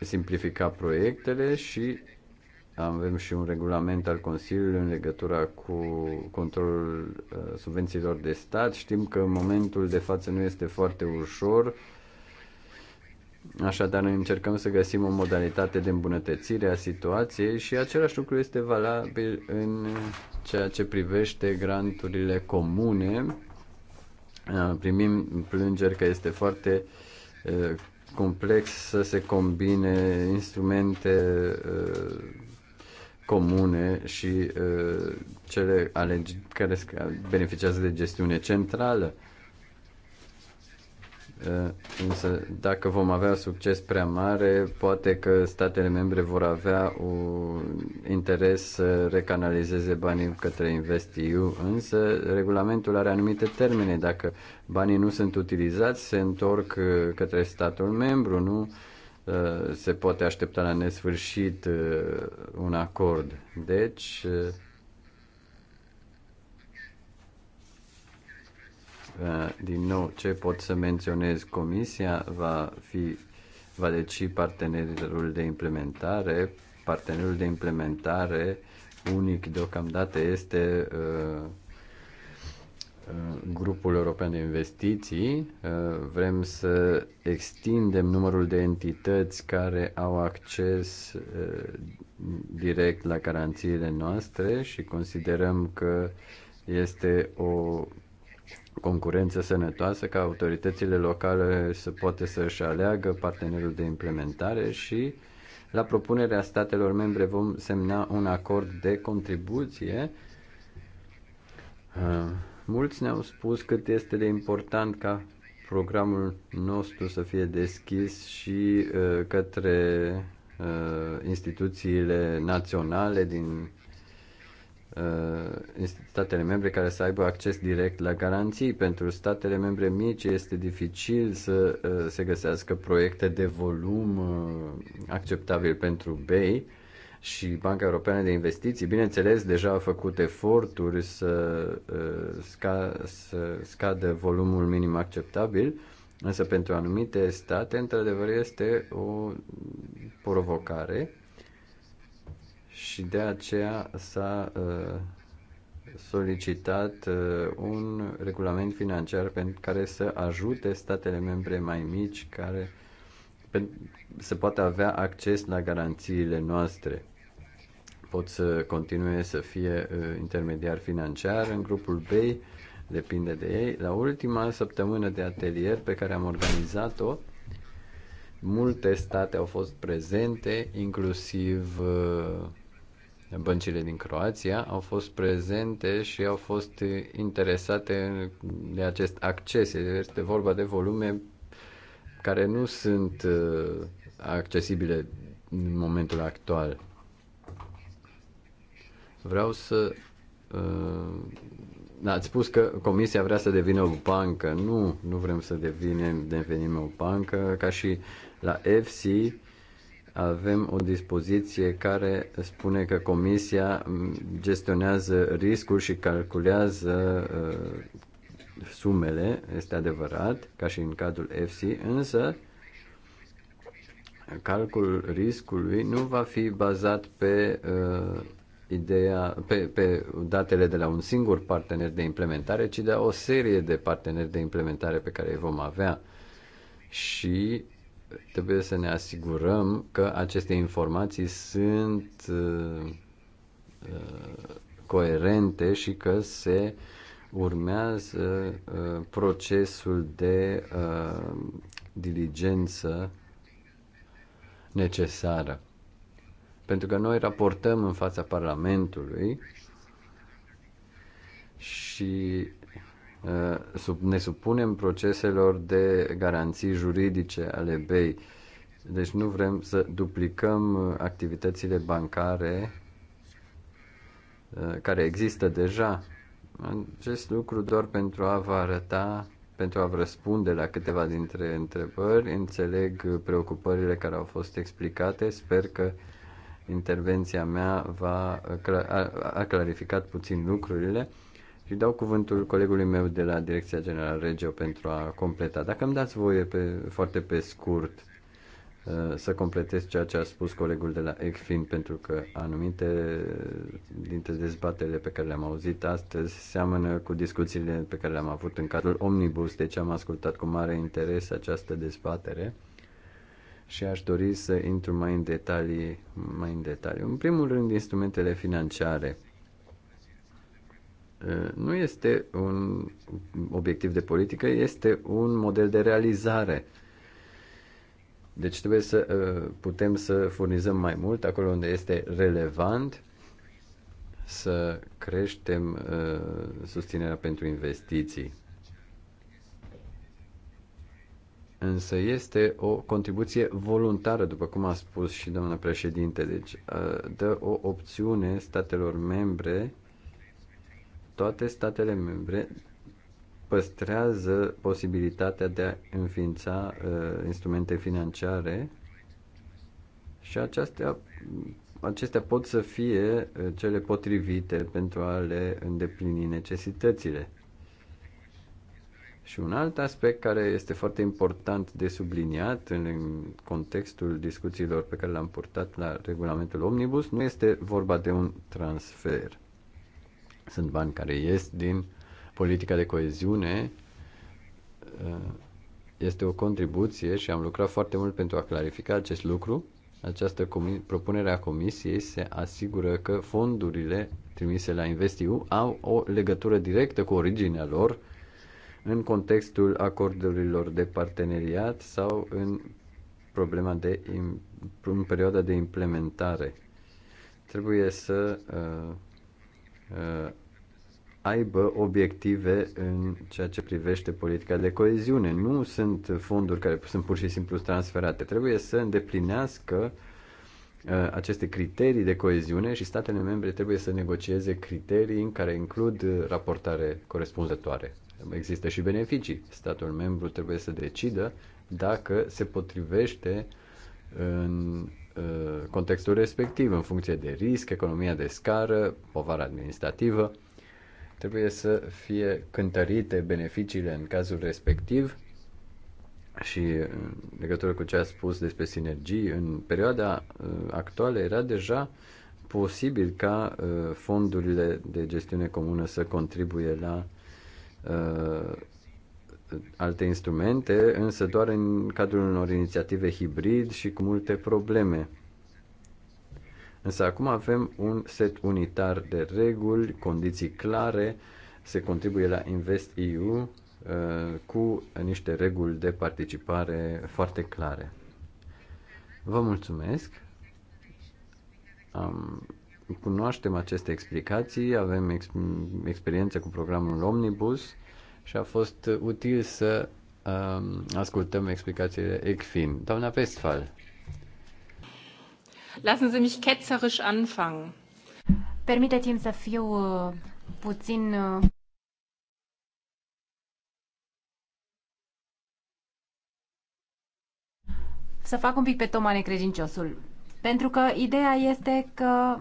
e, simplifica proiectele și avem și un regulament al Consiliului în legătura cu controlul uh, subvențiilor de stat. Știm că în momentul de față nu este foarte ușor. Așadar, noi încercăm să găsim o modalitate de îmbunătățire a situației și același lucru este valabil în ceea ce privește granturile comune. Uh, primim plângeri că este foarte uh, complex să se combine instrumente comune și uh, cele ale, care beneficiază de gestiune centrală. Uh, însă, dacă vom avea succes prea mare, poate că statele membre vor avea un interes să recanalizeze banii către InvestEU, însă regulamentul are anumite termene. Dacă banii nu sunt utilizați, se întorc uh, către statul membru, nu uh, Uh, se poate aștepta la nesfârșit uh, un acord. Deci, uh, din nou, ce pot să menționez? Comisia va fi va deci partenerul de implementare. Partenerul de implementare unic deocamdată este uh, grupul european de investiții, uh, vrem să extindem numărul de entități care au acces uh, direct la garanțiile noastre și considerăm că este o concurență sănătoasă ca autoritățile locale să poată să își aleagă partenerul de implementare și la propunerea statelor membre vom semna un acord de contribuție uh, Mulți ne-au spus cât este de important ca programul nostru să fie deschis și uh, către uh, instituțiile naționale din uh, statele membre care să aibă acces direct la garanții. Pentru statele membre mici este dificil să uh, se găsească proiecte de volum uh, acceptabil pentru BEI. Uh, și Banca Europeană de Investiții, bineînțeles, deja a făcut eforturi să, uh, sca, să scadă volumul minim acceptabil, însă pentru anumite state, într-adevăr, este o provocare și de aceea s-a uh, solicitat uh, un regulament financiar pentru care să ajute statele membre mai mici care să poată avea acces la garanțiile noastre pot să continue să fie uh, intermediar financiar în grupul B, depinde de ei. La ultima săptămână de atelier pe care am organizat-o, multe state au fost prezente, inclusiv uh, băncile din Croația au fost prezente și au fost uh, interesate de acest acces. Este vorba de volume care nu sunt accesibile în momentul actual. Vreau să... Uh, ați spus că comisia vrea să devină o bancă. Nu, nu vrem să devinem, devenim o bancă. Ca și la FC avem o dispoziție care spune că comisia gestionează riscul și calculează uh, sumele, este adevărat, ca și în cadrul FC, însă calculul riscului nu va fi bazat pe uh, ideea, pe, pe datele de la un singur partener de implementare, ci de la o serie de parteneri de implementare pe care îi vom avea. Și trebuie să ne asigurăm că aceste informații sunt uh, coerente și că se urmează uh, procesul de uh, diligență necesară pentru că noi raportăm în fața Parlamentului și uh, sub, ne supunem proceselor de garanții juridice ale BEI. Deci nu vrem să duplicăm uh, activitățile bancare uh, care există deja. Acest lucru doar pentru a vă arăta, pentru a vă răspunde la câteva dintre întrebări. Înțeleg preocupările care au fost explicate. Sper că uh, intervenția mea va, uh, a clarificat puțin lucrurile și dau cuvântul colegului meu de la Direcția Generală Regio pentru a completa. Dacă îmi dați voie pe, foarte pe scurt uh, să completez ceea ce a spus colegul de la ECFIN, pentru că anumite dintre dezbaterile pe care le-am auzit astăzi seamănă cu discuțiile pe care le-am avut în cadrul Omnibus, deci am ascultat cu mare interes această dezbatere și aș dori să intru mai în detalii, mai în detaliu. În primul rând, instrumentele financiare. Uh, nu este un obiectiv de politică, este un model de realizare. Deci trebuie să uh, putem să furnizăm mai mult acolo unde este relevant, să creștem uh, susținerea pentru investiții Însă este o contribuție voluntară, după cum a spus și domnul președinte, deci uh, dă o opțiune statelor membre, toate statele membre păstrează posibilitatea de a înființa uh, instrumente financiare și acestea, acestea pot să fie uh, cele potrivite pentru a le îndeplini necesitățile. Și un alt aspect care este foarte important de subliniat în contextul discuțiilor pe care le-am purtat la regulamentul Omnibus nu este vorba de un transfer. Sunt bani care ies din politica de coeziune, ă, este o contribuție și am lucrat foarte mult pentru a clarifica acest lucru. Această propunere a Comisiei se asigură că fondurile trimise la InvestiU au o legătură directă cu originea lor, în contextul acordurilor de parteneriat sau în problema de în perioada de implementare. Trebuie să uh, uh, aibă obiective în ceea ce privește politica de coeziune. Nu sunt fonduri care sunt pur și simplu transferate. Trebuie să îndeplinească uh, aceste criterii de coeziune și statele membre trebuie să negocieze criterii în care includ raportare corespunzătoare există și beneficii. Statul membru trebuie să decidă dacă se potrivește în uh, contextul respectiv, în funcție de risc, economia de scară, povara administrativă. Trebuie să fie cântărite beneficiile în cazul respectiv și în legătură cu ce a spus despre sinergii, în perioada uh, actuală era deja posibil ca uh, fondurile de gestiune comună să contribuie la uh, alte instrumente, însă doar în cadrul unor inițiative hibrid și cu multe probleme. Însă acum avem un set unitar de reguli, condiții clare, se contribuie la InvestEU uh, cu niște reguli de participare foarte clare. Vă mulțumesc! Um, cunoaștem aceste explicații, avem ex- experiență cu programul Omnibus și a fost util să um, ascultăm explicațiile ECFIN. Doamna Westphal. Lassen Sie mich ketzerisch anfangen. Permiteți-mi să fiu uh, puțin uh... să fac un pic pe Toma necredinciosul. Pentru că ideea este că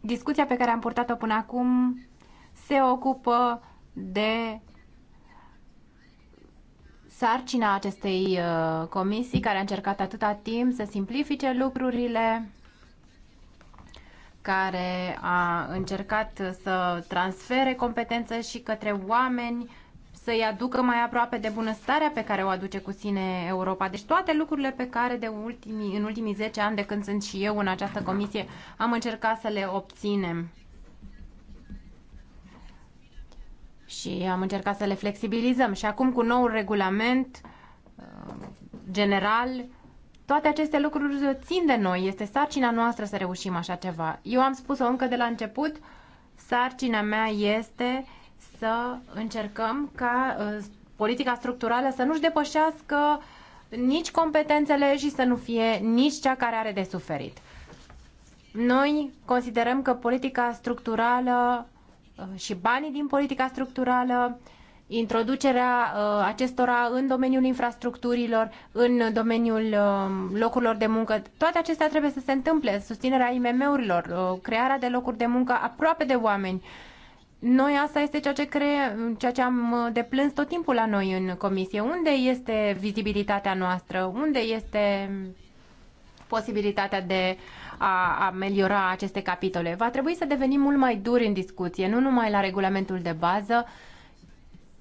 Discuția pe care am purtat-o până acum se ocupă de sarcina acestei uh, comisii care a încercat atâta timp să simplifice lucrurile, care a încercat să transfere competențe și către oameni să-i aducă mai aproape de bunăstarea pe care o aduce cu sine Europa. Deci toate lucrurile pe care de ultimii, în ultimii 10 ani de când sunt și eu în această comisie am încercat să le obținem. Și am încercat să le flexibilizăm. Și acum cu noul regulament uh, general, toate aceste lucruri țin de noi. Este sarcina noastră să reușim așa ceva. Eu am spus-o încă de la început. Sarcina mea este să încercăm ca uh, politica structurală să nu-și depășească nici competențele și să nu fie nici cea care are de suferit. Noi considerăm că politica structurală uh, și banii din politica structurală, introducerea uh, acestora în domeniul infrastructurilor, în domeniul um, locurilor de muncă, toate acestea trebuie să se întâmple, susținerea IMM-urilor, crearea de locuri de muncă aproape de oameni, noi asta este ceea ce, cre... ceea ce am uh, deplâns tot timpul la noi în comisie. Unde este vizibilitatea noastră? Unde este posibilitatea de a ameliora aceste capitole? Va trebui să devenim mult mai duri în discuție, nu numai la regulamentul de bază,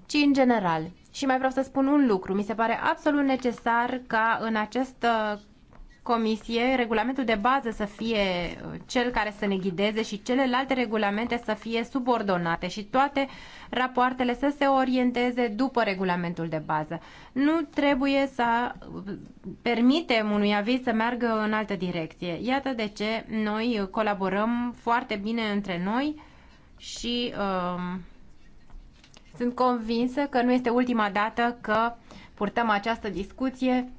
ci în general. Și mai vreau să spun un lucru. Mi se pare absolut necesar ca în această uh, comisie, regulamentul de bază să fie uh, cel care să ne ghideze și celelalte regulamente să fie subordonate și toate rapoartele să se orienteze după regulamentul de bază. Nu trebuie să uh, permitem unui aviz să meargă în altă direcție. Iată de ce noi uh, colaborăm foarte bine între noi și um, sunt convinsă că nu este ultima dată că purtăm această discuție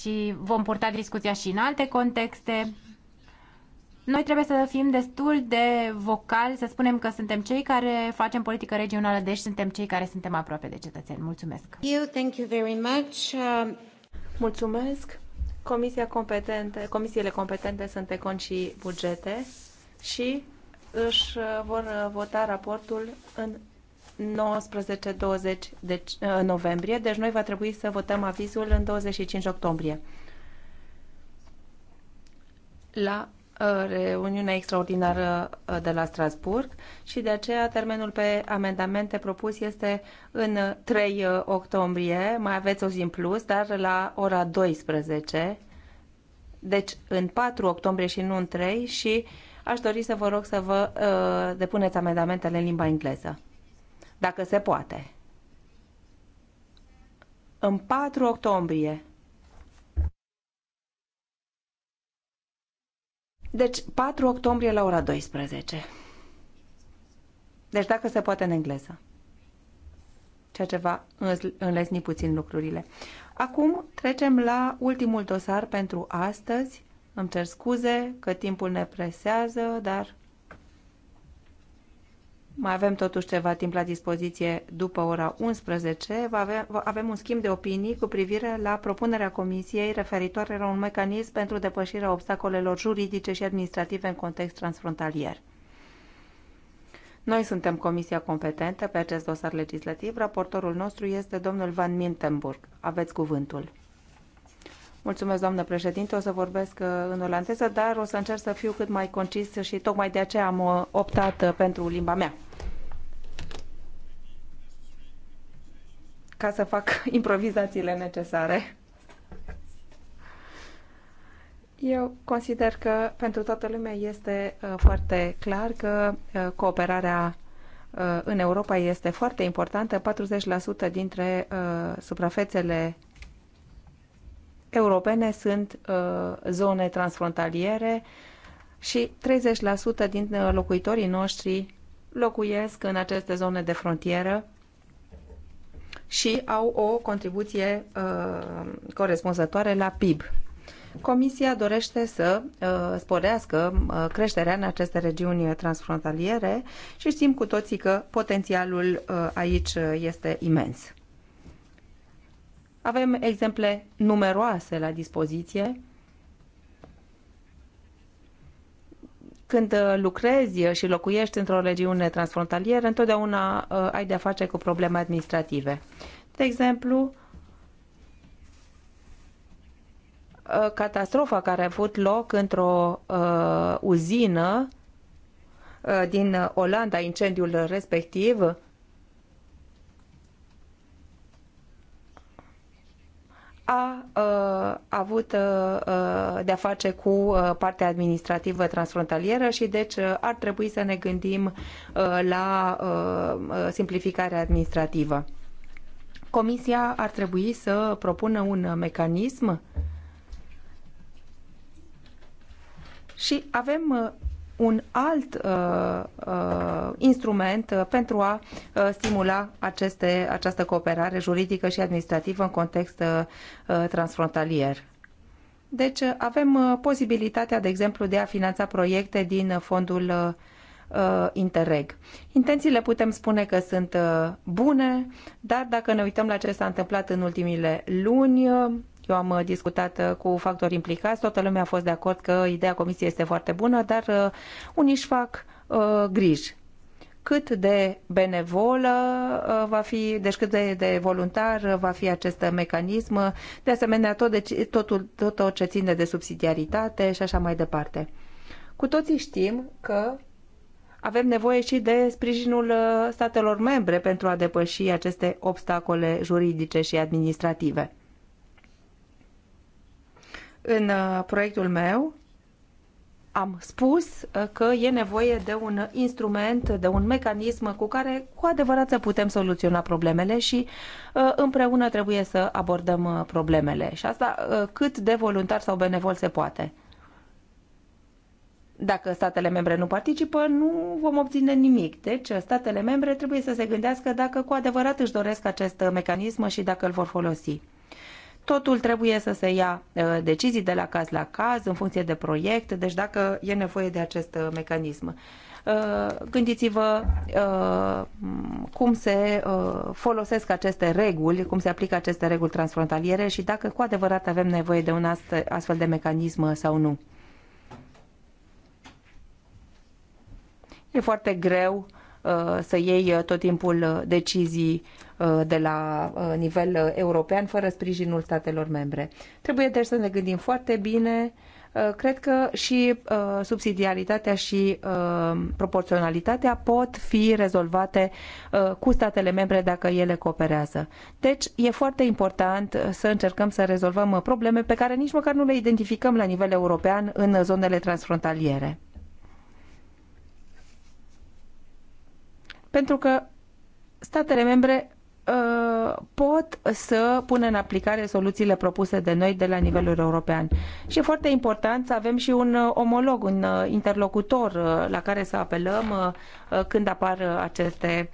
și vom purta discuția și în alte contexte. Noi trebuie să fim destul de vocali, să spunem că suntem cei care facem politică regională, deci suntem cei care suntem aproape de cetățeni. Mulțumesc! You, thank you very much. Um, Mulțumesc! Comisia competente, comisiile competente sunt econ și bugete și își uh, vor uh, vota raportul în 19-20 deci, noiembrie, deci noi va trebui să votăm avizul în 25 octombrie. La eh, reuniunea extraordinară eh, de la Strasburg și de aceea termenul pe amendamente propus este în 3 eh, octombrie, mai aveți o zi în plus, dar la ora 12, deci în 4 octombrie și nu în 3 și aș dori să vă rog să vă uh, depuneți amendamentele în limba engleză dacă se poate. În 4 octombrie. Deci 4 octombrie la ora 12. Deci dacă se poate în engleză. Ceea ce va înlesni puțin lucrurile. Acum trecem la ultimul dosar pentru astăzi. Îmi cer scuze că timpul ne presează, dar mai avem totuși ceva timp la dispoziție după ora 11. Avem, un schimb de opinii cu privire la propunerea Comisiei referitoare la un mecanism pentru depășirea obstacolelor juridice și administrative în context transfrontalier. Noi suntem comisia competentă pe acest dosar legislativ. Raportorul nostru este domnul Van Mintenburg. Aveți cuvântul. Mulțumesc, doamnă președinte. O să vorbesc uh, în olandeză, dar o să încerc să fiu cât mai concis și tocmai de aceea am uh, optat uh, pentru limba mea. Ca să fac improvizațiile necesare. Eu consider că pentru toată lumea este foarte clar că cooperarea în Europa este foarte importantă. 40% dintre suprafețele europene sunt uh, zone transfrontaliere și 30% din uh, locuitorii noștri locuiesc în aceste zone de frontieră și au o contribuție uh, corespunzătoare la PIB. Comisia dorește să uh, sporească uh, creșterea în aceste regiuni transfrontaliere și știm cu toții că potențialul uh, aici este imens. Avem exemple numeroase la dispoziție. Când uh, lucrezi și locuiești într-o regiune transfrontalieră, întotdeauna uh, ai de-a face cu probleme administrative. De exemplu, uh, catastrofa care a avut loc într-o uh, uzină uh, din Olanda, incendiul respectiv, a, uh, avut de-a face cu partea administrativă transfrontalieră și deci ar trebui să ne gândim la simplificarea administrativă. Comisia ar trebui să propună un mecanism și avem un alt uh, uh, instrument uh, pentru a uh, stimula aceste, această cooperare juridică și administrativă în context uh, uh transfrontalier. Deci uh, avem uh, posibilitatea, de exemplu, de a finanța proiecte din fondul uh, Interreg. Intențiile putem spune că sunt bune, dar dacă ne uităm la ce s-a întâmplat în ultimile luni, eu am uh, discutat uh, cu factori implicați, toată lumea a fost de acord că ideea comisiei este foarte bună, dar uh, unii își fac griji cât de benevolă va fi, deci cât de, de voluntar va fi acest mecanism, de asemenea tot, de, totul, tot, tot ce ține de subsidiaritate și așa mai departe. Cu toții știm că avem nevoie și de sprijinul statelor membre pentru a depăși aceste obstacole juridice și administrative. În uh, proiectul meu am spus uh, că e nevoie de un instrument, de un mecanism cu care cu adevărat să putem soluționa problemele și uh, împreună trebuie să abordăm problemele. Și asta cât de voluntar sau benevol se poate dacă statele membre nu participă, nu vom obține nimic. Deci, statele membre trebuie să se gândească dacă cu adevărat își doresc acest mecanism și dacă îl vor folosi. Totul trebuie să se ia uh, decizii de la caz la caz, în funcție de proiect, deci dacă e nevoie de acest uh, mecanism. Uh, gândiți-vă cum se folosesc aceste reguli, cum se aplică aceste reguli transfrontaliere și dacă cu adevărat avem nevoie de un astfel de mecanism sau nu. E foarte greu uh, Uh, să iei uh, tot timpul uh, decizii de la nivel european fără sprijinul statelor membre. Trebuie deci să ne gândim foarte bine cred că și subsidiaritatea și proporționalitatea pot fi rezolvate cu statele membre dacă ele cooperează. Deci e foarte important să încercăm să rezolvăm probleme pe care nici măcar nu le identificăm la nivel european în zonele transfrontaliere. pentru că statele membre uh, pot să pună în aplicare soluțiile propuse de noi de la nivelul european. Și e foarte important să avem și un uh, omolog, un uh, interlocutor la care să apelăm când apar aceste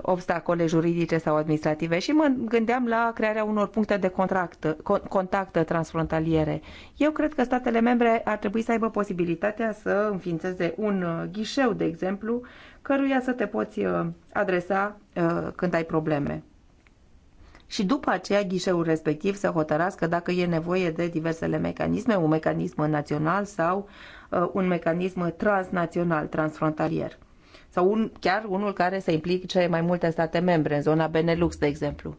obstacole juridice sau administrative. Și mă gândeam la crearea unor puncte de contract, contact transfrontaliere. Eu cred că statele membre ar trebui să aibă posibilitatea să înființeze un ghișeu, de exemplu, căruia să te poți uh, adresa uh, când ai probleme. Și după aceea ghișeul respectiv să hotărască dacă e nevoie de diversele mecanisme, un mecanism național sau uh, un mecanism transnațional, transfrontalier. Sau un, chiar unul care să implice mai multe state membre, în zona Benelux, de exemplu.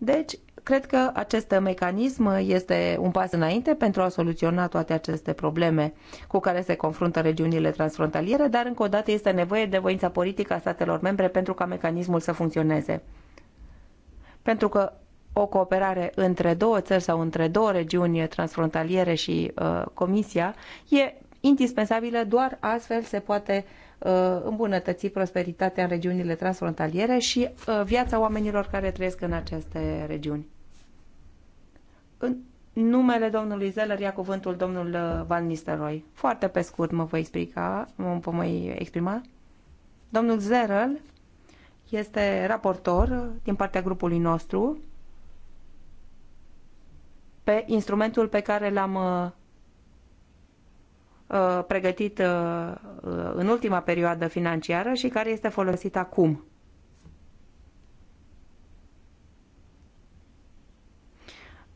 Deci, Cred că acest mecanism este un pas înainte pentru a soluționa toate aceste probleme cu care se confruntă regiunile transfrontaliere, dar încă o dată este nevoie de voința politică a statelor membre pentru ca mecanismul să funcționeze. Pentru că o cooperare între două țări sau între două regiuni transfrontaliere și uh, Comisia e indispensabilă, doar astfel se poate uh, îmbunătăți prosperitatea în regiunile transfrontaliere și uh, viața oamenilor care trăiesc în aceste regiuni. În numele domnului Zeller ia cuvântul domnul uh, Van Nistelrooy. Foarte pe scurt mă voi explica, mă voi exprima. Domnul Zeller este raportor uh, din partea grupului nostru pe instrumentul pe care l-am uh, pregătit în ultima perioadă financiară și care este folosit acum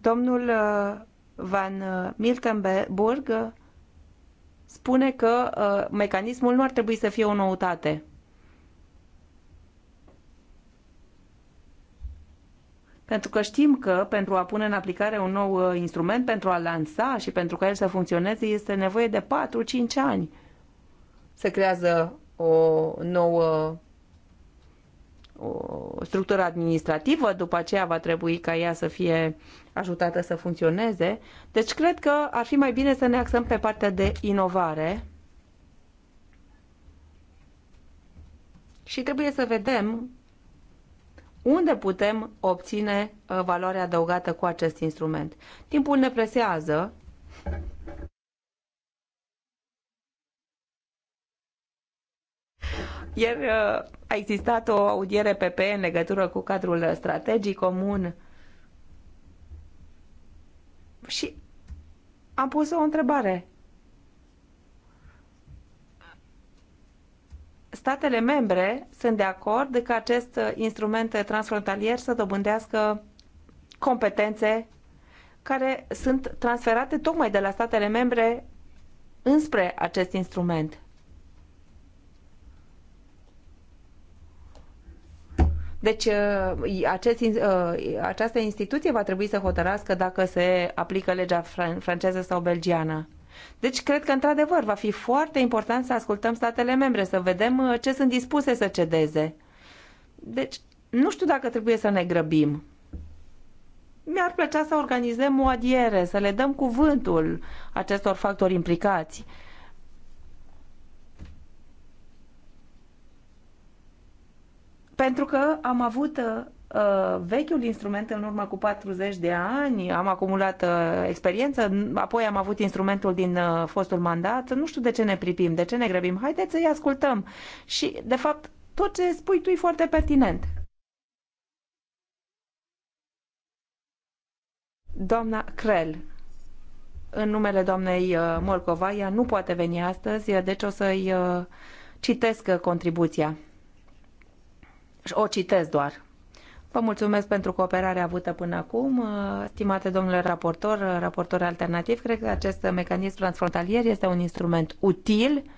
Domnul uh, Van uh, Miltenburg uh, spune că mecanismul nu ar trebui să fie o noutate. Pentru că știm că pentru a pune în aplicare un nou instrument, pentru a lansa și pentru ca el să funcționeze, este nevoie de 4-5 ani. Se creează o nouă o structură administrativă, după aceea va trebui ca ea să fie ajutată să funcționeze. Deci cred că ar fi mai bine să ne axăm pe partea de inovare și trebuie să vedem unde putem obține uh, valoarea adăugată cu acest instrument. Timpul ne presează. Ieri uh, a existat o audiere PP în legătură cu cadrul strategic comun și am pus o întrebare. Statele membre sunt de acord că acest instrument transfrontalier să dobândească competențe care sunt transferate tocmai de la statele membre înspre acest instrument. Deci uh, acest, uh, această instituție va trebui să hotărască dacă se aplică legea franceză sau belgiană. Deci cred că într-adevăr va fi foarte important să ascultăm statele membre, să vedem uh, ce sunt dispuse să cedeze. Deci nu știu dacă trebuie să ne grăbim. Mi-ar plăcea să organizăm o adiere, să le dăm cuvântul acestor factori implicați pentru că am avut uh, uh, vechiul instrument în urmă cu 40 de ani, am acumulat uh, experiență, apoi am avut instrumentul din uh, fostul mandat, nu știu de ce ne pripim, de ce ne grăbim, haideți să-i ascultăm. Și, de fapt, tot ce spui tu e foarte pertinent. Doamna Crel, în numele doamnei uh, Morcovaia, nu poate veni astăzi, deci o să-i uh, citesc contribuția. O citez doar. Vă mulțumesc pentru cooperarea avută până acum. Uh, stimate domnule raportor, uh, raportor alternativ, cred că acest mecanism transfrontalier este un instrument util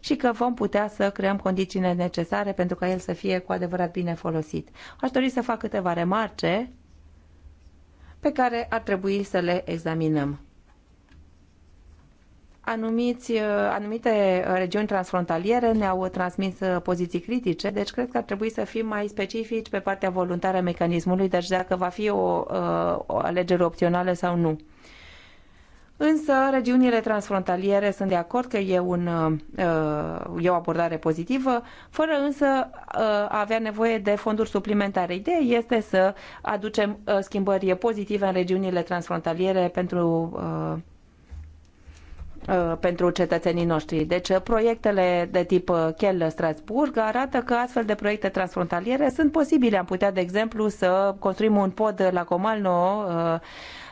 și că vom putea să creăm condițiile necesare pentru ca el să fie cu adevărat bine folosit. Aș dori să fac câteva remarce pe care ar trebui să le examinăm. Anumiți, uh, anumite uh, regiuni transfrontaliere ne-au transmis uh, poziții critice, deci cred că ar trebui să fim mai specifici pe partea voluntară a mecanismului, deci dacă va fi o, o alegere opțională sau nu. Însă, regiunile transfrontaliere sunt de acord că e, un, e o abordare pozitivă, fără însă a avea nevoie de fonduri suplimentare. Ideea este să aducem schimbări pozitive în regiunile transfrontaliere pentru Uh, pentru cetățenii noștri. Deci uh, proiectele de tip Chel uh, Strasburg arată că astfel de proiecte transfrontaliere sunt posibile. Am putea, de exemplu, să construim un pod la Comalno,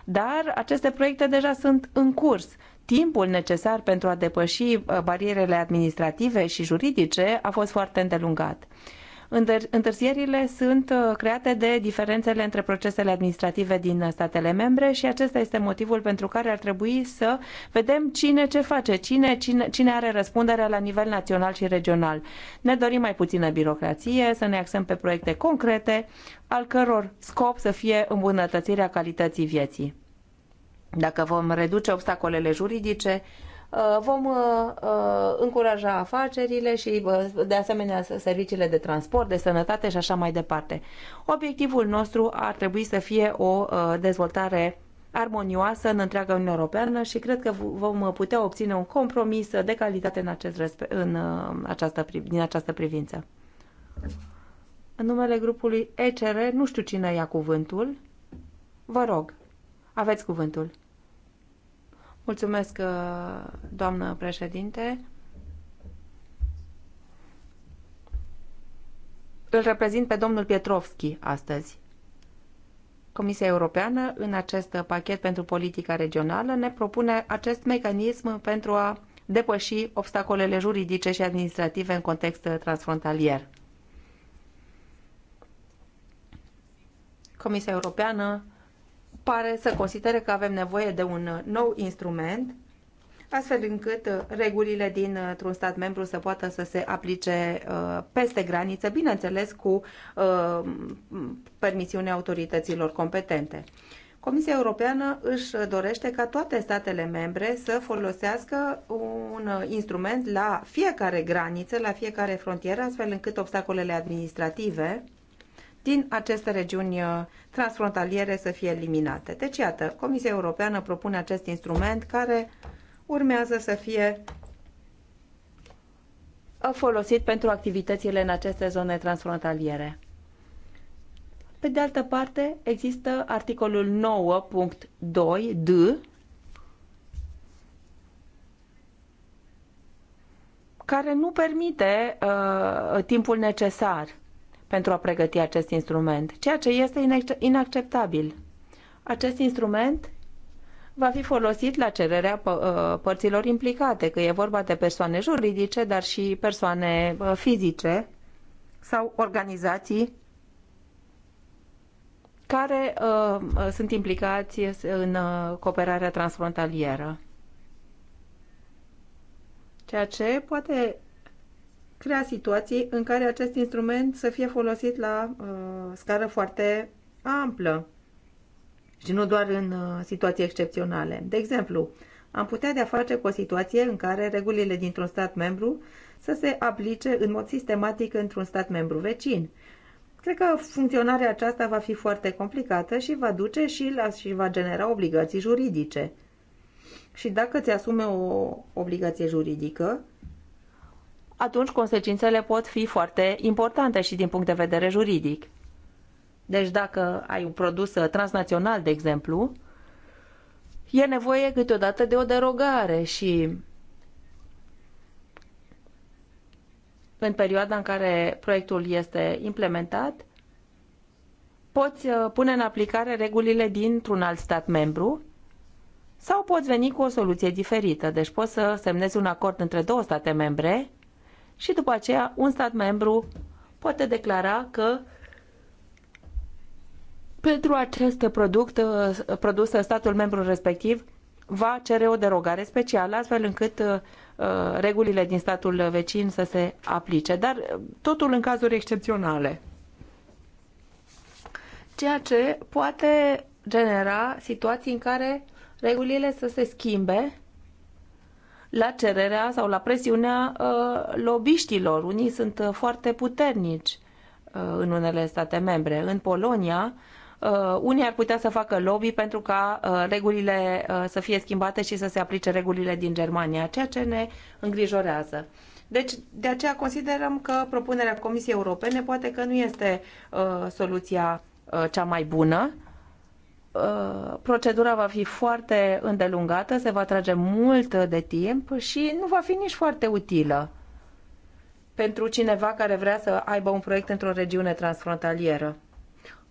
dar aceste proiecte deja sunt în curs. Timpul necesar pentru a depăși barierele administrative și juridice a fost foarte îndelungat. Întârzierile sunt uh, create de diferențele între procesele administrative din uh, statele membre și acesta este motivul pentru care ar trebui să vedem cine ce face, cine, cine, cine are răspunderea la nivel național și regional. Ne dorim mai puțină birocrație, să ne axăm pe proiecte concrete, al căror scop să fie îmbunătățirea calității vieții. Dacă vom reduce obstacolele juridice, Uh, vom uh, uh, încuraja afacerile și de asemenea serviciile de transport, de sănătate și așa mai departe. Obiectivul nostru ar trebui să fie o dezvoltare armonioasă în întreaga Uniune Europeană și cred că vom putea obține un compromis de calitate în acest, în această, din această privință. În numele grupului ECR, nu știu cine ia cuvântul. Vă rog, aveți cuvântul. Mulțumesc, uh, doamnă președinte. Îl reprezint pe domnul Pietrovski astăzi. Comisia Europeană, în acest pachet pentru politica regională, ne propune acest mecanism pentru a depăși obstacolele juridice și administrative în context transfrontalier. Comisia Europeană pare să considere că avem nevoie de un uh, nou instrument astfel încât uh, regulile dintr-un uh, stat membru să poată să se aplice peste graniță, bineînțeles cu permisiunea autorităților competente. Comisia Europeană își dorește ca toate statele membre să folosească un instrument la fiecare graniță, la fiecare frontieră, astfel încât obstacolele administrative din aceste regiuni uh, transfrontaliere să fie eliminate. Deci, iată, Comisia Europeană propune acest instrument care urmează să fie uh, folosit pentru activitățile în aceste zone transfrontaliere. Pe de altă parte, există articolul 9.2 D care nu permite uh, timpul necesar uh, pentru a pregăti acest instrument, ceea ce este inacceptabil. Acest instrument va fi folosit la cererea ă, părților implicate, că e vorba de persoane juridice, dar și persoane ă, fizice sau organizații care uh, sunt implicați în cooperarea transfrontalieră. Ceea ce poate crea situații în care acest instrument să fie folosit la uh, scară foarte amplă și nu doar în uh, situații excepționale. De exemplu, am putea de-a face cu o situație în care regulile dintr-un stat membru să se aplice în mod sistematic într-un stat membru vecin. Cred că funcționarea aceasta va fi foarte complicată și va duce și, la, și va genera obligații juridice. Și dacă ți asume o obligație juridică, atunci consecințele pot fi foarte importante și din punct de vedere juridic. Deci dacă ai un produs uh, transnațional, de exemplu, e nevoie câteodată de o derogare și în perioada în care proiectul este implementat, poți uh, pune în aplicare regulile dintr-un alt stat membru sau poți veni cu o soluție diferită. Deci poți să semnezi un acord între două state membre și după aceea un stat membru poate declara că pentru acest product, produs statul membru respectiv va cere o derogare specială, astfel încât uh, regulile din statul vecin să se aplice, dar uh, totul în cazuri excepționale. Ceea ce poate genera situații în care regulile să se schimbe la cererea sau la presiunea uh, lobiștilor. Unii sunt uh, foarte puternici uh, în unele state membre. În Polonia, unii ar putea să facă lobby pentru ca regulile să fie schimbate și să se aplice regulile din Germania, ceea ce ne îngrijorează. Deci, de aceea considerăm că propunerea Comisiei Europene poate că nu este uh, soluția uh, cea mai bună, uh, Uh, procedura va fi foarte îndelungată, se va trage mult de timp și nu va fi nici foarte utilă pentru cineva care vrea să aibă un proiect într-o regiune transfrontalieră.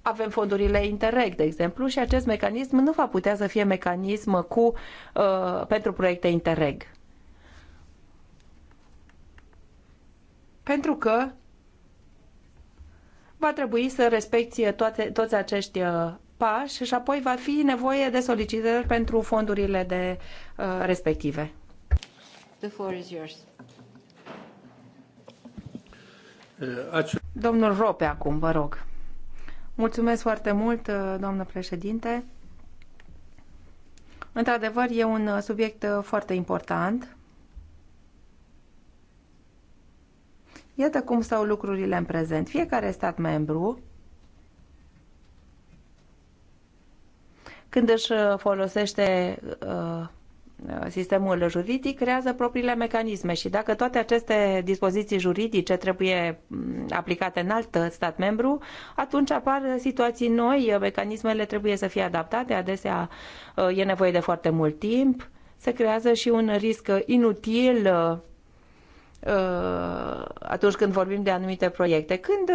Avem fondurile Interreg, de exemplu, și acest mecanism nu va putea să fie mecanism cu, uh, pentru proiecte Interreg. Pentru că va trebui să respecti toate, toți acești uh, pași și apoi va fi nevoie de solicitări pentru fondurile de uh, respective. The floor is yours. Uh, Domnul Rope acum, vă rog. Mulțumesc foarte mult, uh, doamnă președinte. Într-adevăr, e un uh, subiect foarte important. Iată cum stau lucrurile în prezent. Fiecare stat membru când își uh, folosește uh, sistemul juridic creează propriile mecanisme și dacă toate aceste dispoziții juridice trebuie mm, aplicate în alt uh, stat membru, atunci apar situații noi, mecanismele trebuie să fie adaptate, adesea e nevoie de foarte mult timp, se creează și un risc inutil atunci când vorbim de anumite proiecte. Când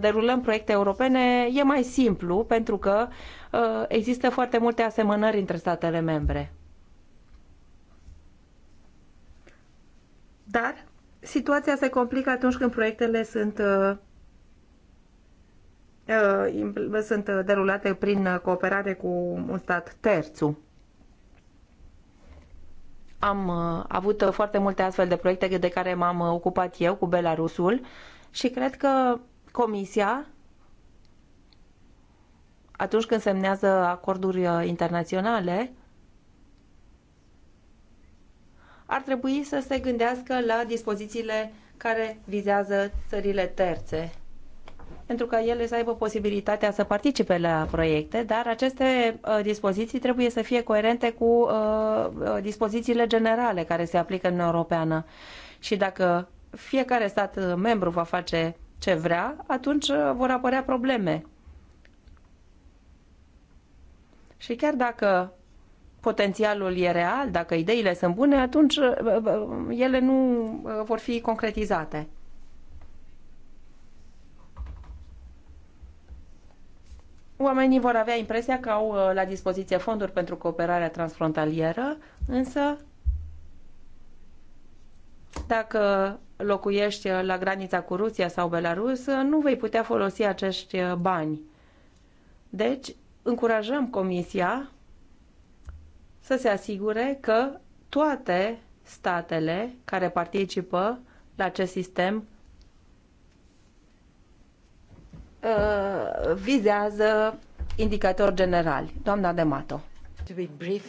derulăm proiecte europene, e mai simplu pentru că Uh, există foarte multe asemănări între statele membre. Dar situația se complică atunci când proiectele sunt uh, uh, sunt derulate prin cooperare cu un stat terțu. Am avut foarte multe astfel de proiecte de care m-am ocupat eu cu Belarusul și cred că Comisia atunci când semnează acorduri uh, internaționale, ar trebui să se gândească la dispozițiile care vizează țările terțe, pentru ca ele să aibă posibilitatea să participe la proiecte, dar aceste uh, dispoziții trebuie să fie coerente cu uh, dispozițiile generale care se aplică în Europeană. Și dacă fiecare stat membru va face ce vrea, atunci vor apărea probleme și chiar dacă potențialul e real, dacă ideile sunt bune, atunci uh, uh, uh, ele nu vor fi concretizate. Oamenii vor avea impresia că au la dispoziție fonduri pentru cooperarea transfrontalieră, însă dacă locuiești la granița cu Rusia sau Belarus, nu vei putea folosi acești bani. Deci, încurajăm Comisia să se asigure că toate statele care participă la acest sistem uh, vizează indicatori generali. Doamna Demato. To be brief.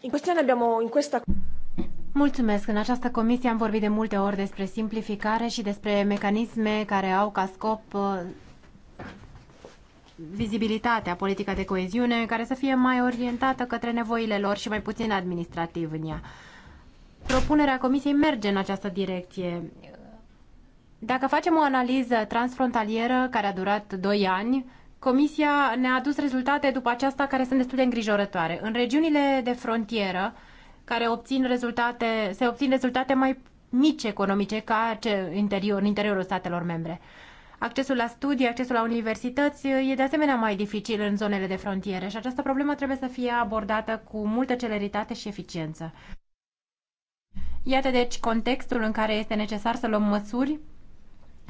In questione abbiamo in questa Mulțumesc. În această comisie am vorbit de multe ori despre simplificare și despre mecanisme care au ca scop uh, vizibilitatea, politica de coeziune, care să fie mai orientată către nevoile lor și mai puțin administrativ în ea. Propunerea Comisiei merge în această direcție. Dacă facem o analiză transfrontalieră care a durat 2 ani, Comisia ne-a adus rezultate după aceasta care sunt destul de îngrijorătoare. În regiunile de frontieră, care obțin rezultate, se obțin rezultate mai mici economice ca ce interior, în interiorul statelor membre. Accesul la studii, accesul la universități e de asemenea mai dificil în zonele de frontiere și această problemă trebuie să fie abordată cu multă celeritate și eficiență. Iată deci contextul în care este necesar să luăm măsuri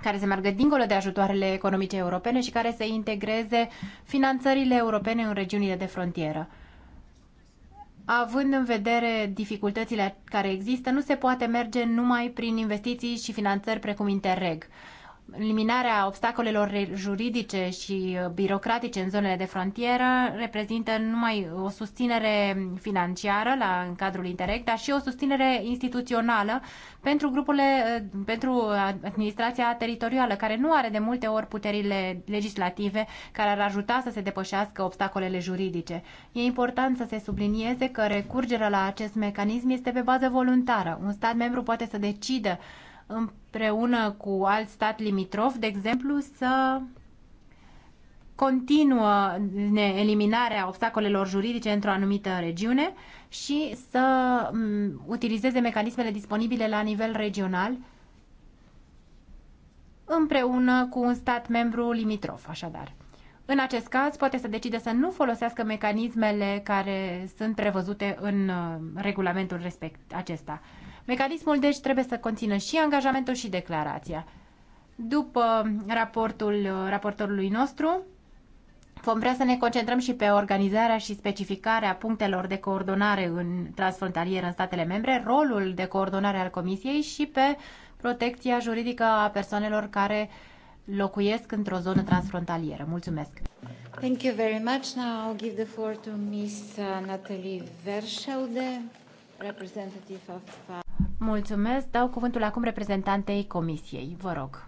care să meargă dincolo de ajutoarele economice europene și care să integreze finanțările europene în regiunile de frontieră. Având în vedere dificultățile care există, nu se poate merge numai prin investiții și finanțări precum Interreg eliminarea obstacolelor juridice și uh, birocratice în zonele de frontieră reprezintă numai o susținere financiară la, în cadrul Interreg, dar și o susținere instituțională pentru grupurile, uh, pentru administrația teritorială, care nu are de multe ori puterile legislative care ar ajuta să se depășească obstacolele juridice. E important să se sublinieze că recurgerea la acest mecanism este pe bază voluntară. Un stat membru poate să decidă împreună cu alt stat limitrof, de exemplu, să continuă eliminarea obstacolelor juridice într-o anumită regiune și să utilizeze mecanismele disponibile la nivel regional împreună cu un stat membru limitrof, așadar. În acest caz, poate să decide să nu folosească mecanismele care sunt prevăzute în uh, regulamentul respect acesta. Mecanismul, deci, trebuie să conțină și angajamentul și declarația. După raportul raportorului nostru, vom vrea să ne concentrăm și pe organizarea și specificarea punctelor de coordonare în transfrontalier în statele membre, rolul de coordonare al Comisiei și pe protecția juridică a persoanelor care locuiesc într-o zonă transfrontalieră. Mulțumesc! Thank you very much. Now I'll give the floor to Miss uh, Natalie Verschelde. Uh, Mulțumesc. Dau cuvântul acum reprezentantei Comisiei. Vă rog.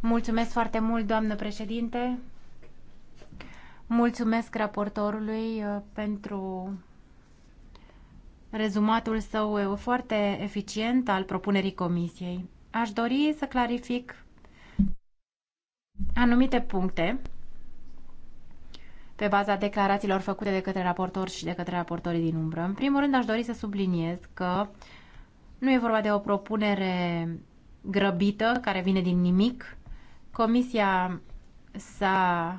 Mulțumesc foarte mult, doamnă președinte. Mulțumesc raportorului uh, pentru rezumatul său uh, foarte eficient al propunerii comisiei. Aș dori să clarific anumite puncte pe baza declarațiilor făcute de către raportori și de către raportorii din umbră. În primul rând, aș dori să subliniez că nu e vorba de o propunere grăbită care vine din nimic. Comisia s-a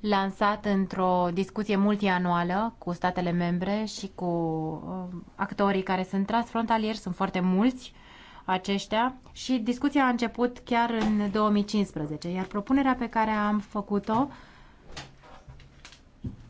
lansat într-o discuție multianuală cu statele membre și cu uh, actorii care sunt transfrontalieri, sunt foarte mulți aceștia și discuția a început chiar în 2015, iar propunerea pe care am făcut-o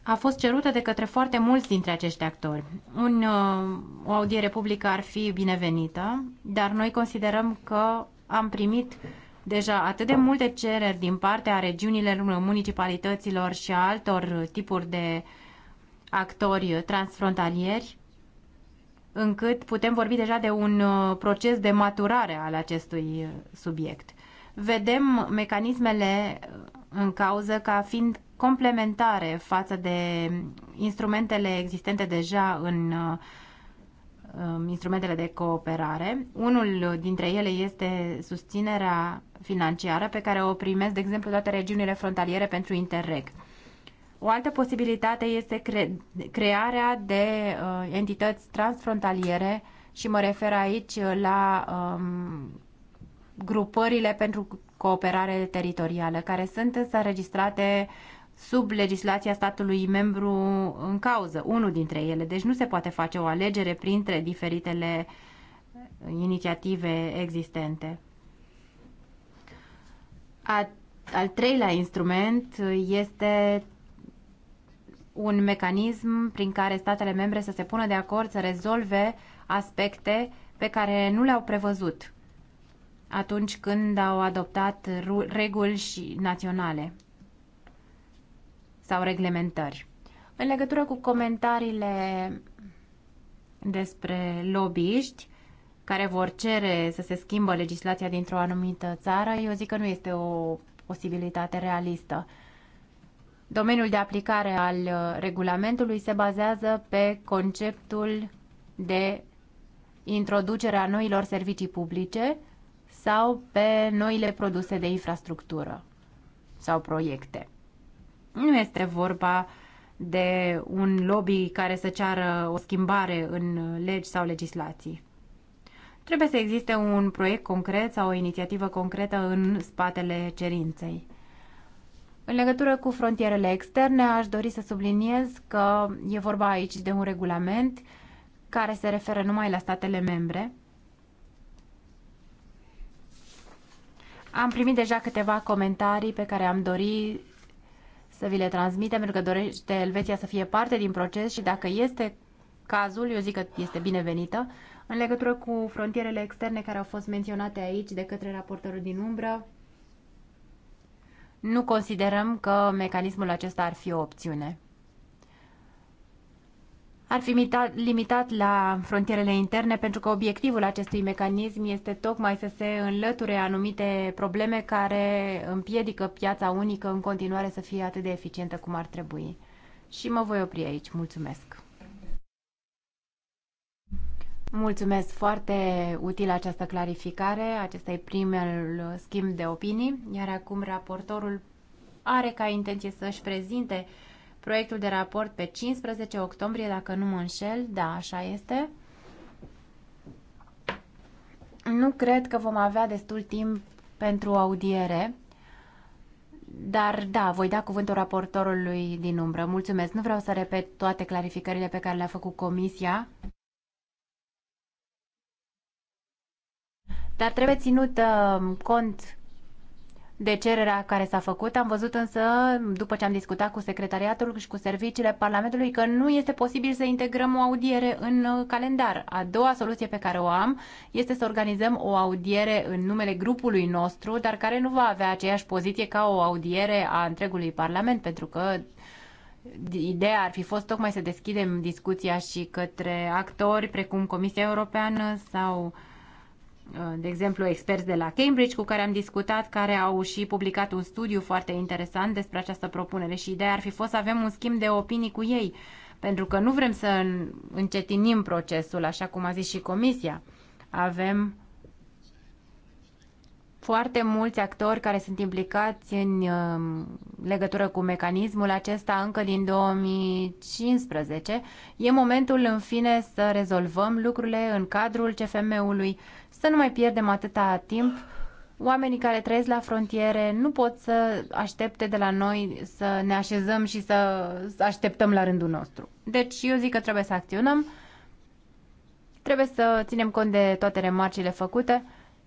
a fost cerută de către foarte mulți dintre acești actori. Un, uh, o audiere publică ar fi binevenită, dar noi considerăm că am primit deja atât de multe cereri din partea regiunilor, municipalităților și a altor tipuri de actori transfrontalieri, încât putem vorbi deja de un uh, proces de maturare al acestui subiect. Vedem mecanismele în cauză ca fiind complementare față de instrumentele existente deja în um, instrumentele de cooperare. Unul dintre ele este susținerea financiară pe care o primesc, de exemplu, toate regiunile frontaliere pentru Interreg. O altă posibilitate este cre- crearea de uh, entități transfrontaliere și mă refer aici la um, grupările pentru cooperare teritorială, care sunt însă înregistrate sub legislația statului membru în cauză, unul dintre ele. Deci nu se poate face o alegere printre diferitele uh, inițiative existente. A, al treilea instrument uh, este un mecanism prin care statele membre să se pună de acord să rezolve aspecte pe care nu le-au prevăzut atunci când au adoptat reguli și naționale sau reglementări. În legătură cu comentariile despre lobbyiști care vor cere să se schimbă legislația dintr-o anumită țară, eu zic că nu este o posibilitate realistă. Domeniul de aplicare al uh, regulamentului se bazează pe conceptul de introducerea noilor servicii publice sau pe noile produse de infrastructură sau proiecte. Nu este vorba de un lobby care să ceară o schimbare în legi sau legislații. Trebuie să existe un proiect concret sau o inițiativă concretă în spatele cerinței. În legătură cu frontierele externe, aș dori să subliniez că e vorba aici de un regulament care se referă numai la statele membre. Am primit deja câteva comentarii pe care am dori să vi le transmitem, pentru că dorește Elveția să fie parte din proces și dacă este cazul, eu zic că este binevenită, în legătură cu frontierele externe care au fost menționate aici de către raportorul din umbră, nu considerăm că mecanismul acesta ar fi o opțiune ar fi limitat, la frontierele interne pentru că obiectivul acestui mecanism este tocmai să se înlăture anumite probleme care împiedică piața unică în continuare să fie atât de eficientă cum ar trebui. Și mă voi opri aici. Mulțumesc! Mulțumesc foarte util această clarificare. Acesta e primul schimb de opinii, iar acum raportorul are ca intenție să-și prezinte proiectul de raport pe 15 octombrie, dacă nu mă înșel, da, așa este. Nu cred că vom avea destul timp pentru audiere, dar da, voi da cuvântul raportorului din umbră. Mulțumesc, nu vreau să repet toate clarificările pe care le-a făcut comisia. Dar trebuie ținut uh, cont de cererea care s-a făcut. Am văzut însă, după ce am discutat cu secretariatul și cu serviciile Parlamentului, că nu este posibil să integrăm o audiere în uh, calendar. A doua soluție pe care o am este să organizăm o audiere în numele grupului nostru, dar care nu va avea aceeași poziție ca o audiere a întregului Parlament, pentru că ideea ar fi fost tocmai să deschidem discuția și către actori precum Comisia Europeană sau uh, Uh, de exemplu, experți de la Cambridge cu care am discutat, care au și publicat un studiu foarte interesant despre această propunere și ideea ar fi fost să avem un schimb de opinii cu ei, pentru că nu vrem să încetinim procesul, așa cum a zis și Comisia. Avem foarte mulți actori care sunt implicați în um, legătură cu mecanismul acesta încă din 2015. E momentul, în fine, să rezolvăm lucrurile în cadrul CFM-ului să nu mai pierdem atâta timp. Oamenii care trăiesc la frontiere nu pot să aștepte de la noi să ne așezăm și să așteptăm la rândul nostru. Deci eu zic că trebuie să acționăm, trebuie să ținem cont de toate remarcile făcute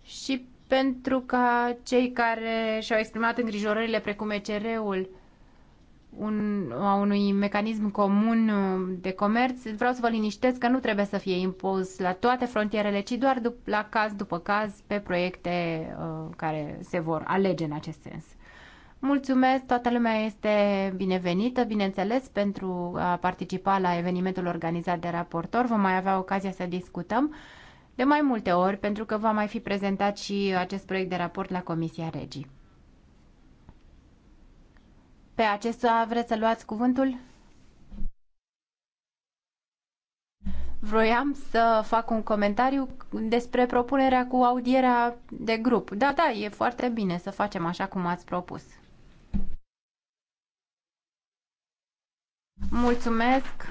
și pentru ca cei care și-au exprimat îngrijorările precum ECR-ul un, a unui mecanism comun uh, de comerț, vreau să vă liniștesc că nu trebuie să fie impus la toate frontierele, ci doar dup- la caz după caz pe proiecte uh, care se vor alege în acest sens. Mulțumesc, toată lumea este binevenită, bineînțeles, pentru a participa la evenimentul organizat de raportor. Vom mai avea ocazia să discutăm de mai multe ori, pentru că va mai fi prezentat și acest proiect de raport la Comisia Regii. Pe acesta vreți să luați cuvântul? Vroiam să fac un comentariu despre propunerea cu audierea de grup. Da, da, e foarte bine să facem așa cum ați propus. Mulțumesc!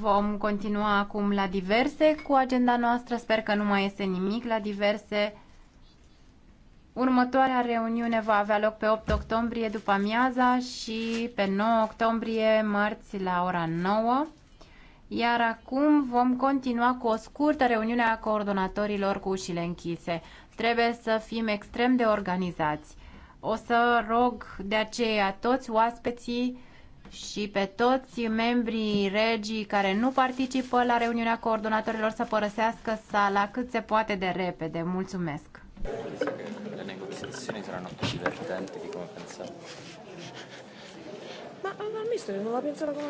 Vom continua acum la diverse cu agenda noastră. Sper că nu mai este nimic la diverse. Următoarea reuniune va avea loc pe 8 octombrie după amiaza și pe 9 octombrie marți la ora 9. Iar acum vom continua cu o scurtă reuniune a coordonatorilor cu ușile închise. Trebuie să fim extrem de organizați. O să rog de aceea toți oaspeții și pe toți membrii regii care nu participă la reuniunea coordonatorilor să părăsească sala cât se poate de repede. Mulțumesc! le negoziazioni saranno più divertenti di come pensavo. Ma al mister non la pensava come